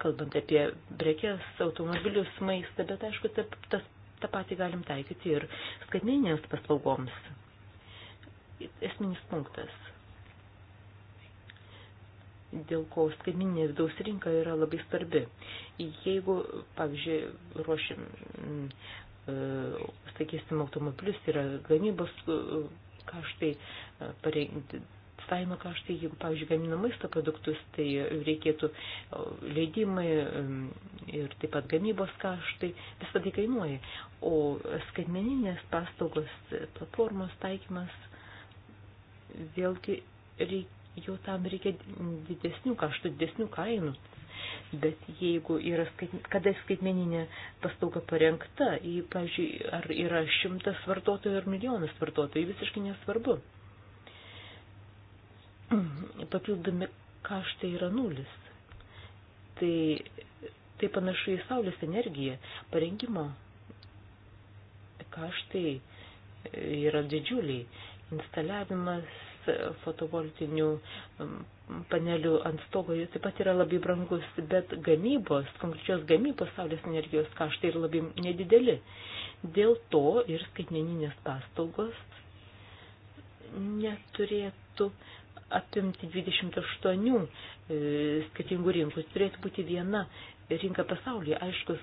kalbant apie prekes, automobilius, maistą, bet aišku, ta, ta, tą patį galim taikyti ir skaitmeninėms paslaugoms. Esminis punktas. Dėl ko skaitmeninė vidaus rinka yra labai svarbi. Jeigu, pavyzdžiui, ruošim, mm, e, sakysim, automobilius yra gamybos e, kaštai, e, atstavimo kaštai, jeigu, pavyzdžiui, gamina maisto produktus, tai reikėtų leidimai mm, ir taip pat gamybos kaštai, visą tai kainuoja. O skaitmeninės paslaugos platformos taikymas, vėlgi reik, jau tam reikia didesnių kaštų, didesnių kainų. Bet jeigu yra, kada skaitmeninė paslauga parengta, į, pavyzdžiui, ar yra šimtas vartotojų ar milijonas vartotojų, visiškai nesvarbu. papildomi kaštai yra nulis. Tai, tai panašu į saulės energiją, parengimo kaštai e, yra didžiuliai. Instaliavimas fotovoltinių panelių ant stogo jis taip pat yra labai brangus, bet gamybos, konkrečios gamybos saulės energijos kaštai yra labai nedideli. Dėl to ir skaitmeninės paslaugos neturėtų uh, apimti 28 e, skirtingų rinkų. Turėtų būti viena rinka pasaulyje. Aišku,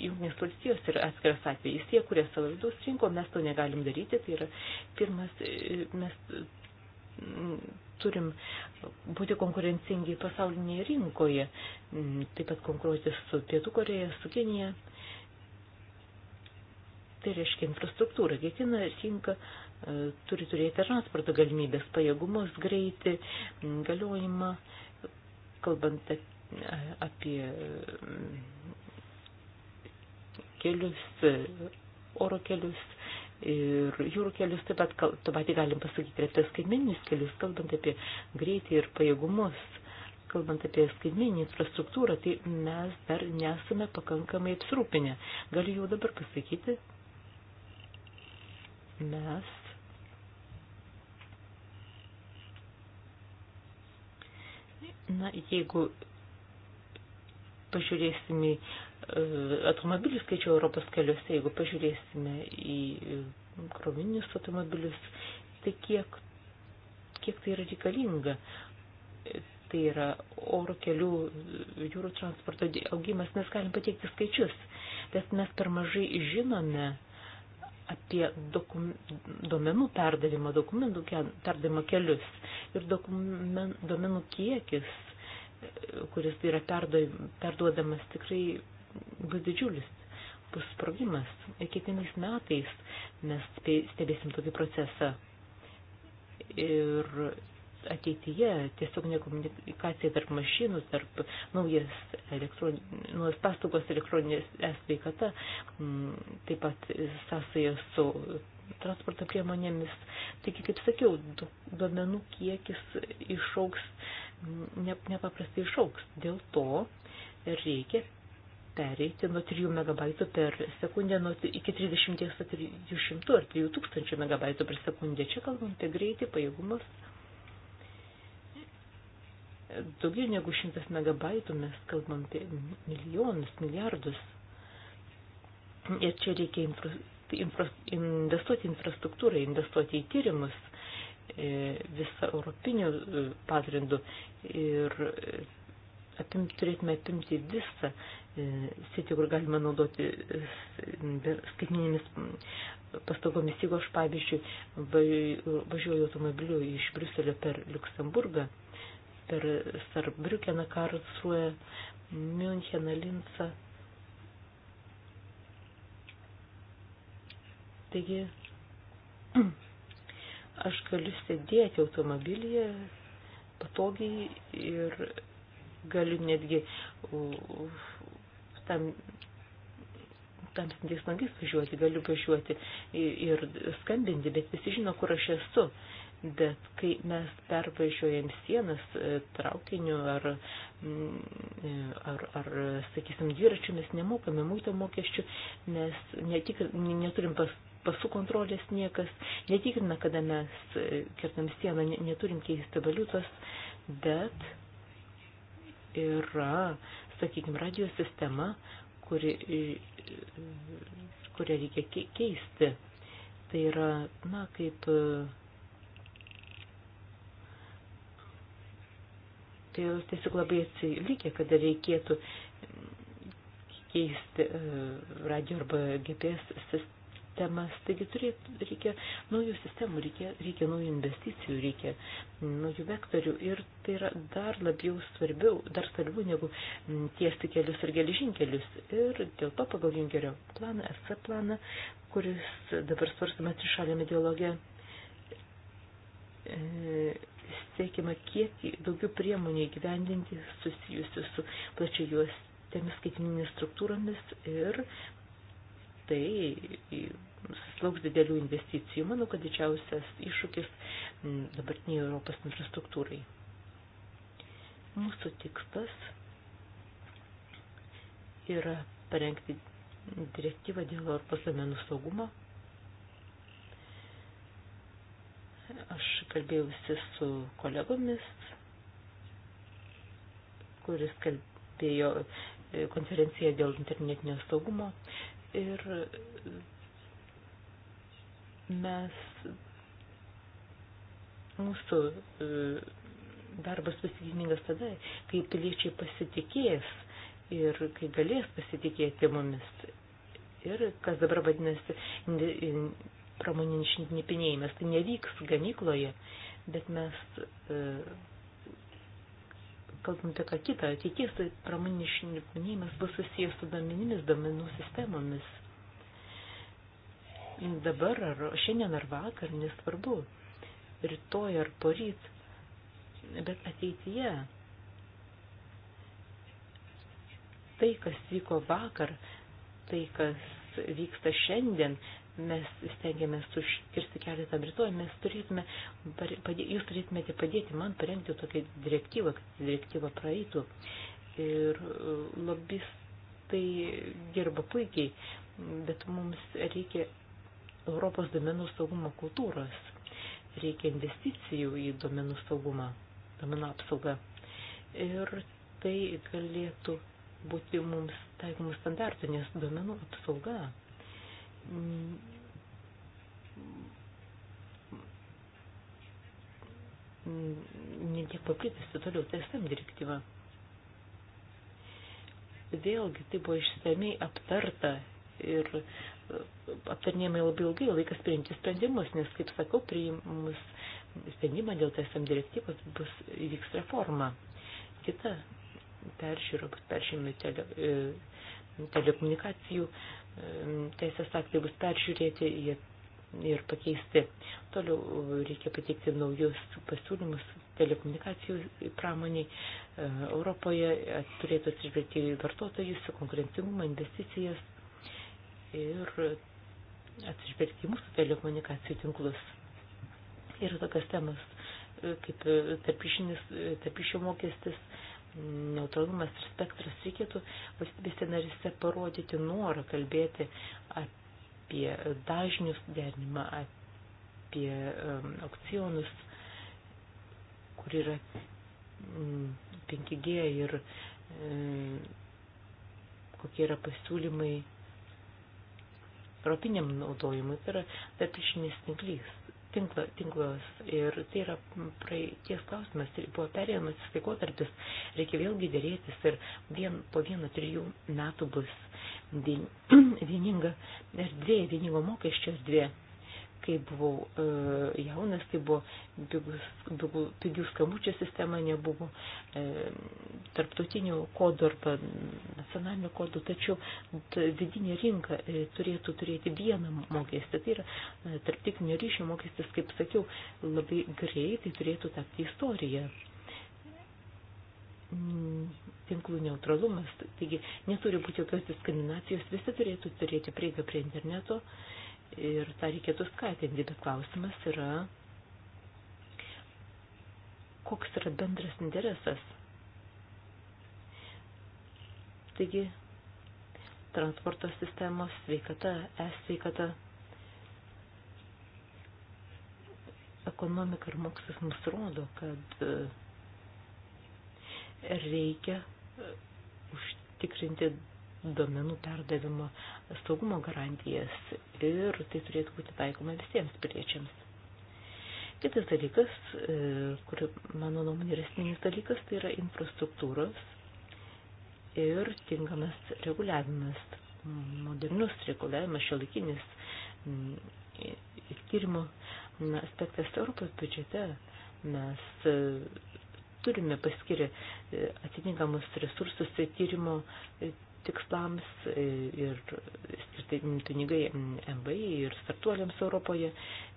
jungtinės valstijos yra atskiras atvejis. Jie kuria savo vidaus rinko, mes to negalim daryti. Tai yra pirmas, e, mes turim būti konkurencingi pasaulinėje rinkoje, taip pat konkuruoti su Pietų Koreja, su Kinija. Tai reiškia infrastruktūra. Kiekviena rinka uh, E, turi turėti transporto galimybės, pajėgumus, greitį, galiojimą, kalbant apie kelius, oro kelius ir jūrų kelius, taip pat tą patį galim pasakyti apie skaitmeninius kelius, kalbant apie greitį ir pajėgumus. Kalbant apie skaitmeninį infrastruktūrą, tai mes dar nesame pakankamai apsirūpinę. Galiu jau dabar pasakyti, mes Na, jeigu pažiūrėsim į e, automobilių skaičių Europos keliuose, jeigu pažiūrėsime į e, krovininius automobilius, tai kiek, kiek tai yra reikalinga. E, tai yra oro kelių, jūrų transporto augimas, mes galim pateikti skaičius, bet mes per mažai žinome apie dokum, domenų perdavimą, dokumentų perdavimą kelius ir dokumen, domenų kiekis, kuris tai yra perdo, perduodamas, tikrai bus didžiulis, bus sprogimas. Ir kiekvienais metais mes stebėsim tokį procesą. Ir ateityje tiesioginė komunikacija tarp mašinų, tarp naujas elektroninės paslaugos elektroninės sveikata, mm, taip pat sąsaja su transporto priemonėmis. Taigi, kaip sakiau, duomenų kiekis išauks, mm, ne, nepaprastai išauks. Dėl to reikia pereiti nuo 3 MB per sekundę nuo iki 30 300 ar 3000 MB per sekundę. Čia kalbam apie greitį, pajėgumus daugiau negu 100 megabaitų, mes kalbam apie milijonus, milijardus. Ir čia reikia infra, infra, investuoti infrastruktūrą, investuoti į tyrimus e, visą europinių e, pagrindų ir e, apim, turėtume apimti visą sritį, kur galima naudoti skaitminėmis paslaugomis. Jeigu aš, pavyzdžiui, važiuoju automobiliu iš Briuselio per Luksemburgą, per Sarbriukeną, Karlsruę, Müncheną, Lincą. Taigi, aš galiu sėdėti automobilyje patogiai ir galiu netgi tam tamsintis langais važiuoti, galiu važiuoti ir skambinti, bet visi žino, kur aš esu. Bet kai mes pervažiuojam sienas e, traukiniu ar, mm, e, ar, ar sakysim, dviračiu, mes nemokame mūtų mokesčių, mes netik, neturim pas, pasų kontrolės niekas, netikrina, kada mes e, kertam sieną, neturim keisti valiutos, bet yra, sakykime, radio sistema, kuri, kurią reikia keisti. Tai yra, na, kaip tai jos tiesiog labai atsilikė, kada reikėtų keisti e, radio arba GPS sistemas. Taigi turėtų, reikia naujų sistemų, reikia, reikia naujų investicijų, reikia naujų vektorių ir tai yra dar labiau svarbiau, dar svarbiau negu tiesti kelius ir geležinkelius. Ir dėl to pagal Junkerio planą, SC planą, kuris dabar svarstama trišalėme dialoge, e, siekima kiek daugiau priemonių įgyvendinti susijusių su plačia juos temis skaitminėmis struktūromis ir tai susilauks didelių investicijų. Manau, kad didžiausias iššūkis dabartiniai Europos infrastruktūrai. Mūsų tikslas yra parengti direktyvą dėl Europos domenų saugumo. Aš kalbėjausi su kolegomis, kuris kalbėjo e, konferenciją dėl internetinio saugumo ir mes mūsų e, darbas bus vieningas tada, kai piliečiai pasitikės ir kai galės pasitikėti mumis. Ir kas dabar vadinasi pramoninis šnipinėjimas. Tai nevyks gamykloje, bet mes e, kalbam apie ką kitą. Ateities tai pramoninis šnipinėjimas bus susijęs su duomenimis, duomenų sistemomis. Dabar ar šiandien ar vakar, nesvarbu, rytoj ar poryt, bet ateityje tai, kas vyko vakar, tai, kas vyksta šiandien, mes stengiamės užkirsti kelią tam rytoj, mes turėtume, jūs turėtumėte padėti man parengti tokią direktyvą, kad direktyva praeitų. Ir e, lobistai dirba puikiai, bet mums reikia Europos domenų saugumo kultūros, reikia investicijų į domenų saugumą, domenų apsaugą. Ir tai galėtų būti mums taikomų standartų, nes domenų apsauga Mm. netiek paplitusi toliau TSM direktyva. Vėlgi tai buvo išsamei aptarta ir e, aptarnėjimai labai ilgai laikas priimti sprendimus, nes, kaip sakau, priimus sprendimą dėl TSM direktyvos bus vyks reforma. Kita peržiūra bus peržiūrimi e, Nu, telekomunikacijų teisės aktai bus peržiūrėti ir pakeisti. Toliau e, reikia pateikti naujus pasiūlymus telekomunikacijų pramoniai e, Europoje, turėtų atsižvelgti į vartotojus, konkurencingumą, investicijas ir atsižvelgti į mūsų telekomunikacijų tinklus. Yra tokios temos e, kaip tarpišinis, tarpišio mokestis, neutralumas ir spektras reikėtų valstybėse narise parodyti norą kalbėti apie dažnius derinimą, apie um, aukcionus, kur yra um, mm, 5G ir um, kokie yra pasiūlymai europiniam naudojimui, tai yra tarpišinis tinklys tinkla, tinklas. Ir tai yra praeities klausimas. Po tai perėjimasis laikotarpis reikia vėlgi dėrėtis ir vien, po vieno trijų metų bus vieninga erdvė, vieningo mokesčio erdvė kai buvau e, jaunas, tai buvo pigių, pigių skambučių sistema, nebuvo e, tarptautinių kodų arba nacionalinių kodų, tačiau ta vidinė rinka e, turėtų turėti vieną mokestį, tai yra e, tarptikinio ryšio mokestis, kaip sakiau, labai greitai turėtų tapti istoriją tinklų neutralumas, taigi neturi būti jokios diskriminacijos, visi turėtų turėti prieigą prie interneto, e, ir tą reikėtų skatinti, bet klausimas yra, koks yra bendras interesas. Taigi, transporto sistemos sveikata, e-sveikata, ekonomika ir mokslas mums rodo, kad e, reikia e, užtikrinti duomenų perdavimo saugumo garantijas ir tai turėtų būti taikoma visiems piliečiams. Kitas dalykas, e, kur mano nuomonė yra esminis dalykas, tai yra infrastruktūros ir tinkamas reguliavimas, modernus reguliavimas, šiolikinis mm, tyrimo aspektas Europos biudžete. Mes e, turime paskiria e, atitinkamus resursus tyrimo tikslams e, ir skirtai pinigai MVI ir startuoliams Europoje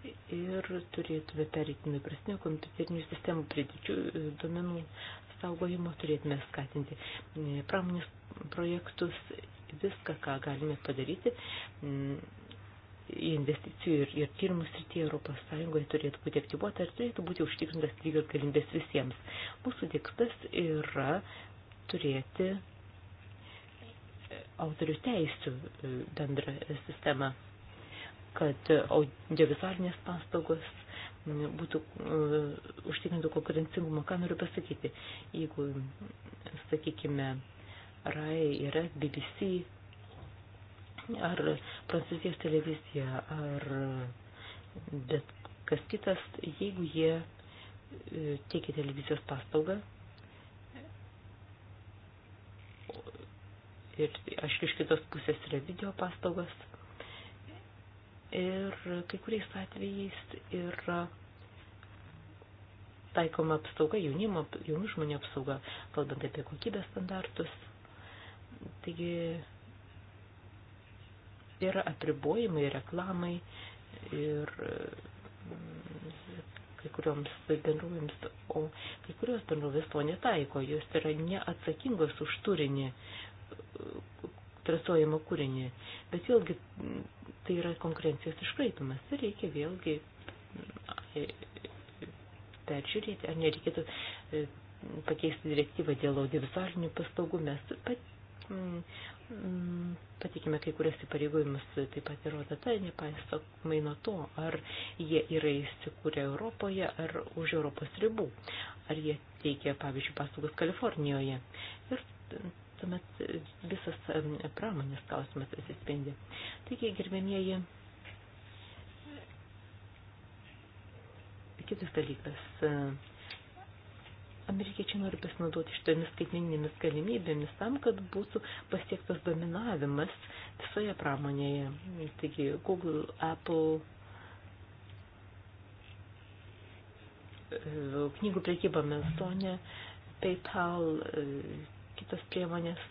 ir turėtume perėti nuo įprastinio kompiuterinių sistemų prie didžių e, domenų saugojimo, turėtume skatinti e, pramonės projektus, viską, ką galime padaryti investicijų ir, ir tyrimų srityje Europos Sąjungoje turėtų būti aktyvuota ir turėtų būti užtikrintas lygios galimybės visiems. Mūsų tikslas yra turėti autorių teisų e, bendrą e, sistemą, kad audiovizualinės paslaugos būtų e, užtikrintų konkurencingumą. Ką noriu pasakyti, jeigu, sakykime, RAI yra BBC, ar Prancūzijos televizija, ar bet kas kitas, jeigu jie teikia televizijos paslaugą, ir aišku, iš kitos pusės yra video paslaugos. Ir kai kuriais atvejais yra taikoma apsauga, jaunimo, jaunų žmonių apsauga, kalbant apie kokybės standartus. Taigi yra apribojimai reklamai ir mm, kai kurioms bendrovėms, o kai kurios bendrovės to netaiko, jos yra neatsakingos už turinį, trasojamą kūrinį. Bet vėlgi tai yra konkurencijos iškraipimas ir tai reikia vėlgi e, peržiūrėti, ar nereikėtų e, pakeisti direktyvą dėl audiovizualinių paslaugų. Mes pat, mm, mm patikime kai kurias įpareigojimus, taip pat įrodo tai, nepaiso maino to, ar jie yra įsikūrę Europoje ar už Europos ribų, ar jie teikia, pavyzdžiui, paslaugas Kalifornijoje. Ir tuomet e, visas e, pramonės klausimas atsispindi. Taigi, gerbėmieji, kitas dalykas. E, amerikiečiai nori pasinaudoti šitomis skaitmeninėmis galimybėmis tam, kad būtų pasiektas dominavimas visoje pramonėje. Taigi, Google, Apple, knygų prekyba Melstone, PayPal, kitos priemonės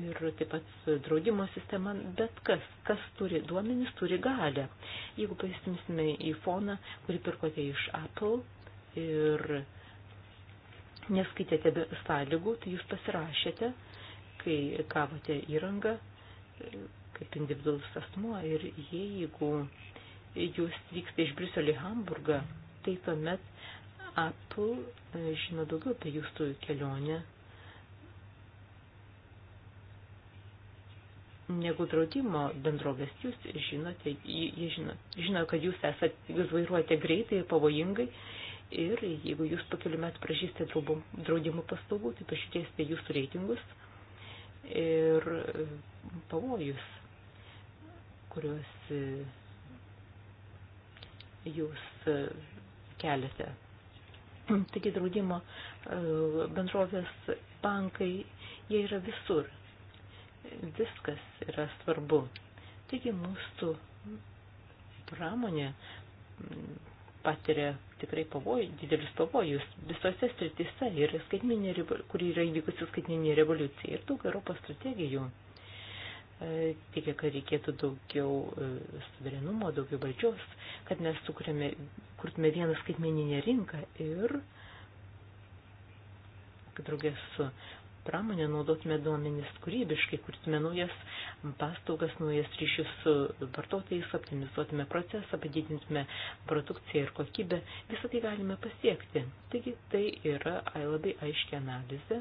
ir taip pat draudimo sistema, bet kas, kas turi duomenis, turi galę. Jeigu pasimsime į foną, kurį pirkote iš Apple ir neskaitėte be sąlygų, tai jūs pasirašėte, kai gavote įrangą kaip individualus asmuo ir jeigu jūs vyksta iš Briuselio į Hamburgą, tai tuomet Apple žino daugiau apie jūsų kelionę negu draudimo bendrovės. Jūs žinote, jie žino, žino, kad jūs esat, jūs vairuojate greitai ir pavojingai ir jeigu jūs po kelių metų pražysite draudimo paslaugų, tai pažiūrėsite jūsų reitingus ir pavojus, kuriuos e, jūs e, keliate. Taigi draudimo e, bendrovės bankai, jie yra visur viskas yra svarbu. Taigi mūsų pramonė patiria tikrai pavojų, didelius pavojus visose sritise ir skaitminė, kur yra įvykusi skaitminė revoliucija ir daug Europos strategijų. E, Tikia, kad reikėtų daugiau e, suverenumo, daugiau valdžios, kad mes sukūrėme, kurtume vieną skaitmeninę rinką ir kad draugės su pramonę naudotume duomenis kūrybiškai, kurtume naujas paslaugas, naujas ryšius su vartotojais, optimizuotume procesą, padidintume produkciją ir kokybę. Visą tai galime pasiekti. Taigi tai yra labai aiškia analizė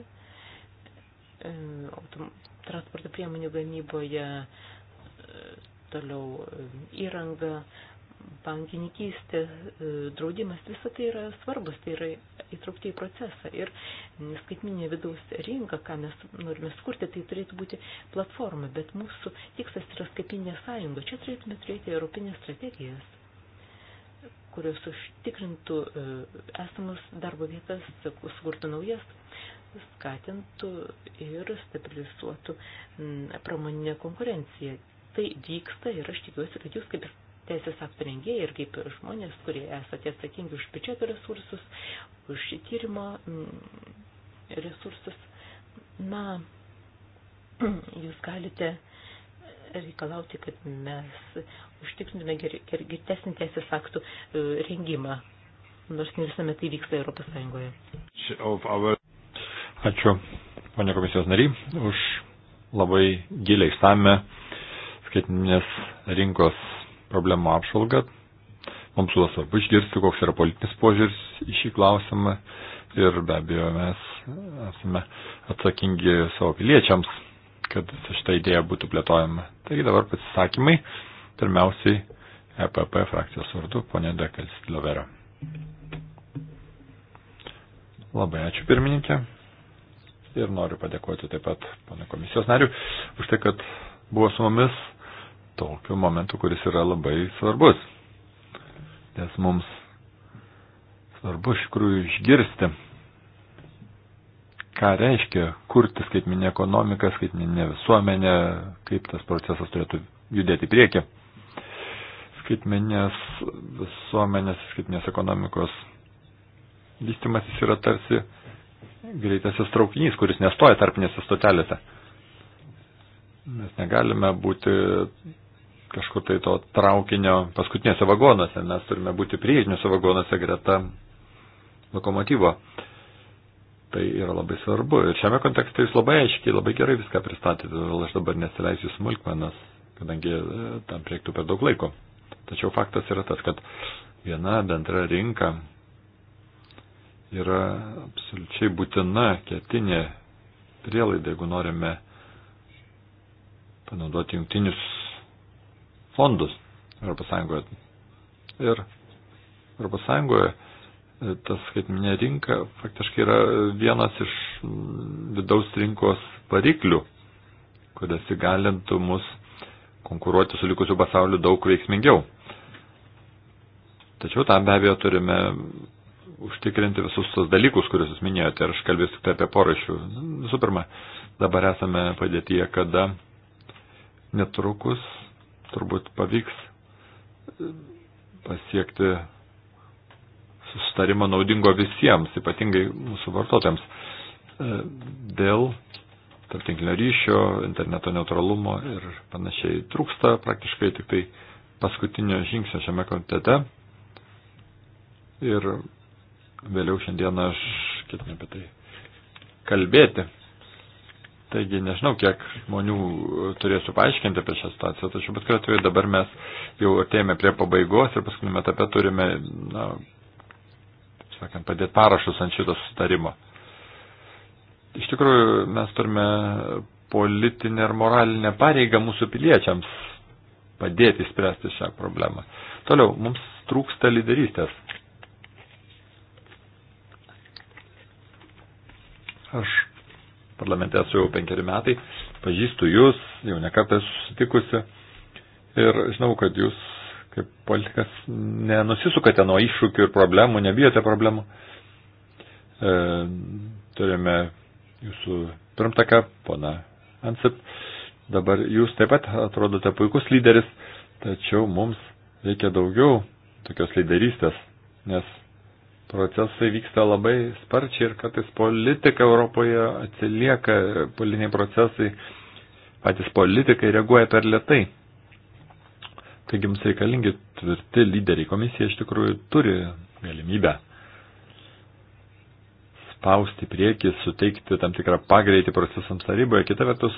e, transporto priemonių gamyboje, e, toliau e, įranga, bankininkystė, e, draudimas, visą tai yra svarbus, tai yra įtraukti į procesą. Ir skaitminė vidaus rinka, ką mes norime skurti, tai turėtų būti platforma, bet mūsų tikslas yra skaitminė sąjunga. Čia turėtume turėti europinės strategijas kurios užtikrintų e, esamas darbo vietas, sukurtų naujas, skatintų ir stabilizuotų pramoninę konkurenciją. Tai vyksta ir aš tikiuosi, kad jūs kaip teisės aktų rengėjai ir kaip žmonės, kurie esate atsakingi už biudžeto resursus, už tyrimo mm, resursus, na, jūs galite reikalauti, kad mes užtikrintume geresnį teisės aktų e, rengimą, nors ne visame tai vyksta Europos Sąjungoje. Ačiū, ponia komisijos nariai, už labai giliai išsame skaitinės rinkos problemų apšalgą. Mums buvo svarbu išgirsti, koks yra politinis požiūris į šį klausimą ir be abejo mes esame atsakingi savo piliečiams, kad šitą idėją būtų plėtojama. Taigi dabar pasisakymai. Pirmiausiai EPP frakcijos vardu ponė Dekalstilovera. Labai ačiū pirmininkė ir noriu padėkoti taip pat pana komisijos nariu už tai, kad buvo su mumis tokiu momentu, kuris yra labai svarbus. Nes mums svarbu iš tikrųjų išgirsti, ką reiškia kurti skaitminę ekonomiką, skaitminę visuomenę, kaip tas procesas turėtų judėti į priekį. Skaitminės visuomenės, skaitminės ekonomikos vystimasis yra tarsi greitasis traukinys, kuris nestoja tarpinėse stotelėse. Mes negalime būti kažkur tai to traukinio paskutinėse vagonuose. Mes turime būti priešiniuose vagonuose greta lokomotyvo. Tai yra labai svarbu. Ir šiame kontekste jūs labai aiškiai, labai gerai viską pristatėte, todėl aš dabar nesileisiu smulkmenas, kadangi e, tam priektų per daug laiko. Tačiau faktas yra tas, kad viena bendra rinka yra absoliučiai būtina ketinė prielaida, jeigu norime panaudoti jungtinius fondus Europos Sąjungoje. Ir Europos Sąjungoje e, tas skaitminė rinka faktiškai yra vienas iš mm, vidaus rinkos variklių, kuris įgalintų mus konkuruoti su likusiu pasauliu daug veiksmingiau. Tačiau tam be abejo turime užtikrinti visus tos dalykus, kuriuos jūs minėjote, ir aš kalbėsiu tik apie porą šių. Visų pirma, dabar esame padėtyje, kada netrukus turbūt pavyks e, pasiekti sustarimo naudingo visiems, ypatingai mūsų vartotojams, e, dėl tarptinklinio ryšio, interneto neutralumo ir panašiai. Trūksta praktiškai tik tai paskutinio žingsnio šiame komitete. Ir vėliau šiandieną aš ketinu apie tai kalbėti. Taigi nežinau, kiek žmonių e, turėsiu paaiškinti apie šią situaciją, tačiau bet kuriuo atveju dabar mes jau atėjome prie pabaigos ir paskutinėme etape turime, na, sakant, padėti parašus ant šito sustarimo. Iš tikrųjų, mes turime politinę ir moralinę pareigą mūsų piliečiams padėti spręsti šią problemą. Toliau, mums trūksta lyderystės. Aš parlamente esu jau penkeri metai, pažįstu jūs, jau nekartą esu susitikusi ir žinau, kad jūs kaip politikas nenusisukate nuo iššūkių ir problemų, nebijote problemų. E, turime jūsų pirmtaką, pana Ansip. Dabar jūs taip pat atrodote puikus lyderis, tačiau mums reikia daugiau tokios lyderystės, nes procesai vyksta labai sparčiai ir kartais politika Europoje atsilieka, politiniai procesai, patys politikai reaguoja per lietai. Taigi jums reikalingi tvirti lyderiai. Komisija iš tikrųjų turi galimybę spausti priekį, suteikti tam tikrą pagreitį procesams taryboje. Kita vertus,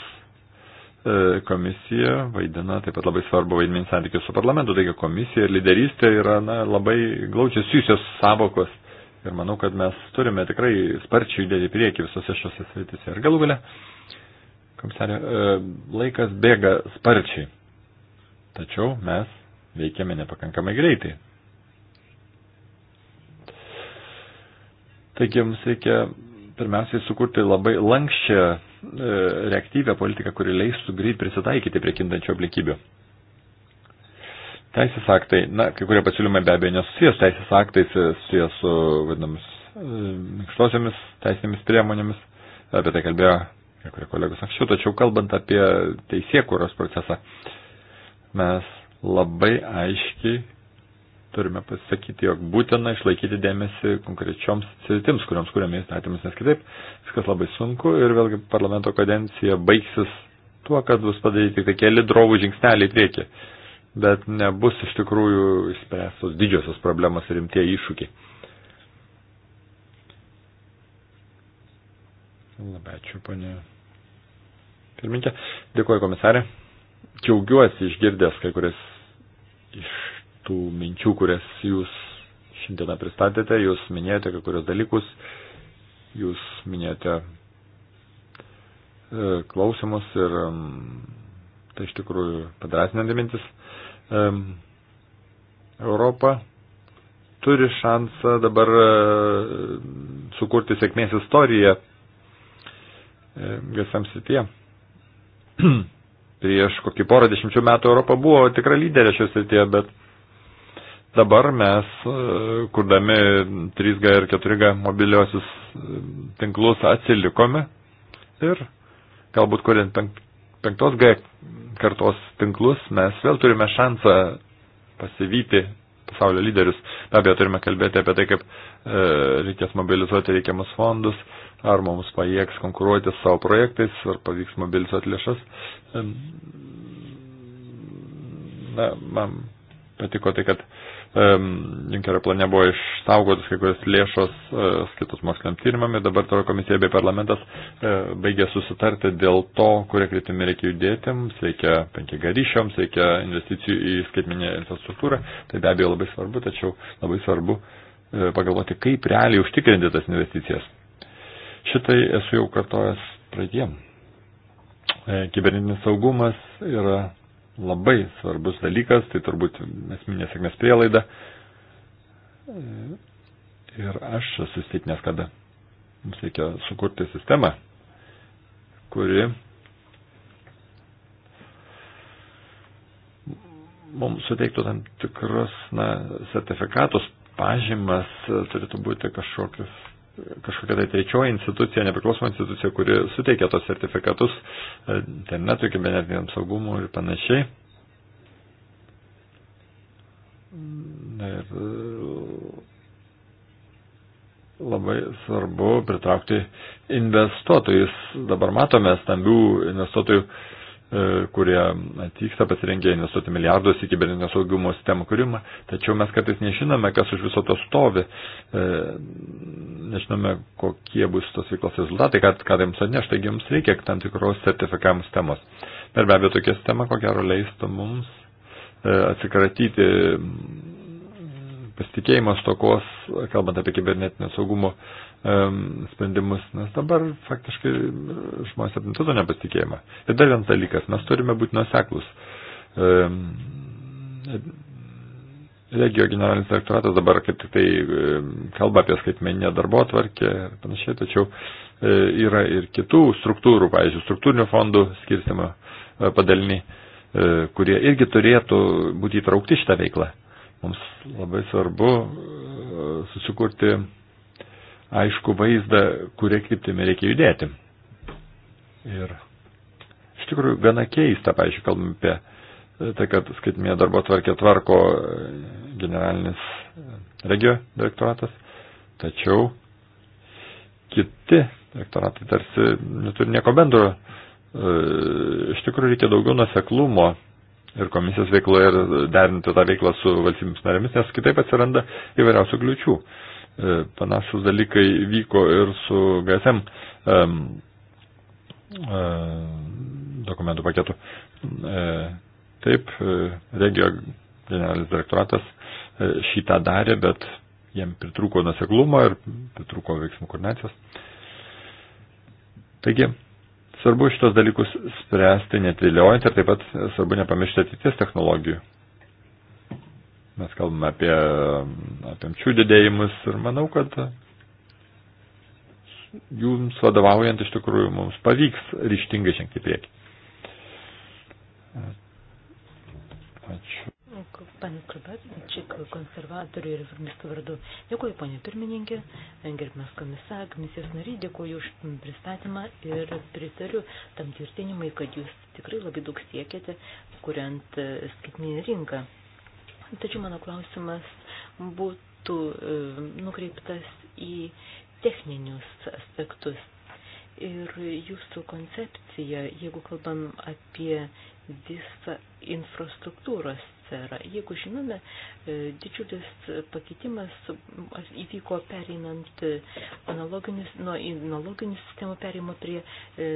E, komisija vaidina taip pat labai svarbu vaidmenį santykius su parlamentu, taigi komisija ir lyderystė yra na, labai glaučiai susijusios savokos. Ir manau, kad mes turime tikrai sparčiai judėti į priekį visose šiose sritise. Ir galų gale, komisarė, e, laikas bėga sparčiai. Tačiau mes veikiame nepakankamai greitai. Taigi mums reikia pirmiausiai sukurti labai lankščią e, reaktyvę politiką, kuri leistų greit prisitaikyti prie kintančių aplinkybių. Teisės aktai, na, kai kurie pasiūlymai be abejo nesusijęs teisės aktais, e, susijęs su vadinamis e, minkštosiomis teisinėmis priemonėmis, apie tai kalbėjo kai kurie kolegos anksčiau, tačiau kalbant apie teisėkūros procesą, mes labai aiškiai turime pasakyti, jog būtina išlaikyti dėmesį konkrečioms sritims, kuriams kuriame įstatymus, nes kitaip viskas labai sunku ir vėlgi parlamento kadencija baigsis tuo, kad bus padaryti tik keli drovų žingsneliai į priekį, bet nebus iš tikrųjų išspręstos didžiosios problemos ir rimtie iššūkiai. Labai ačiū, ponė pirmininkė. Dėkuoju komisarė. Džiaugiuosi išgirdęs kai kurias iš tų minčių, kurias jūs šiandieną pristatėte, jūs minėjote kai kurios dalykus, jūs minėjote e, klausimus ir tai iš tikrųjų padrasinanti mintis. E, Europa turi šansą dabar e, sukurti sėkmės istoriją visam srityje. Prieš kokį porą dešimčių metų Europa buvo tikra lyderė šios srityje, bet Dabar mes, e, kurdami 3G ir 4G mobiliosius e, tinklus, atsilikome ir galbūt kuriant 5G kartos tinklus, mes vėl turime šansą pasivyti pasaulio lyderius. Be abejo, turime kalbėti apie tai, kaip e, reikės mobilizuoti reikiamus fondus, ar mums pajėgs konkuruoti savo projektais, ar pavyks mobilizuoti lėšas. E, na, man patiko tai, kad e, Junkerio plane buvo išsaugotas kai kurios lėšos e, skirtos moksliniam tyrimam ir dabar toliau komisija bei parlamentas e, baigė susitarti dėl to, kurie kryptimi reikia judėti, mums reikia 5G ryšiams, reikia investicijų į skaitminę infrastruktūrą, tai be abejo labai svarbu, tačiau labai svarbu e, pagalvoti, kaip realiai užtikrinti tas investicijas. Šitai esu jau kartojęs praeitiem. Kibernetinis saugumas yra labai svarbus dalykas, tai turbūt esminė sėkmės prielaida. Ir aš esu įsitikinęs, kad mums reikia sukurti sistemą, kuri mums suteiktų tam tikrus na, sertifikatus, pažymas, turėtų būti kažkokius kažkokia tai trečioji institucija, nepriklausoma institucija, kuri suteikia tos sertifikatus e, internetui, kibernetiniam saugumui ir panašiai. Ir e, labai svarbu pritraukti investuotojus. Dabar matome stambių investuotojų E, kurie atvyksta pasirengę investuoti milijardus į kibernetinio saugumo sistemų kūrimą, tačiau mes kartais nežinome, kas už viso to stovi, e, nežinome, kokie bus tos veiklos rezultatai, kad ką jiems atneš, taigi jums reikia tam tikros sertifikavimo sistemos. Ir be abejo, tokia sistema, ko gero, leistų mums e, atsikratyti pasitikėjimas tokos, kalbant apie kibernetinio saugumo sprendimus, nes dabar faktiškai e, žmonės apimtų to nepasitikėjimą. Ir dar vienas dalykas, mes turime būti nuseklus. Regio generalinis direktoratas dabar kaip tik tai e, kalba apie skaitmeninę darbo atvarkę ir panašiai, tačiau e, yra ir kitų struktūrų, pavyzdžiui, struktūrinių fondų skirstimo padaliniai, kurie irgi turėtų būti įtraukti šitą veiklą. Mums labai svarbu susikurti aišku vaizdą, kuria kryptimi reikia judėti. Ir iš tikrųjų gana keista, pavyzdžiui, kalbam apie e, tai, kad skaitmė darbo tvarkė tvarko e, generalinis e, regio direktoratas, tačiau kiti direktoratai tarsi neturi nieko bendro. Iš tikrųjų reikia daugiau nuseklumo ir komisijos veikloje ir derinti tą veiklą su valstybėms narėmis, nes kitaip atsiranda įvairiausių kliučių. E, panašus dalykai vyko ir su GSM e, dokumentų paketu. E, taip, regio generalinis direktoratas šitą darė, bet jiem pritruko nuseklumo ir pritruko veiksmų koordinacijos. Taigi, svarbu šitos dalykus spręsti, net vėliojant ir taip pat svarbu nepamiršti ateities technologijų. Mes kalbame apie apimčių didėjimus ir manau, kad jums vadovaujant iš tikrųjų mums pavyks ryštingai žengti į priekį. Ačiū. Pane Klubačiuk, konservatorių ir reformistų vardu. Dėkuoju, ponė pirmininkė, gerbimas komisar, komisijos nariai, dėkuoju už pristatymą ir pritariu tam tvirtinimai, kad jūs tikrai labai daug siekiate, kuriant skaitinį rinką. Tačiau mano klausimas būtų e, nukreiptas į techninius aspektus. Ir jūsų koncepcija, jeigu kalbam apie visą infrastruktūros sferą, jeigu žinome, e, didžiulis pakitimas įvyko pereinant analoginius, nuo analoginių sistemų perėjimo prie e,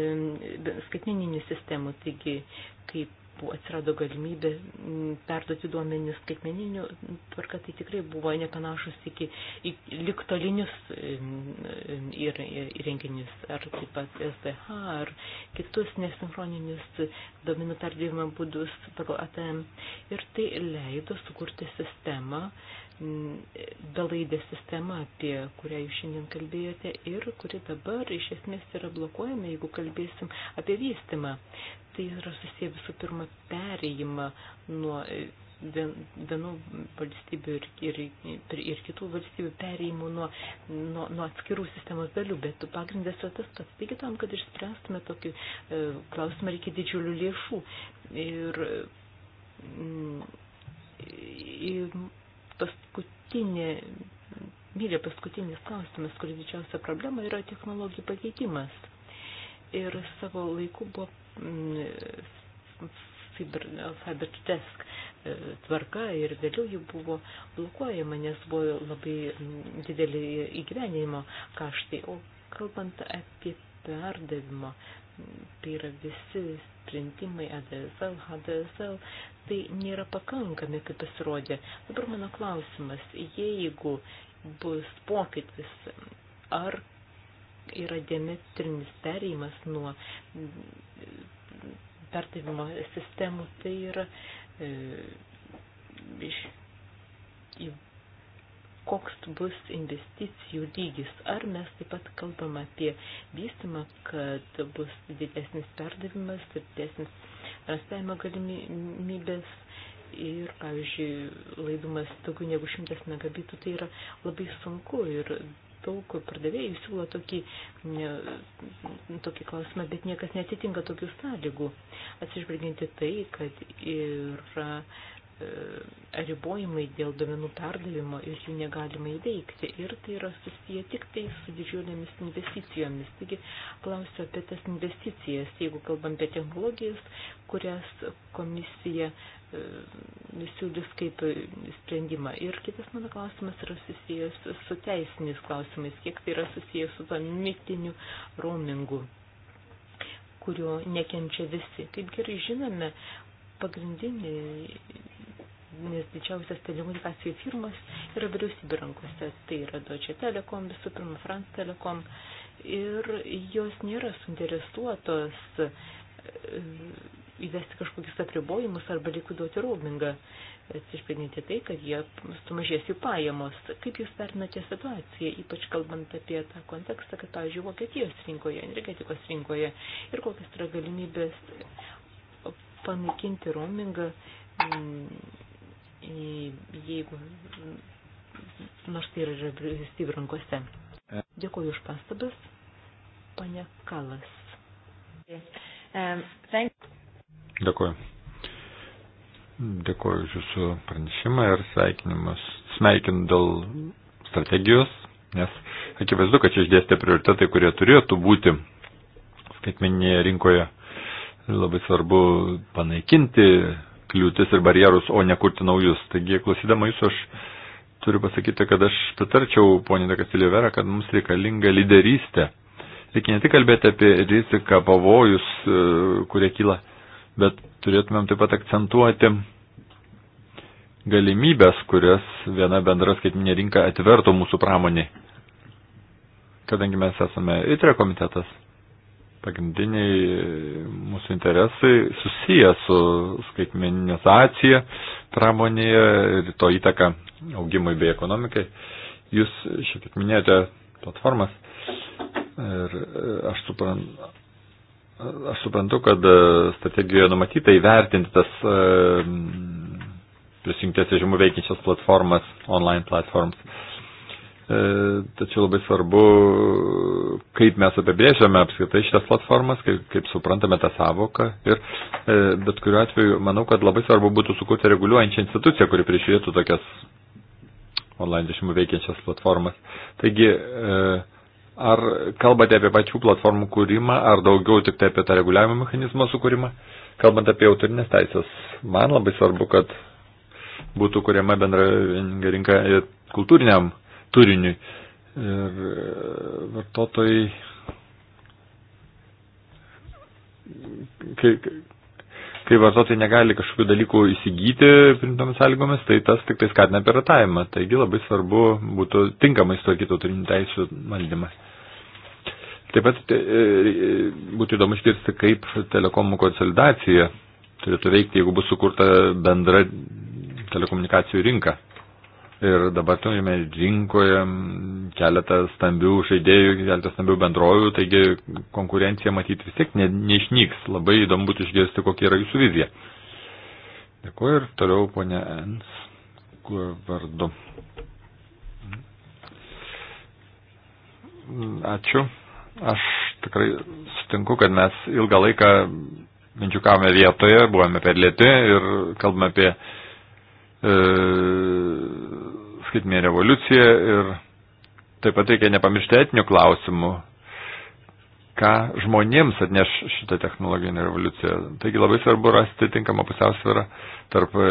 skaitmeninių sistemų. Taigi, kaip atsirado galimybė mm, perduoti duomenis skaitmeniniu tvarka, tai tikrai buvo nepanašus iki, iki liktolinius įrenginius, mm, mm, ar taip pat SDH, ar kitus nesinchroninius duomenų perdavimo būdus pagal ATM. Ir tai leido sukurti sistemą, belaidė sistema, apie kurią jūs šiandien kalbėjote ir kuri dabar iš esmės yra blokuojama, jeigu kalbėsim apie vystimą. Tai yra susiję visų pirma perėjimą nuo e, vienų valstybių ir, ir, ir kitų valstybių perėjimų nuo, nuo, nuo atskirų sistemos dalių, bet pagrindas yra tas pats. Taigi tam, kad išspręstume tokį e, klausimą, reikia didžiulių lėšų. Ir, mm, ir paskutinė, mylė paskutinis klausimas, kur didžiausia problema yra technologijų pakeitimas. Ir savo laiku buvo mm, Fiberdesk e, tvarka ir vėliau ji buvo blokuojama, nes buvo labai mm, didelį įgyvenimo kaštai. O kalbant apie perdavimo tai yra visi sprendimai ADSL, HDSL, tai nėra pakankami, kaip pasirodė. Dabar mano klausimas, jeigu bus pokytis, ar yra diametrinis perėjimas nuo perdavimo sistemų, tai yra e, iš, į koks bus investicijų lygis. Ar mes taip pat kalbam apie vystimą, kad bus didesnis perdavimas, didesnis rastavimo galimybės ir, pavyzdžiui, laidumas daugiau negu 100 megabitų, tai yra labai sunku ir daug pardavėjų siūlo tokį, ne, tokį klausimą, bet niekas netitinka tokių sąlygų. Atsižvelginti tai, kad yra E, ribojimai dėl domenų perdavimo ir jų negalima įveikti. Ir tai yra susiję tik tai su didžiulėmis investicijomis. Taigi klausiu apie tas investicijas, jeigu kalbam apie technologijas, kurias komisija e, siūlys kaip sprendimą. Ir kitas mano klausimas yra susijęs su teisiniais klausimais, kiek tai yra susijęs su to mitiniu roamingu kurio nekenčia visi. Kaip gerai žinome, pagrindiniai nes didžiausias telekomunikacijų firmas yra vyriausybė rankose. Tai yra Deutsche Telekom, visų pirma France Telekom. Ir jos nėra suinteresuotos e, įvesti kažkokius apribojimus arba likuduoti roamingą, atsižvelgiant į tai, kad jie sumažės jų pajamos. Kaip jūs vertinate situaciją, ypač kalbant apie tą kontekstą, kad, pavyzdžiui, Vokietijos rinkoje, energetikos rinkoje ir kokias yra galimybės panaikinti roamingą jeigu nors tai yra valstybių rankose. E. Dėkuoju už pastabas, pane Kalas. E, Dėkuoju. Dėkuoju už jūsų pranešimą ir sveikinimus. Sveikinu dėl strategijos, nes akivaizdu, kad čia išdėstė prioritetai, kurie turėtų būti skaitmeninėje rinkoje. Labai svarbu panaikinti kliūtis ir barjerus, o ne kurti naujus. Taigi, klausydama jūsų, aš turiu pasakyti, kad aš pritarčiau ponė Dekasilio Vera, kad mums reikalinga lyderystė. Reikia ne tik kalbėti apie riziką, pavojus, e, kurie kyla, bet turėtumėm taip pat akcentuoti galimybės, kurias viena bendra skaitminė rinka atvertų mūsų pramonį. Kadangi mes esame ITRE komitetas pagrindiniai mūsų interesai susiję su skaitmenizacija pramonėje ir to įtaka augimui bei ekonomikai. Jūs šiek tiek minėjote platformas ir e, aš suprantu. Aš suprantu, kad e, strategijoje numatyta įvertinti tas e, prisijungti atsižymų veikiančias platformas, online platforms. E, tačiau labai svarbu, kaip mes apibrėžiame apskritai šitas platformas, kaip, kaip suprantame tą savoką. Ir e, bet kuriuo atveju, manau, kad labai svarbu būtų sukurti reguliuojančią instituciją, kuri prižiūrėtų tokias online žaidimų veikiančias platformas. Taigi, e, ar kalbate apie pačių platformų kūrimą, ar daugiau tik tai apie tą reguliavimo mechanizmo sukūrimą? Kalbant apie autorinės teisės, man labai svarbu, kad būtų kuriama bendra rinka kultūriniam turiniui. Ir e, vartotojai, kai, kai vartotojai negali kažkokių dalykų įsigyti primtomis sąlygomis, tai tas tik tai skatina piratavimą. Taigi labai svarbu būtų tinkamai sutvarkyti autorinių teisų valdymas. Taip pat e, e, būtų įdomu išgirsti, kaip telekomų konsolidacija turėtų veikti, jeigu bus sukurta bendra telekomunikacijų rinka. Ir dabar turime rinkoje keletą stambių žaidėjų, keletą stambių bendrovių, taigi konkurencija matyti vis tiek ne, neišnyks. Labai įdomu būtų išgirsti, kokia yra jūsų vizija. Dėkuoju ir toliau ponė Ens, kur vardu. Ačiū. Aš tikrai sutinku, kad mes ilgą laiką minčiukavome vietoje, buvome per lėti ir kalbame apie e, skaitinė revoliucija ir taip pat reikia nepamiršti etinių klausimų, ką žmonėms atneš šitą technologinę revoliuciją. Taigi labai svarbu rasti tinkamą pusiausvyrą tarp e,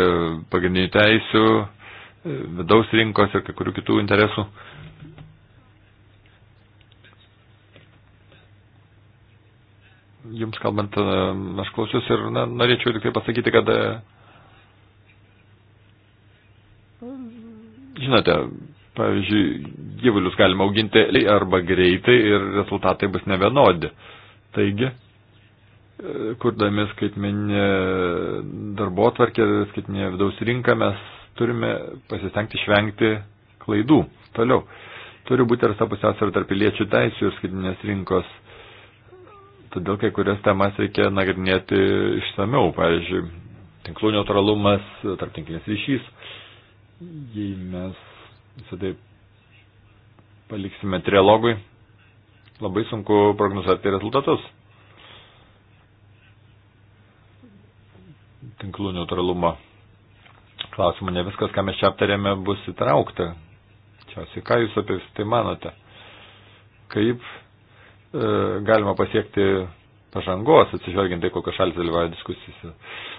pagrindinių teisių, e, vidaus rinkos ir kai kurių kitų interesų. Jums kalbant, e, aš klausius ir na, norėčiau tik tai pasakyti, kad Žinote, pavyzdžiui, gyvulius galima auginti arba greitai ir rezultatai bus nevienodi. Taigi, kurdami skaitmeninę darbo atvarkę, skaitmeninę vidaus rinką, mes turime pasistengti išvengti klaidų. Toliau, turi būti rasta pusiausvėra tarp piliečių teisų ir skaitmeninės rinkos. Todėl kai kurias temas reikia nagrinėti išsameu, pavyzdžiui, tinklų neutralumas, tarptinklinis ryšys jei mes visą tai paliksime trilogui, labai sunku prognozuoti rezultatus. Tinklų neutralumo klausimų ne viskas, ką mes čia aptarėme, bus įtraukta. Čia, ką jūs apie tai manote? Kaip e, galima pasiekti pažangos, atsižvelgiant tai, kokios šalis dalyvauja diskusijose.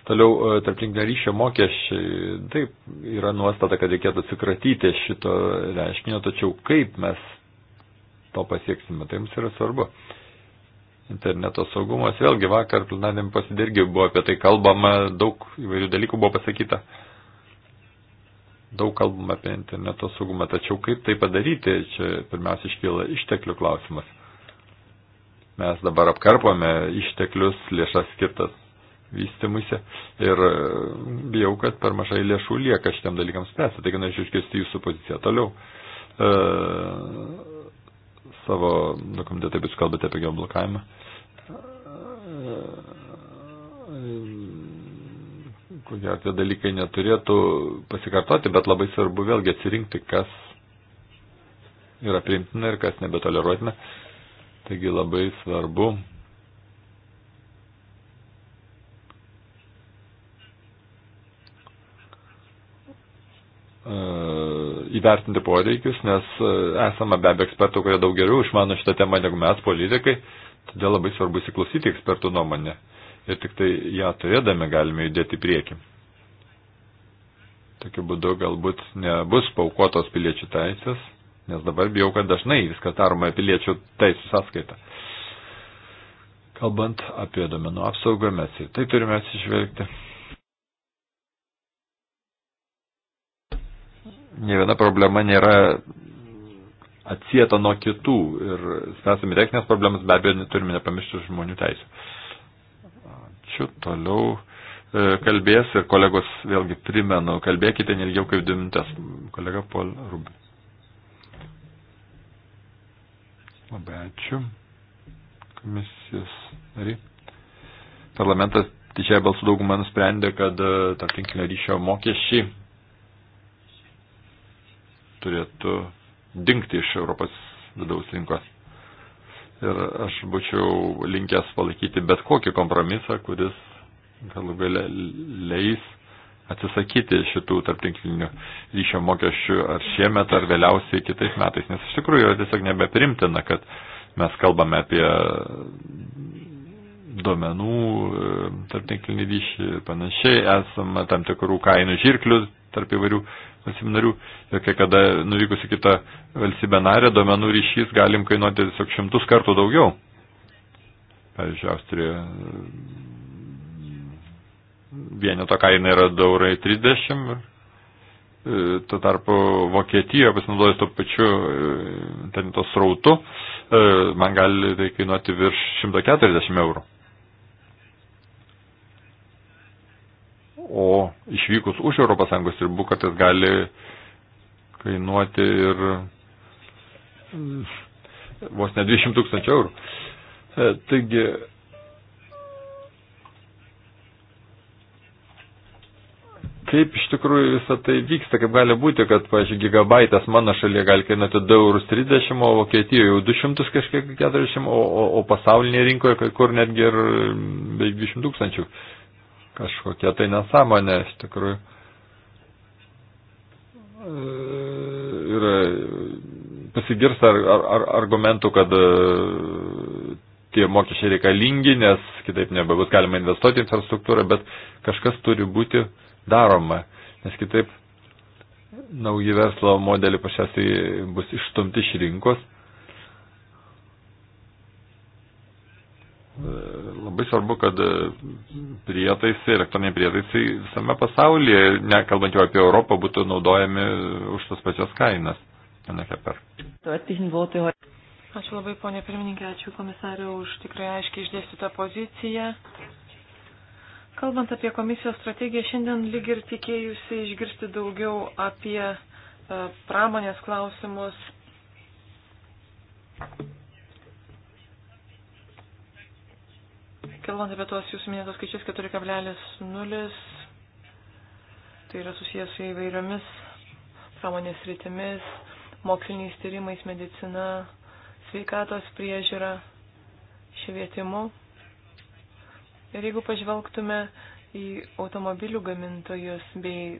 Toliau, e, tarptinklinio ryšio mokesčiai, taip, yra nuostata, kad reikėtų atsikratyti šito reiškinio, tačiau kaip mes to pasieksime, tai mums yra svarbu. Interneto saugumas, vėlgi vakar plenarėm pasidirgi buvo apie tai kalbama, daug įvairių dalykų buvo pasakyta. Daug kalbama apie interneto saugumą, tačiau kaip tai padaryti, čia pirmiausia iškyla išteklių klausimas. Mes dabar apkarpome išteklius, lėšas skirtas vystimuose ir e, bijau, kad per mažai lėšų lieka šitam dalykams spręsti. Taigi norėčiau išgirsti jūsų poziciją toliau. E, savo dokumente taip jūs kalbate apie geoblokavimą. E, kokie tie dalykai neturėtų pasikartoti, bet labai svarbu vėlgi atsirinkti, kas yra priimtina ir kas nebetoleruotina. E, Taigi labai svarbu e, įvertinti poreikius, nes e, esame be abejo ekspertų, kurie daug geriau išmano šitą temą negu mes, politikai, todėl labai svarbu įsiklausyti ekspertų nuomonę ir tik tai ją turėdami galime judėti į priekį. Tokiu būdu galbūt nebus paukotos piliečių teisės, Nes dabar bijau, kad dažnai viskas daroma piliečių teisų sąskaita. Kalbant apie domenų apsaugą, mes į tai turime atsižvelgti. Ne viena problema nėra atsieta nuo kitų ir spręsami techninės problemas be abejo turime nepamiršti žmonių teisų. Ačiū toliau e, kalbės ir kolegos, vėlgi primenu, kalbėkite nelgiau kaip dvi minutės. Kolega Paul Rubin. Labai ačiū. Komisijos nariai. Parlamentas didžiąją balsų daugumą nusprendė, kad tam e, tinklinio ryšio mokesčiai turėtų dinkti iš Europos vidaus rinkos. Ir aš būčiau linkęs palaikyti bet kokį kompromisą, kuris galų gale leis atsisakyti šitų tarptinklinių ryšio mokesčių ar šiemet, ar vėliausiai kitais metais, nes iš tikrųjų yra tiesiog nebeprimtina, kad mes kalbame apie duomenų, e, tarptinklinį ryšį ir panašiai, esame tam tikrų kainų žirklių tarp įvairių valstybinarių ir kai kada nuvykus į kitą valstybę narę, duomenų ryšys galim kainuoti tiesiog šimtus kartų daugiau. Pavyzdžiui, Austrijoje vieneto kaina yra 2 eurai 30. Tuo tarpu Vokietijoje pasinaudojus to pačiu e, interneto srautu, e, man gali tai kainuoti virš 140 eurų. O išvykus už ES ribų kartais gali kainuoti ir mm, vos ne 200 tūkstančių eurų. E, taigi, kaip iš tikrųjų visą tai vyksta, kaip gali būti, kad, pažiūrėjau, gigabaitas mano šalyje gali kainuoti 2 eurus 30, o Vokietijoje jau 200 kažkiek 40, o, o, o pasaulinėje rinkoje kai kur netgi ir beveik 200 tūkstančių. Kažkokia tai nesąmonė, iš tikrųjų. Ir e, pasigirsta ar, ar, ar, argumentų, kad e, tie mokesčiai reikalingi, nes kitaip nebebus galima investuoti infrastruktūrą, bet kažkas turi būti daroma, nes kitaip nauji verslo modeliai pašiausiai bus išstumti iš rinkos. E, labai svarbu, kad prietaisai, elektroniniai prietaisai visame pasaulyje, nekalbant jau apie Europą, būtų naudojami už tas pačias kainas. Nekeper. Ačiū labai, ponė pirmininkė, ačiū komisario už tikrai aiškiai išdėstytą poziciją. Kalbant apie komisijos strategiją, šiandien lyg ir tikėjusi išgirsti daugiau apie e, pramonės klausimus. Kalbant apie tuos jūsų minėtos skaičius 4,0, tai yra susijęs su įvairiomis pramonės rytimis, moksliniais tyrimais, medicina, sveikatos priežiūra, švietimu. Ir jeigu pažvelgtume į automobilių gamintojus bei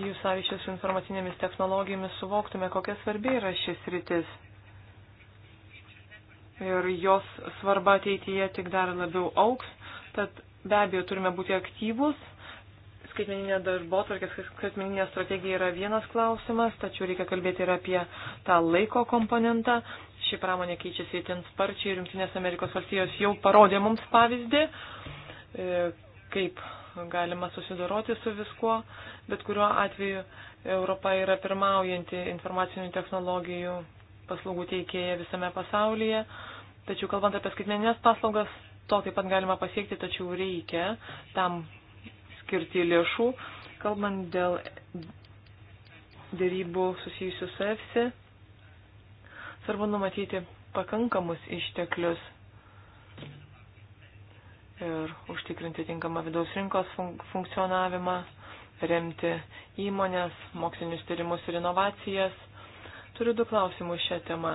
jų sąryšius su informacinėmis technologijomis, suvoktume, kokia svarbi yra šis rytis. Ir jos svarba ateityje tik dar labiau auks, tad be abejo turime būti aktyvus. Skaitmeninė darbo tvarkės, skaitmeninė strategija yra vienas klausimas, tačiau reikia kalbėti ir apie tą laiko komponentą. Ši pramonė keičiasi itin sparčiai ir Junktinės Amerikos valstijos jau parodė mums pavyzdį, e, kaip galima susidoroti su viskuo, bet kuriuo atveju Europa yra pirmaujanti informacinių technologijų paslaugų teikėja visame pasaulyje. Tačiau kalbant apie skaitmeninės paslaugas, to taip pat galima pasiekti, tačiau reikia tam skirti lėšų. Kalbant dėl dėrybų susijusių su EFSI, Svarbu numatyti pakankamus išteklius ir užtikrinti tinkamą vidaus rinkos funk funkcionavimą, remti įmonės, mokslinius tyrimus ir inovacijas. Turiu du klausimus šią temą.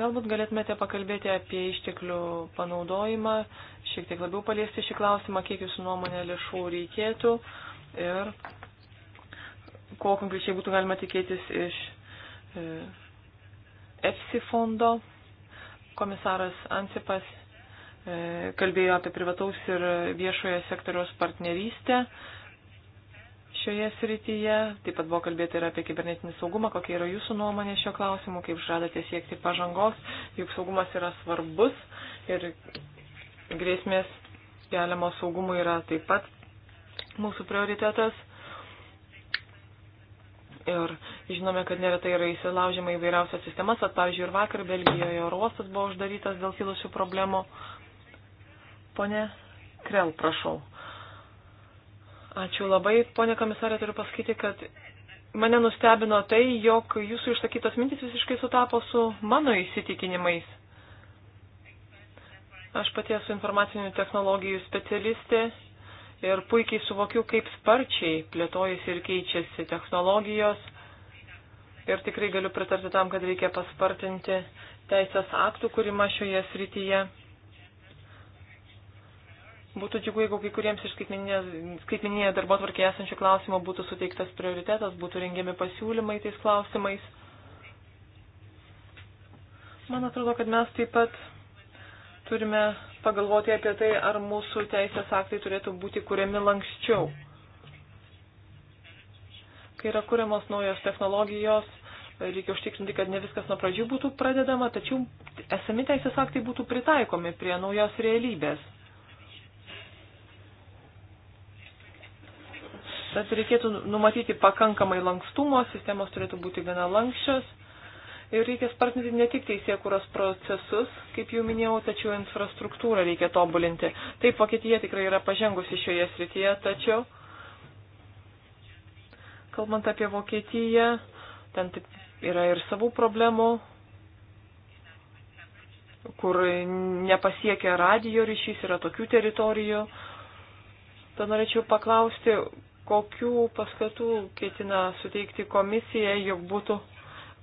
Galbūt galėtumėte pakalbėti apie išteklių panaudojimą, šiek tiek labiau paliesti šį klausimą, kiek jūsų nuomonė lėšų reikėtų ir ko konkrečiai būtų galima tikėtis iš e, EFSI fondo. Komisaras Ansipas e, kalbėjo apie privataus ir viešojo sektoriaus partnerystę šioje srityje. Taip pat buvo kalbėta ir apie kibernetinį saugumą, kokia yra jūsų nuomonė šio klausimu, kaip žadate siekti pažangos, juk saugumas yra svarbus ir grėsmės keliamo saugumui yra taip pat mūsų prioritetas. Ir žinome, kad neretai yra įsilaužima įvairiausias sistemas, at pavyzdžiui, ir vakar Belgijoje oro uostas buvo uždarytas dėl kilusių problemų. Pone Krel, prašau. Ačiū labai, ponė komisarė, turiu pasakyti, kad mane nustebino tai, jog jūsų išsakytos mintis visiškai sutapo su mano įsitikinimais. Aš pati esu informacinių technologijų specialistė ir puikiai suvokiu, kaip sparčiai plėtojasi ir keičiasi technologijos. Ir tikrai galiu pritarti tam, kad reikia paspartinti teisės aktų kūrimą šioje srityje. Būtų džiugu, jeigu kai kuriems iš skaitmeninėje darbo tvarkėje esančių klausimų būtų suteiktas prioritetas, būtų rengiami pasiūlymai tais klausimais. Man atrodo, kad mes taip pat turime pagalvoti apie tai, ar mūsų teisės aktai turėtų būti kuriami lankščiau. Kai yra kuriamos naujos technologijos, reikia užtikrinti, kad ne viskas nuo pradžių būtų pradedama, tačiau esami teisės aktai būtų pritaikomi prie naujos realybės. Tad reikėtų numatyti pakankamai lankstumo, sistemos turėtų būti gana lankščios. Ir reikia spartinti ne tik teisėkuros procesus, kaip jau minėjau, tačiau infrastruktūrą reikia tobulinti. Taip, Vokietija tikrai yra pažengusi šioje srityje, tačiau, kalbant apie Vokietiją, ten yra ir savų problemų, kur nepasiekia radio ryšys, yra tokių teritorijų. Tad norėčiau paklausti, kokių paskatų ketina suteikti komisija, jog būtų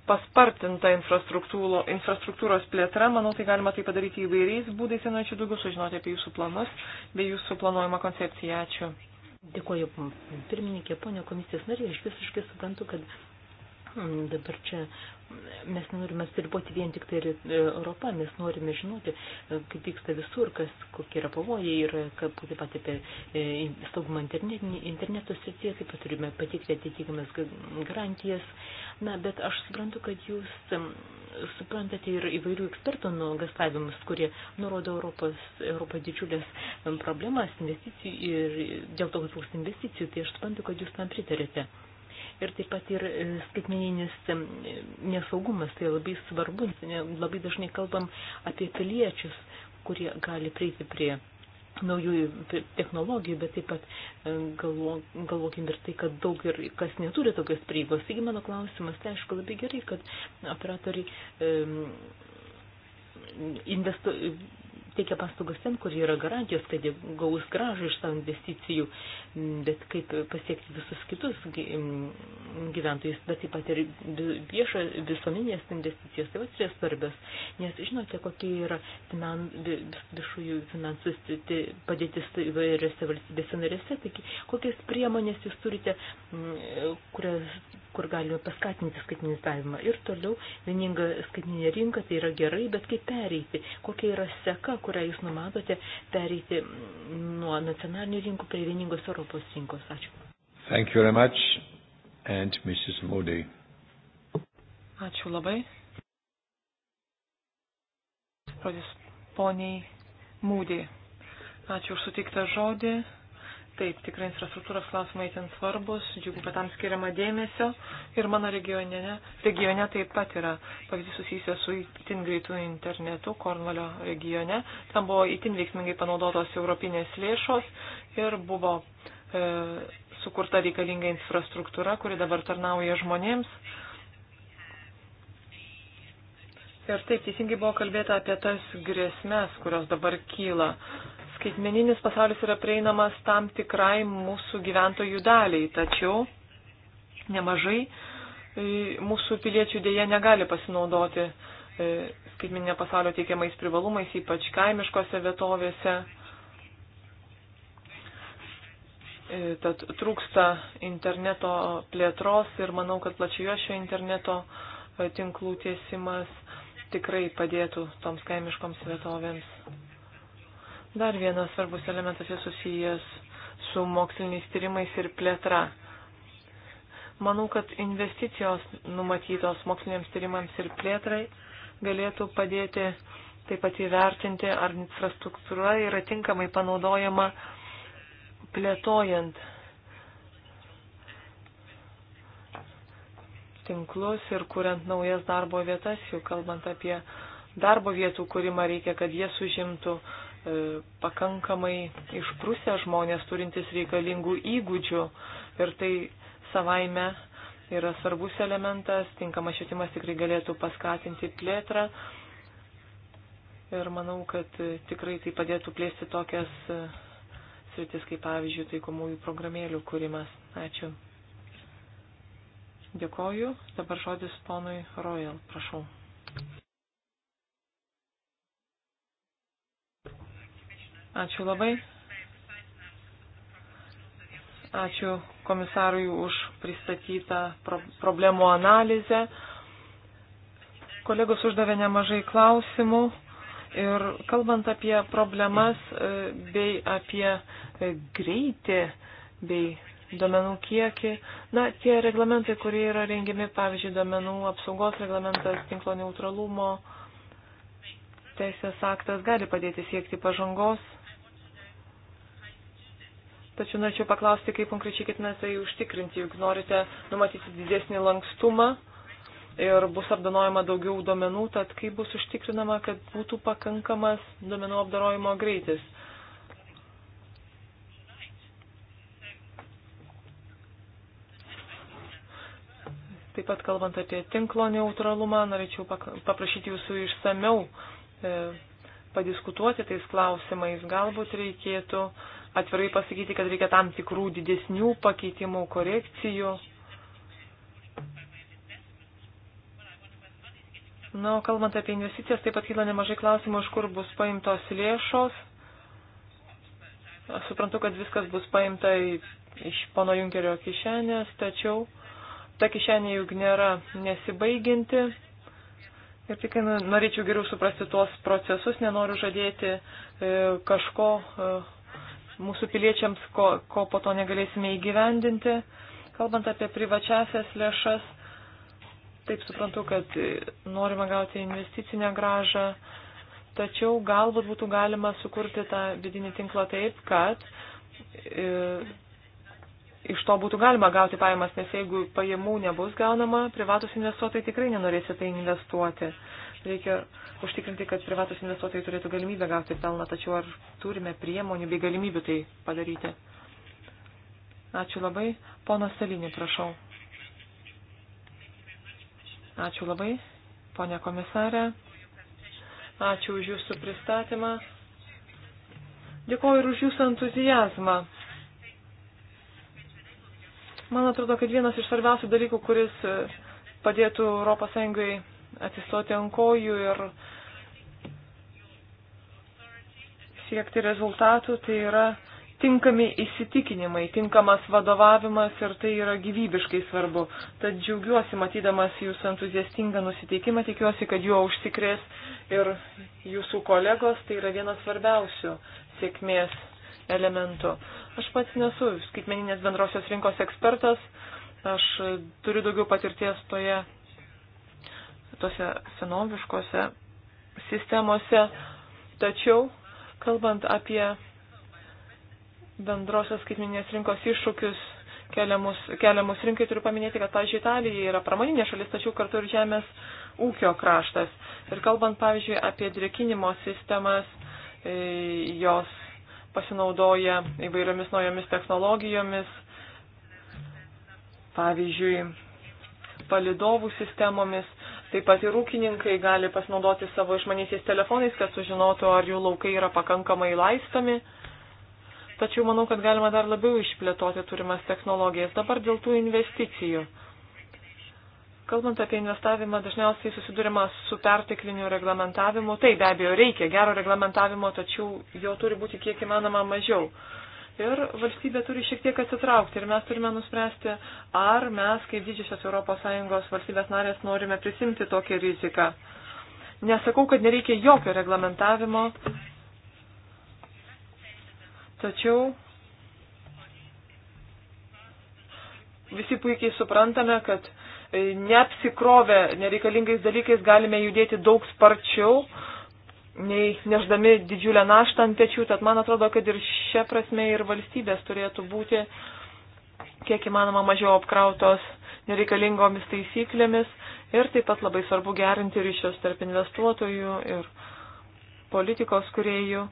paspartinta infrastruktūros plėtra. Manau, tai galima tai padaryti įvairiais būdais ir norėčiau daugiau sužinoti apie jūsų planus bei jūsų planuojamą koncepciją. Ačiū. Dėkuoju, pirmininkė, ponio komisijos nariai, aš visiškai suprantu, kad mm, dabar čia mes nenorime atsiriboti vien tik tai e, Europą, mes norime žinoti, e, kaip vyksta visur, kas, kokie yra pavojai ir e, kaip taip pat apie saugumą interneto srityje, taip pat turime patikti atitinkamas garantijas. Na, bet aš suprantu, kad jūs suprantate ir įvairių ekspertų nuogastavimus, kurie nurodo Europos, Europą didžiulės problemas investicijų ir dėl to, kad trūksta investicijų, tai aš suprantu, kad jūs tam pritarėte ir taip pat ir e, skaitmeninis e, nesaugumas, tai labai svarbu, labai dažnai kalbam apie piliečius, kurie gali prieiti prie naujųjų technologijų, bet taip pat e, galvo, galvokim ir tai, kad daug ir kas neturi tokios prieigos. Taigi mano klausimas, tai aišku labai gerai, kad operatoriai e, investu, teikia paslaugas ten, kur yra garantijos, kad jie gaus gražą iš savo investicijų, bet kaip pasiekti visus kitus gyventojus, bet taip pat ir viešo visuomenės investicijos, tai vat yra svarbios, nes žinote, kokie yra finan, viešųjų finansų padėtis įvairiose valstybėse narėse, taigi kokias priemonės jūs turite, kurias kur galime paskatinti skaitmenizavimą. Ir toliau vieninga skaitmeninė rinka, tai yra gerai, bet kaip pereiti, kokia yra seka, kurią jūs numatote pereiti nuo nacionalinių rinkų prie vieningos Europos rinkos. Ačiū. Thank you very much. And Mrs. Moody. Ačiū labai. Žodis poniai Mūdį. Ačiū už sutiktą žodį. Taip, tikrai infrastruktūros klausimai ten svarbus, džiugu, kad tam skiriama dėmesio ir mano regione, regione taip pat yra pavyzdys susijęs su itin greitų internetu Kornvalio regione. Tam buvo itin veiksmingai panaudotos europinės lėšos ir buvo e, sukurta reikalinga infrastruktūra, kuri dabar tarnauja žmonėms. Ir taip teisingai buvo kalbėta apie tas grėsmės, kurios dabar kyla. E, skaitmeninis pasaulis yra prieinamas tam tikrai mūsų gyventojų daliai, tačiau nemažai e, mūsų piliečių dėje negali pasinaudoti e, skaitmeninio pasaulio teikiamais privalumais, ypač kaimiškose vietovėse. E, tad trūksta interneto plėtros ir manau, kad plačiojošio interneto tinklų tiesimas tikrai padėtų toms kaimiškoms vietovėms. Dar vienas svarbus elementas yra susijęs su moksliniais tyrimais ir plėtra. Manau, kad investicijos numatytos moksliniams tyrimams ir plėtrai galėtų padėti taip pat įvertinti, ar infrastruktūra yra tinkamai panaudojama plėtojant tinklus ir kuriant naujas darbo vietas, jau kalbant apie darbo vietų kūrimą, reikia, kad jas užimtų uh, E, pakankamai išprusę žmonės turintys reikalingų įgūdžių ir tai savaime yra svarbus elementas, tinkamas švietimas tikrai galėtų paskatinti plėtrą ir manau, kad tikrai tai padėtų plėsti tokias e, sritis kaip pavyzdžiui taikomųjų programėlių kūrimas. Ačiū. Dėkoju. Dabar žodis ponui Royal. Prašau. Ačiū labai. Ačiū komisarui už pristatytą pro problemų analizę. Kolegos uždavė nemažai klausimų ir kalbant apie problemas e, bei apie e, greitį bei duomenų kiekį, na, tie reglamentai, kurie yra rengiami, pavyzdžiui, duomenų apsaugos reglamentas, tinklo neutralumo teisės aktas gali padėti siekti pažangos Tačiau norėčiau paklausti, kaip konkrečiai ketinate tai užtikrinti, juk norite numatyti didesnį lankstumą ir bus apdanojama daugiau duomenų, tad kaip bus užtikrinama, kad būtų pakankamas duomenų apdarojimo greitis. Taip pat kalbant apie tinklo neutralumą, norėčiau paprašyti jūsų išsameu e, padiskutuoti tais klausimais. Galbūt reikėtų e, atvirai pasakyti, kad reikia tam tikrų didesnių pakeitimų, korekcijų. Na, o kalbant apie investicijas, taip pat kyla nemažai klausimų, iš kur bus paimtos lėšos. Aš suprantu, kad viskas bus paimta iš pono Junkerio kišenės, tačiau ta kišenė juk nėra nesibaiginti. Ir tik norėčiau geriau suprasti tuos procesus, nenoriu žadėti e, kažko, e, mūsų piliečiams, ko, ko po to negalėsime įgyvendinti. Kalbant apie privačiasias lėšas, taip suprantu, kad norima gauti investicinę gražą, tačiau galbūt būtų galima sukurti tą vidinį tinklą taip, kad e, iš to būtų galima gauti pajamas, nes jeigu pajamų nebus gaunama, privatus investuotojai tikrai nenorės į tai investuoti. E, Reikia užtikrinti, kad privatus investuotojai turėtų galimybę gauti pelną, tačiau ar turime priemonių bei galimybių tai padaryti? Ačiū labai. Pono Salinį, prašau. Ačiū labai, ponė komisarė. Ačiū už jūsų pristatymą. Dėkuoju ir už jūsų entuzijazmą. Man atrodo, kad vienas iš svarbiausių dalykų, kuris e, padėtų ES atsistoti ant kojų ir siekti rezultatų, tai yra tinkami įsitikinimai, tinkamas vadovavimas ir tai yra gyvybiškai svarbu. Tad džiaugiuosi matydamas jūsų entuziastingą nusiteikimą, tikiuosi, kad juo užsikrės ir jūsų kolegos, tai yra vienas svarbiausių sėkmės elementų. Aš pats nesu skaitmeninės bendrosios rinkos ekspertas, aš turiu daugiau patirties toje tose senoviškose sistemose. Tačiau, kalbant apie bendrosios skaitminės rinkos iššūkius keliamus, keliamus rinkai, turiu paminėti, kad, pavyzdžiui, Italija yra pramoninė šalis, tačiau kartu ir žemės ūkio kraštas. Ir kalbant, pavyzdžiui, apie drėkinimo sistemas, e, jos pasinaudoja įvairiomis naujomis technologijomis, pavyzdžiui, palidovų sistemomis. Taip pat ir ūkininkai gali pasinaudoti savo išmanysiais telefonais, kad sužinotų, ar jų laukai yra pakankamai laistami. Tačiau manau, kad galima dar labiau išplėtoti turimas technologijas dabar dėl tų investicijų. Kalbant apie investavimą, dažniausiai susidurima su pertekliniu reglamentavimu. Tai be abejo reikia gero reglamentavimo, tačiau jo turi būti kiek įmanoma mažiau ir valstybė turi šiek tiek atsitraukti. Ir mes turime nuspręsti, ar mes, kaip didžiosios ES valstybės narės, norime prisimti tokią riziką. Nesakau, kad nereikia jokio reglamentavimo, tačiau visi puikiai suprantame, kad neapsikrovę nereikalingais dalykais galime judėti daug sparčiau nei neždami didžiulę naštą ant pečių. Tad man atrodo, kad ir šia prasme ir valstybės turėtų būti kiek įmanoma mažiau apkrautos nereikalingomis taisyklėmis ir taip pat labai svarbu gerinti ryšius tarp investuotojų ir politikos kuriejų.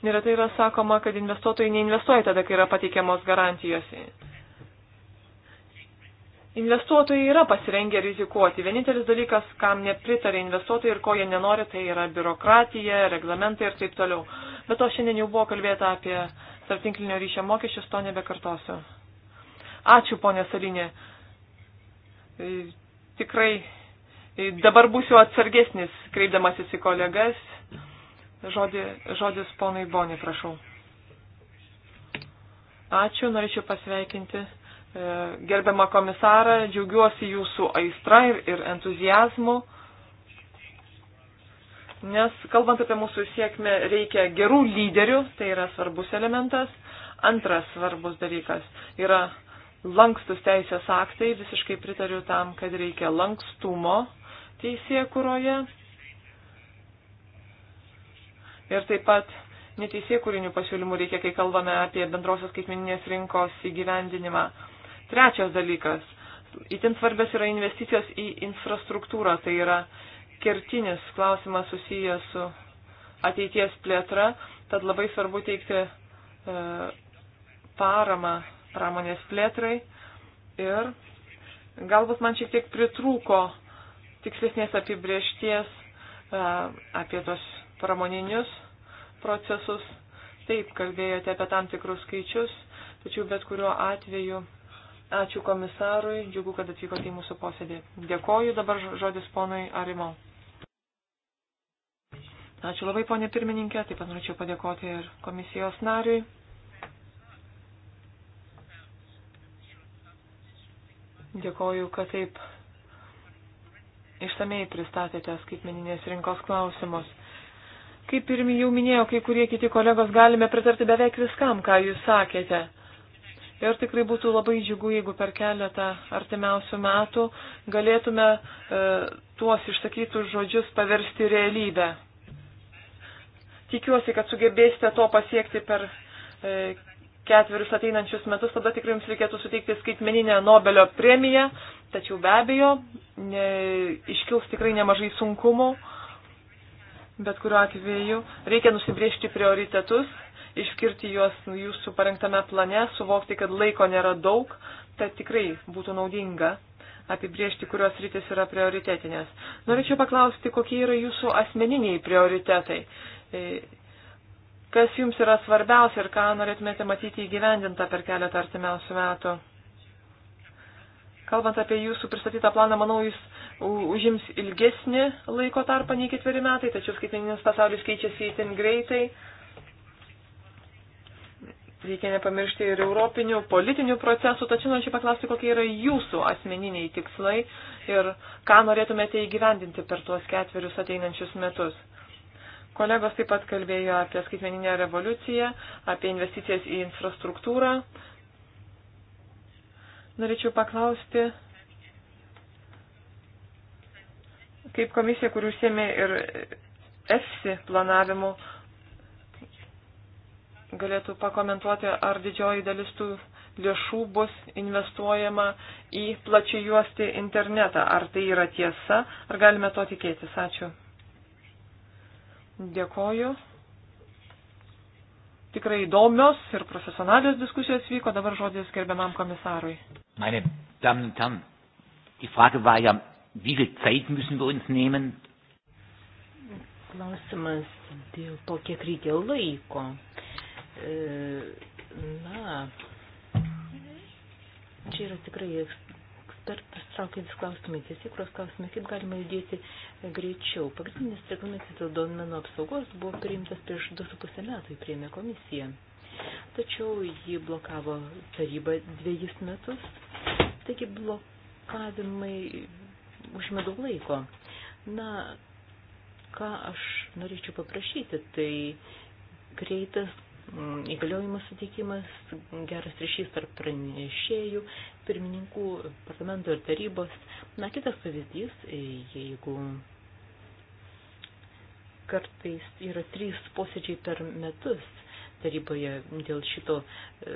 Neretai yra sakoma, kad investuotojai neinvestuoja tada, kai yra pateikiamos garantijos Investuotojai yra pasirengę rizikuoti. Vienintelis dalykas, kam nepritarė investuotojai ir ko jie nenori, tai yra biurokratija, reglamentai ir taip toliau. Bet to šiandien jau buvo kalbėta apie tarptinklinio ryšio mokesčius, to nebekartosiu. Ačiū, ponė Salinė. E, tikrai e, dabar būsiu atsargesnis, kreipdamasis į kolegas. Žodį, žodis ponui Boni, prašau. Ačiū, norėčiau pasveikinti E, Gerbiama komisarą, džiaugiuosi jūsų aistra ir, ir entuzijazmu, nes kalbant apie mūsų sėkmę, reikia gerų lyderių, tai yra svarbus elementas. Antras svarbus dalykas yra lankstus teisės aktai, visiškai pritariu tam, kad reikia lankstumo teisėje kuroje. Ir taip pat neteisėje kūrinių pasiūlymų reikia, kai kalbame apie bendrosios skaitmeninės rinkos įgyvendinimą. Trečias dalykas. Įtin svarbės yra investicijos į infrastruktūrą. Tai yra kertinis klausimas susijęs su ateities plėtra. Tad labai svarbu teikti e, paramą pramonės plėtrai. Ir galbūt man šiek tiek pritrūko tikslesnės apibriešties e, apie tos pramoninius procesus. Taip, kalbėjote apie tam tikrus skaičius, tačiau bet kuriuo atveju Ačiū komisarui, džiugu, kad atvykote į mūsų posėdį. Dėkoju, dabar žodis ponui Arimo. Ačiū labai, ponė pirmininkė, taip pat norėčiau padėkoti ir komisijos nariui. Dėkoju, kad taip išsamei pristatėte skaitmeninės rinkos klausimus. Kaip ir jau minėjau, kai kurie kiti kolegos galime pritarti beveik viskam, ką jūs sakėte. Ir tikrai būtų labai džiugu, jeigu per keletą artimiausių metų galėtume e, tuos išsakytus žodžius paversti realybę. Tikiuosi, kad sugebėsite to pasiekti per e, ketverius ateinančius metus, tada tikrai jums reikėtų suteikti skaitmeninę Nobelio premiją, tačiau be abejo ne, iškils tikrai nemažai sunkumų, bet kuriuo atveju reikia nusibriežti prioritetus išskirti juos jūsų parengtame plane, suvokti, kad laiko nėra daug, tad tikrai būtų naudinga apibriežti, kurios rytis yra prioritetinės. Norėčiau paklausti, kokie yra jūsų asmeniniai prioritetai. E, kas jums yra svarbiausia ir ką norėtumėte matyti įgyvendintą per keletą artimiausių metų? Kalbant apie jūsų pristatytą planą, manau, jis užims ilgesnį laiko tarpą nei ketveri metai, tačiau skaitmeninis pasaulis keičiasi įtin greitai reikia nepamiršti ir europinių politinių procesų, tačiau norėčiau paklausti, kokie yra jūsų asmeniniai tikslai ir ką norėtumėte įgyvendinti per tuos ketverius ateinančius metus. Kolegos taip pat kalbėjo apie skaitmeninę revoliuciją, apie investicijas į infrastruktūrą. Norėčiau paklausti, kaip komisija, kur užsėmė ir EFSI planavimu, galėtų pakomentuoti, ar didžioji dalis tų lėšų bus investuojama į plačiai juosti internetą. Ar tai yra tiesa, ar galime to tikėtis? Ačiū. Dėkoju. Tikrai įdomios ir profesionalios diskusijos vyko, dabar žodis gerbiamam komisarui. Meine Damen und Herren, die Frage war ja, wie viel Zeit müssen wir uns nehmen? Klausimas dėl to, kiek reikia laiko E, na, čia yra tikrai ekspertas traukiantis klausimai, tiesiekros klausimai, kaip galima judėti greičiau. Pagrindinis reglamentas dėl duomenų apsaugos buvo priimtas prieš 2,5 metų, priėmė komisija. Tačiau jį blokavo taryba dviejus metus, taigi blokavimai užima daug laiko. Na, ką aš norėčiau paprašyti, tai greitas Mm, įgaliojimų sutikimas, geras ryšys tarp pranešėjų, pirmininkų, parlamento ir tarybos. Na, kitas pavyzdys, e, jeigu kartais yra trys posėdžiai per metus, taryboje dėl šito e,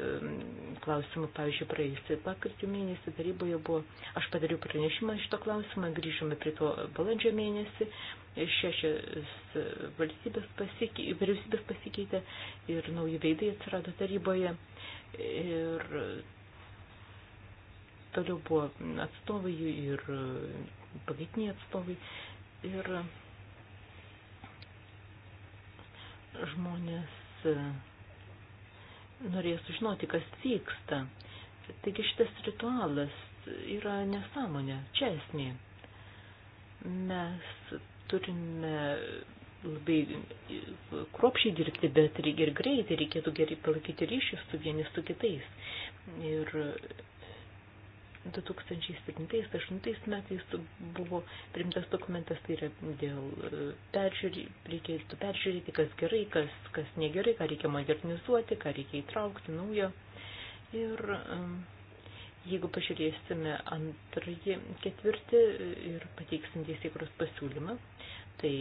klausimo, pavyzdžiui, praėjusį pakritį mėnesį taryboje buvo, aš padariau pranešimą šito klausimą, grįžome prie to balandžio mėnesį, šešias valstybės pasikei, vyriausybės pasikeitė ir nauji veidai atsirado taryboje. Ir toliau buvo atstovai ir pakaitiniai atstovai ir žmonės norėjo sužinoti, kas vyksta. Taigi šitas ritualas yra nesąmonė, čia esmė. Mes turime labai kropšiai dirbti, bet reikia ir greitai, reikėtų gerai palaikyti ryšius su vieni su kitais. Ir 2007-2008 metais buvo primtas dokumentas, tai yra dėl e, peržiūrį, reikėtų peržiūrėti, kas gerai, kas, kas negerai, ką reikia modernizuoti, ką reikia įtraukti naujo. Ir jeigu pažiūrėsime antrąjį ketvirtį ir pateiksim teisėkros pasiūlymą, tai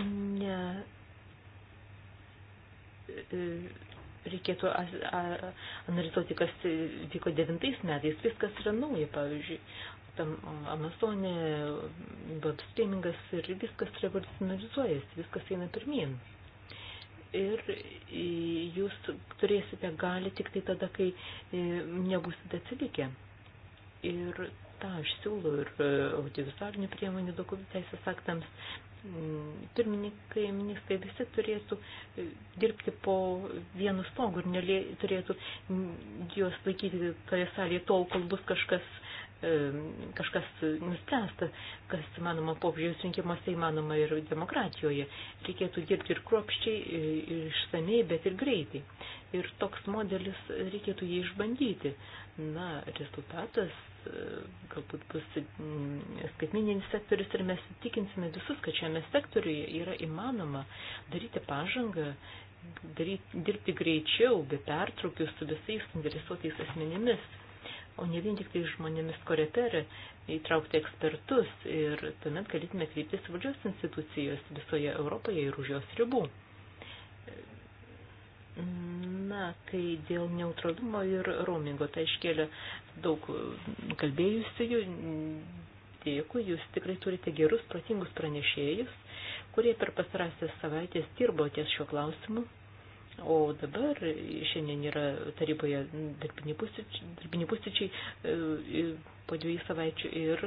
ne e, reikėtų analizuoti, kas vyko devintais metais. Viskas yra nauja, pavyzdžiui. Tam Amazonė, web streamingas ir viskas revolucionarizuojasi, viskas eina pirmyn. Ir jūs turėsite gali tik tai tada, kai e, nebusite atsilikę. Ir tą aš siūlau ir e, audiovizualinių priemonių dokumentų teisės aktams. Mm, pirmininkai, ministrai visi turėtų e, dirbti po vienu stogu ir nelė, turėtų mm, juos laikyti toje salėje tol, kol bus kažkas e, kažkas nuspręsta, kas įmanoma popiežiaus rinkimuose įmanoma ir demokratijoje. Reikėtų dirbti ir kruopščiai, ir išsamei, bet ir greitai. Ir toks modelis reikėtų jį išbandyti. Na, rezultatas galbūt bus mm, skaitmininis sektorius ir mes įtikinsime visus, kad šiame sektoriuje yra įmanoma daryti pažangą, daryti, dirbti greičiau, be pertraukių su visais interesuotais asmenimis, o ne vien tik tai žmonėmis koreperė, įtraukti ekspertus ir tuomet galėtume kreiptis valdžios institucijos visoje Europoje ir už jos ribų diena, kai dėl neutralumo ir roamingo tai iškėlė daug kalbėjusių. Dėkui, jūs tikrai turite gerus, protingus pranešėjus, kurie per pastarąsias savaitės dirbo ties šiuo klausimu. O dabar šiandien yra taryboje darbiniai pusryčiai e, po dviejų savaičių ir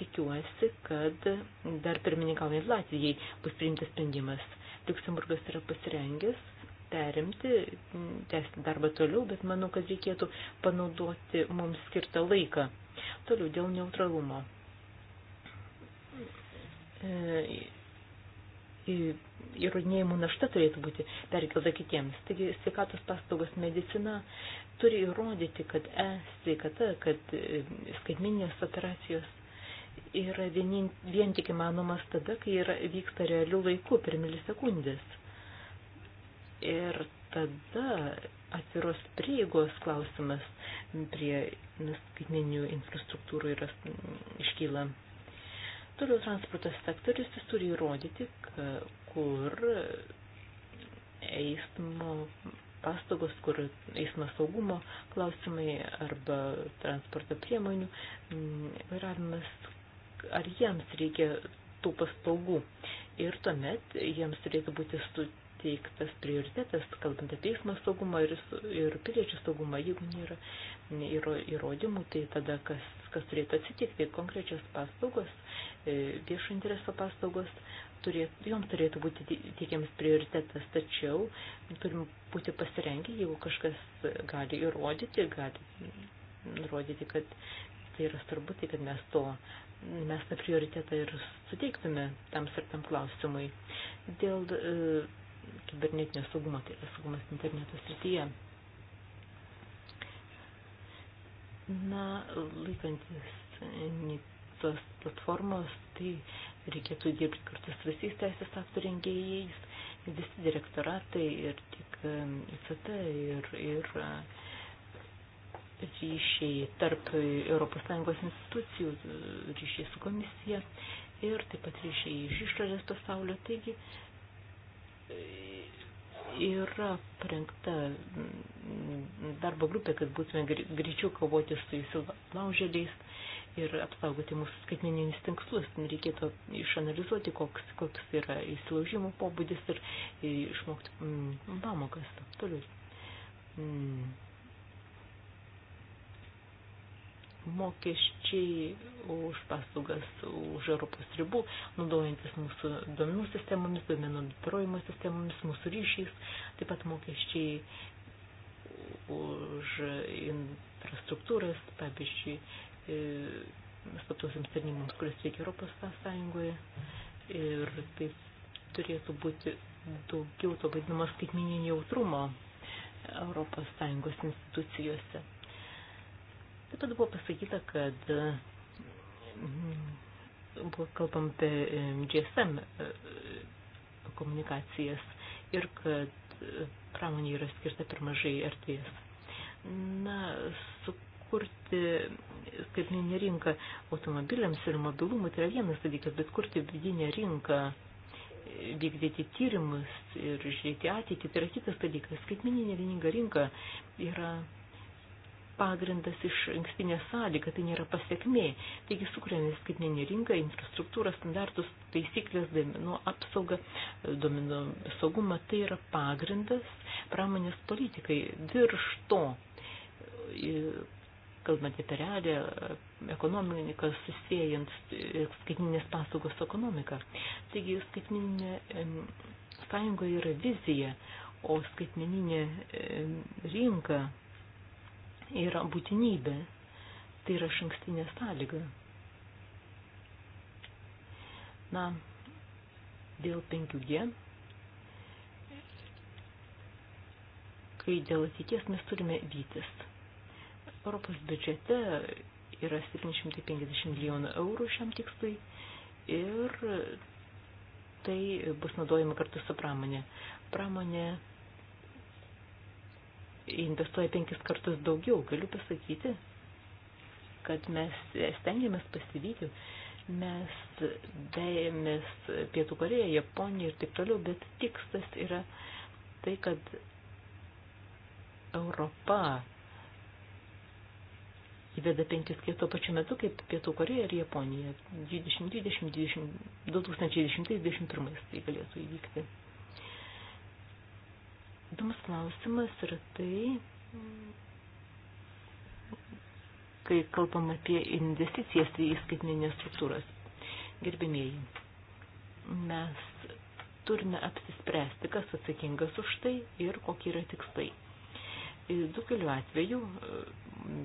tikiuosi, kad dar pirmininkaujant Latvijai bus priimtas sprendimas. Luksemburgas yra pasirengęs perimti, tęsti darbą toliau, bet manau, kad reikėtų panaudoti mums skirtą laiką. Toliau dėl neutralumo. E, įrodinėjimų našta turėtų būti perkelta kitiems. Taigi sveikatos paslaugos medicina turi įrodyti, kad e sveikata, kad skaitminės operacijos yra vien, vien tik įmanomas tada, kai yra, vyksta realių laikų per milisekundės Ir tada atviros prieigos klausimas prie skaitmeninių infrastruktūrų yra iškyla. Toliau transporto sektorius jis turi įrodyti, kur eismo pastogos, kur eismo saugumo klausimai arba transporto priemonių mm, vairavimas, ar jiems reikia tų paslaugų. Ir tuomet jiems turėtų būti studijų teiktas prioritetas, kalbant apie teismo saugumą ir, ir piliečių saugumą, jeigu nėra, nėra įrodymų, tai tada kas, kas turėtų atsitikti, konkrečios paslaugos, e, viešo intereso paslaugos, turėtų, joms turėtų būti teikiamas prioritetas, tačiau turim būti pasirengę, jeigu kažkas gali įrodyti, gali nurodyti, kad tai yra svarbu, tai kad mes to mes tą prioritetą ir suteiktume tam sartam klausimui. Dėl e, kibernetinio saugumo, tai yra saugumas interneto srityje. Na, laikantis tos platformos, tai reikėtų dirbti kartu su visais teisės aktų rengėjais, visi direktoratai ir tik ICT ir, ir ryšiai tarp ES institucijų, ryšiai su komisija ir taip pat ryšiai iš išorės pasaulio. Taigi yra parengta darbo grupė, kad būtume greičiau kovoti su įsilaužėliais ir apsaugoti mūsų skaitmeninius tinklus. Reikėtų išanalizuoti, koks, koks yra įsilaužimo pobūdis ir išmokti mm, pamokas. Toliau. Mm. mokesčiai už paslaugas už Europos ribų, naudojantis mūsų duomenų sistemomis, duomenų apdorojimo sistemomis, mūsų ryšiais, taip pat mokesčiai už infrastruktūras, pavyzdžiui, e, slaptosiams tarnymams, kuris veikia Europos sąjungoje. Ir tai turėtų būti daugiau to vadinamo skaitmininio jautrumo Europos sąjungos institucijose Taip pat buvo pasakyta, kad mm, buvo kalbam apie GSM e, komunikacijas ir kad e, pramonė yra skirta per mažai erdvės. Na, sukurti skaitmeninę rinką automobiliams ir mobilumui tai yra vienas dalykas, bet kurti vidinę rinką vykdyti tyrimus ir žiūrėti ateitį, tai yra kitas dalykas. Skaitmeninė vieninga rinka yra pagrindas iš ankstinė sąlyga, tai nėra pasiekmė. Taigi sukūrėme skaitmeninį rinką, infrastruktūrą, standartus, taisyklės, duomenų apsaugą, duomenų saugumą, tai yra pagrindas pramonės politikai. Virš to, kalbant apie realią ekonomiką, susijęjant skaitmeninės paslaugos su ekonomika. Taigi skaitmeninė sąjunga yra vizija, o skaitmeninė rinka yra būtinybė, tai yra šankstinė sąlyga. Na, dėl 5G, kai dėl ateities mes turime vytis. Europos biudžete yra 750 milijonų eurų šiam tikslui ir tai bus naudojama kartu su pramonė. Pramonė investuoja penkis kartus daugiau. Galiu pasakyti, kad mes stengiamės pasivyti, mes dėjomės Pietų Koreją, Japoniją ir taip toliau, bet tikslas yra tai, kad Europa įveda penkis tuo pačiu metu kaip Pietų Koreja ir Japonija 2020, 2020, 2021 tai galėtų įvykti. Įdomus klausimas yra tai, kai kalbam apie investicijas į skaitmeninės struktūras. Gerbimieji, mes turime apsispręsti, kas atsakingas už tai ir kokie yra tikslai. Daugeliu atveju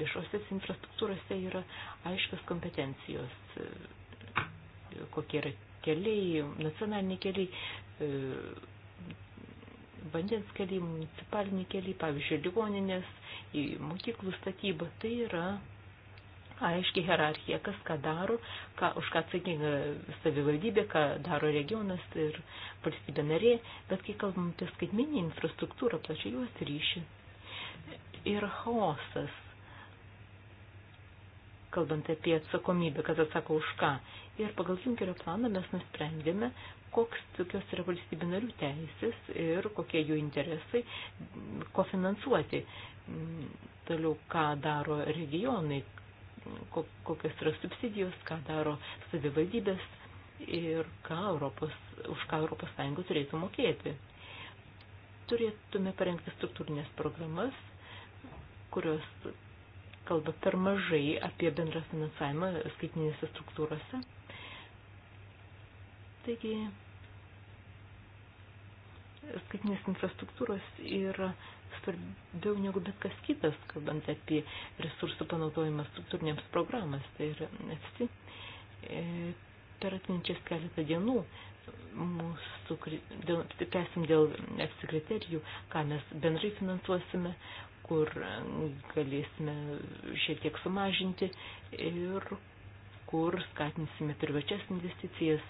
viešosios infrastruktūrose yra aiškios kompetencijos, kokie yra keliai, nacionaliniai keliai, vandens keliai, municipaliniai keliai, pavyzdžiui, ligoninės, į mokyklų statybą. Tai yra aiški hierarchija, kas ką daro, ką, už ką atsakinga savivaldybė, ką daro regionas ir valstybė narė, bet kai kalbam apie skaitminį infrastruktūrą, plačiai juos ryšį. Ir chaosas, kalbant apie atsakomybę, kas atsako už ką. Ir pagal Junkerio planą mes nusprendėme, koks tokios yra valstybių narių teisės ir kokie jų interesai, kofinansuoti. Toliau, ką daro regionai, kokios yra subsidijos, ką daro savivaldybės ir ką Europos, už ką Europos Sąjunga turėtų mokėti. Turėtume parengti struktūrinės programas, kurios kalba per mažai apie bendrą finansavimą skaitinėse struktūrose Taigi, skaitinės infrastruktūros yra svarbiau negu bet kas kitas, kalbant apie resursų panaudojimą struktūrinėms programas. Tai yra atsi, e, per atinčias keletą dienų mūsų, dėl, tęsim dėl atsi kriterijų, ką mes bendrai finansuosime, kur galėsime šiek tiek sumažinti ir kur skatinsime privačias investicijas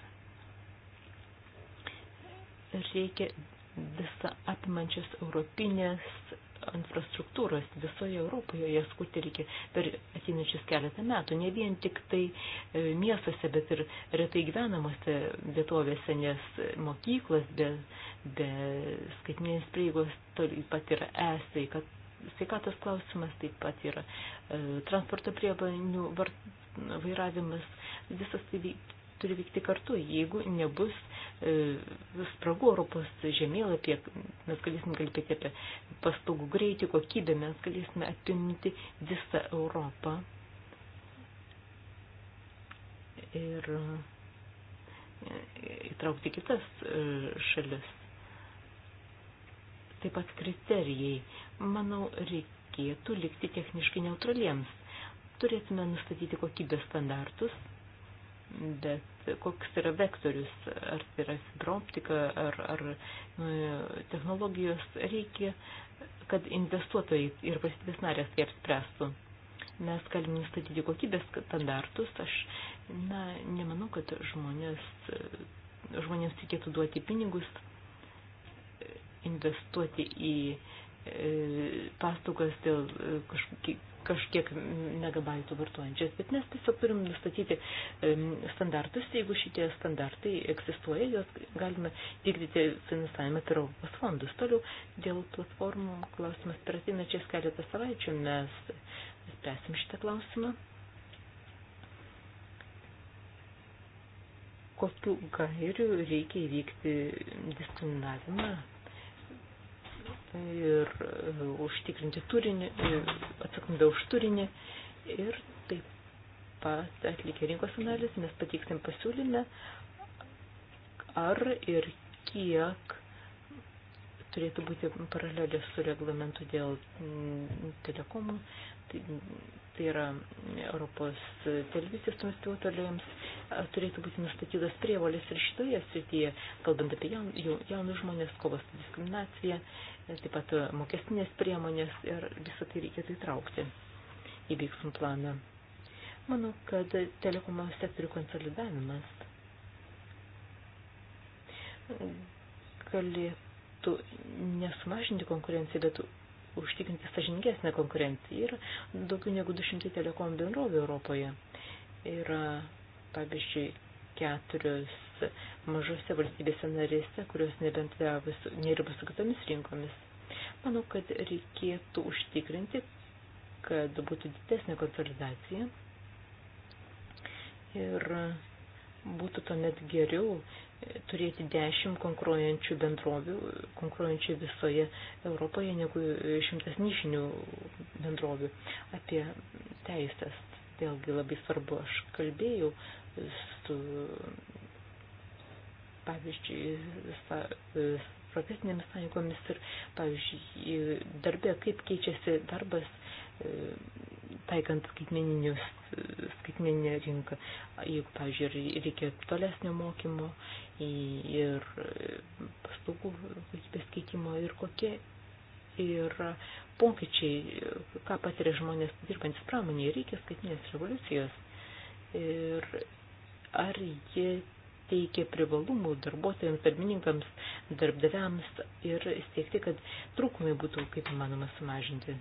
reikia visą apimančios europinės infrastruktūros visoje Europoje, jas kurti reikia per ateinančius keletą metų, ne vien tik tai e, miestuose, bet ir retai gyvenamosi vietovėse, nes mokyklas be, be skaitinės prieigos taip pat yra esai, kad sveikatos klausimas taip pat yra e, transporto priebanių vart, vairavimas, visas tai turi vykti kartu. Jeigu nebus e, spragų Europos žemėlapyje, mes galėsime kalbėti apie paslaugų greitį, kokybę, mes galėsime apimti visą Europą. Ir e, įtraukti kitas e, šalis. Taip pat kriterijai. Manau, reikėtų likti techniškai neutraliems turėtume nustatyti kokybės standartus, bet koks yra vektorius, ar tai yra hidroptika, ar, ar e, technologijos, reikia, kad investuotojai ir valstybės narės tai apspręstų. Mes galim nustatyti kokybės standartus, aš na, nemanau, kad žmonės, žmonės reikėtų duoti pinigus, investuoti į e, paslaugas dėl e, kažkokių kažkiek megabaitų vartojančias, bet mes tiesiog turim nustatyti standartus, jeigu šitie standartai egzistuoja, jos galime vykdyti finansavimą per Europos fondus. Toliau dėl platformų klausimas per atinačias keletą savaičių mes spręsim šitą klausimą. Kokiu gairiu reikia įvykti diskriminavimą ir e, užtikrinti turinį, e, atsakomybę už turinį ir taip pat atlikę rinkos analizę mes pateiksim pasiūlymę, ar ir kiek turėtų būti paralelės su reglamentu dėl telekomų. Tai tai yra Europos televizijos transliuotojams, turėtų būti nustatytas prievolės ir šitoje srityje, kalbant apie jaunus jaun žmonės, kovas su diskriminacija, e, taip pat mokestinės priemonės ir visą tai reikėtų įtraukti į veiksmų planą. Manau, kad telekomo sektorių konsolidavimas galėtų nesumažinti konkurenciją, bet užtikrinti sažininkesnę konkurenciją. Yra daugiau negu 200 telekom bendrovų Europoje. Yra, pavyzdžiui, keturios mažose valstybėse narėse, kurios nebendravus nėra su kitomis rinkomis. Manau, kad reikėtų užtikrinti, kad būtų didesnė konsolidacija ir būtų tuomet geriau turėti dešimt konkuruojančių bendrovių, konkuruojančių visoje Europoje, negu šimtas nišinių bendrovių. Apie teisės vėlgi labai svarbu, aš kalbėjau su, pavyzdžiui, sa, e, profesinėmis sąjungomis ir, pavyzdžiui, darbė, kaip keičiasi darbas e, taikant skaitmeninę rinką. Juk, pavyzdžiui, reikia tolesnio mokymo ir paslaugų kokybės keitimo ir kokie yra pokyčiai, ką patiria žmonės dirbantis pramonėje, reikia skaitinės revoliucijos. Ir ar jie teikia privalumų darbuotojams, darbininkams, darbdaviams ir siekti, kad trūkumai būtų kaip įmanoma sumažinti.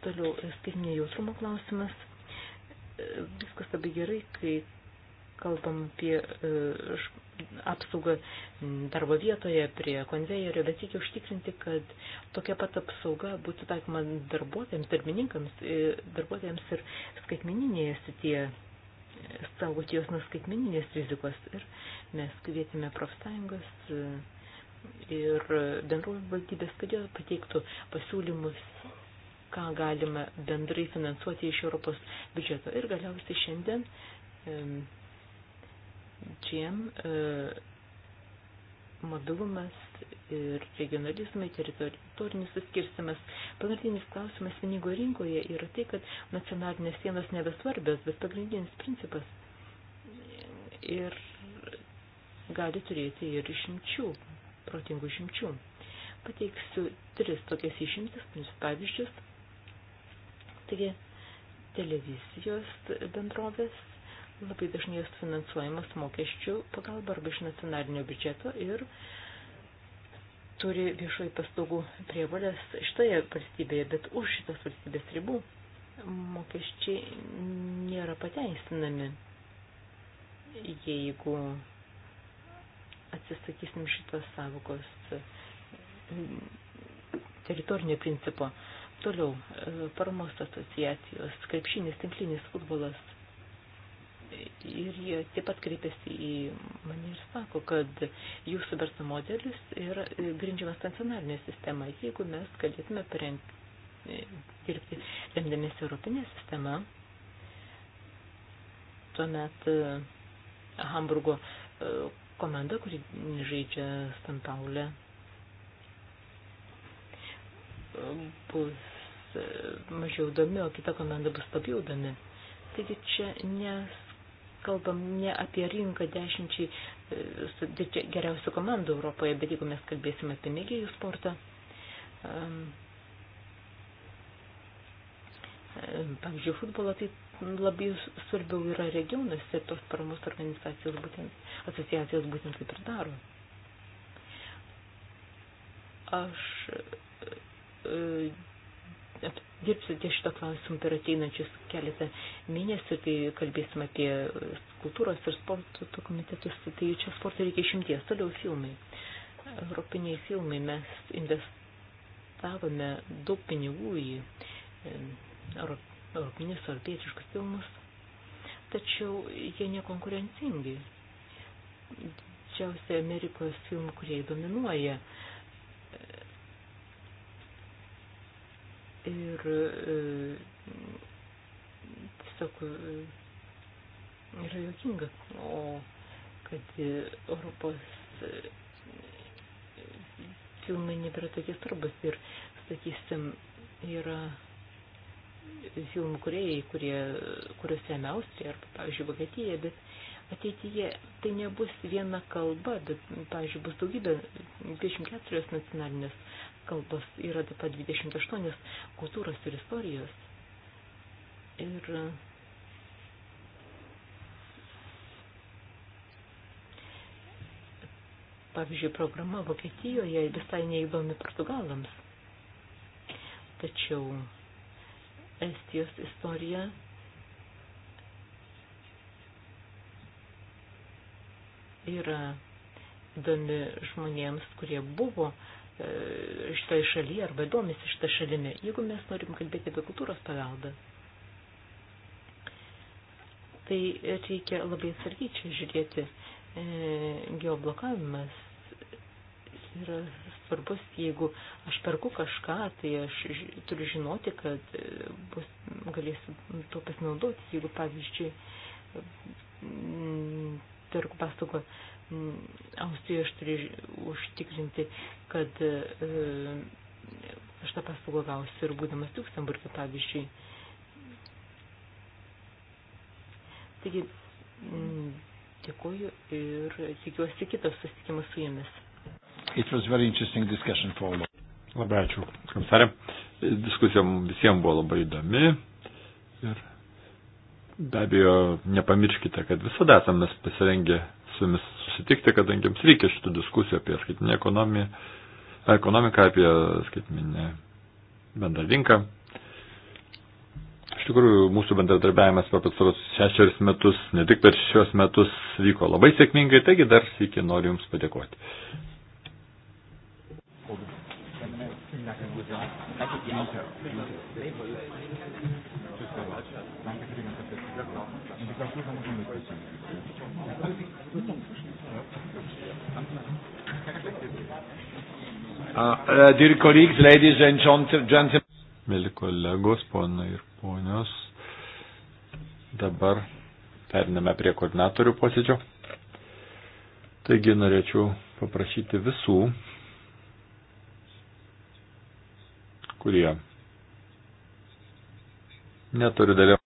Toliau skaitinė e, jautrumo klausimas. E, viskas labai gerai, kai kalbam apie e, apsaugą darbo vietoje prie konvejerio, bet reikia užtikrinti, kad tokia pat apsauga būtų taikoma darbuotojams, darbininkams, darbuotojams ir skaitmeninėje sityje saugoti jos nuo skaitmeninės rizikos. Ir mes kvietėme profsąjungas ir bendrovės valdybės, kad jie pateiktų pasiūlymus ką galime bendrai finansuoti iš Europos biudžeto. Ir galiausiai šiandien GM e, mobilumas ir regionalizmai, teritorinis suskirstimas. Pagrindinis klausimas vienigo rinkoje yra tai, kad nacionalinės sienos nebesvarbios, bet pagrindinis principas. Ir gali turėti ir išimčių, protingų išimčių pateiksiu tris tokias išimtis, pavyzdžius. Taigi, televizijos bendrovės labai dažnai jos finansuojamas mokesčių pagalba arba iš nacionalinio biudžeto ir turi viešoji paslaugų prievalės šitoje valstybėje, bet už šitos valstybės ribų mokesčiai nėra pateisinami. Jeigu atsisakysim šitos savokos mm, teritorinio principo, Toliau, e, paramos asociacijos, krepšinis, tinklinis futbolas. Ir jie taip pat kreipiasi į mane ir sako, kad jūsų verslo modelis yra e, grindžiamas nacionalinė sistema. Jeigu mes galėtume parengti, e, dirbti remdamėsi Europinė sistema, tuomet Hamburgo komanda, kuri žaidžia Stantaulę, bus E, mažiau įdomi, o kita komanda bus labiau įdomi. Taigi čia nes kalbam ne apie rinką dešimčiai e, geriausių komandų Europoje, bet jeigu mes kalbėsime apie mėgėjų sportą, e, pavyzdžiui, futbolą, tai labai svarbiau yra regionuose ir tos paramos organizacijos būtent, asociacijos būtent taip ir daro. Aš dirbsite šito klausimu per ateinančius keletą mėnesių, tai kalbėsim apie kultūros ir sporto komitetus, tai čia sporto reikia išimties. Toliau filmai. Europiniai filmai mes investavome daug pinigų į europinius europietiškus filmus, tačiau jie nekonkurencingi. Didžiausia Amerikos filmų, kurie dominuoja, uh, Ir e, tiesiog e, yra jokinga, o kad e, Europos filmai nebėra tokie svarbus ir, sakysim, yra filmų kuriejai, kurie, kuriuose remia Austrija arba, pavyzdžiui, Vokietija, bet ateityje tai nebus viena kalba, bet, pavyzdžiui, bus daugybė 24 nacionalinės kalbos, yra taip pat 28 kultūros ir istorijos. Ir pavyzdžiui, programa Vokietijoje visai neįdomi portugalams. Tačiau Estijos istorija yra įdomi žmonėms, kurie buvo uh, E, šitoje šalyje arba domisi šitą šalimi, jeigu mes norim kalbėti apie kultūros paveldą, tai reikia labai atsargiai čia žiūrėti. E, geoblokavimas yra svarbus, jeigu aš perku kažką, tai aš turiu žinoti, kad e, bus, galėsiu tuo pasinaudoti, jeigu pavyzdžiui perku paslaugą Austrija turi užtikrinti, kad e, aš tą paslaugą gausiu ir būdamas Luxemburgė, pavyzdžiui. Taigi, dėkuoju ir tikiuosi kitos susitikimas su jumis. It was very interesting discussion for all. Labai ačiū, komisarė. Diskusija visiems buvo labai įdomi ir be abejo nepamirškite, kad visada esame pasirengę su jumis susitikti, kadangi jums reikia šitų diskusijų apie skaitinę ekonomiką, apie skaitinę bendrą rinką. Iš tikrųjų, mūsų bendradarbiavimas per pastarus šešerius metus, ne tik per šios metus, vyko labai sėkmingai, taigi dar sėkiai noriu Jums padėkoti. Thank you. Uh, uh, dear colleagues, ladies and gentlemen. Mėly kolegos, ponai ir ponios, dabar periname prie koordinatorių posėdžio. Taigi norėčiau paprašyti visų, kurie neturi dalyvauti.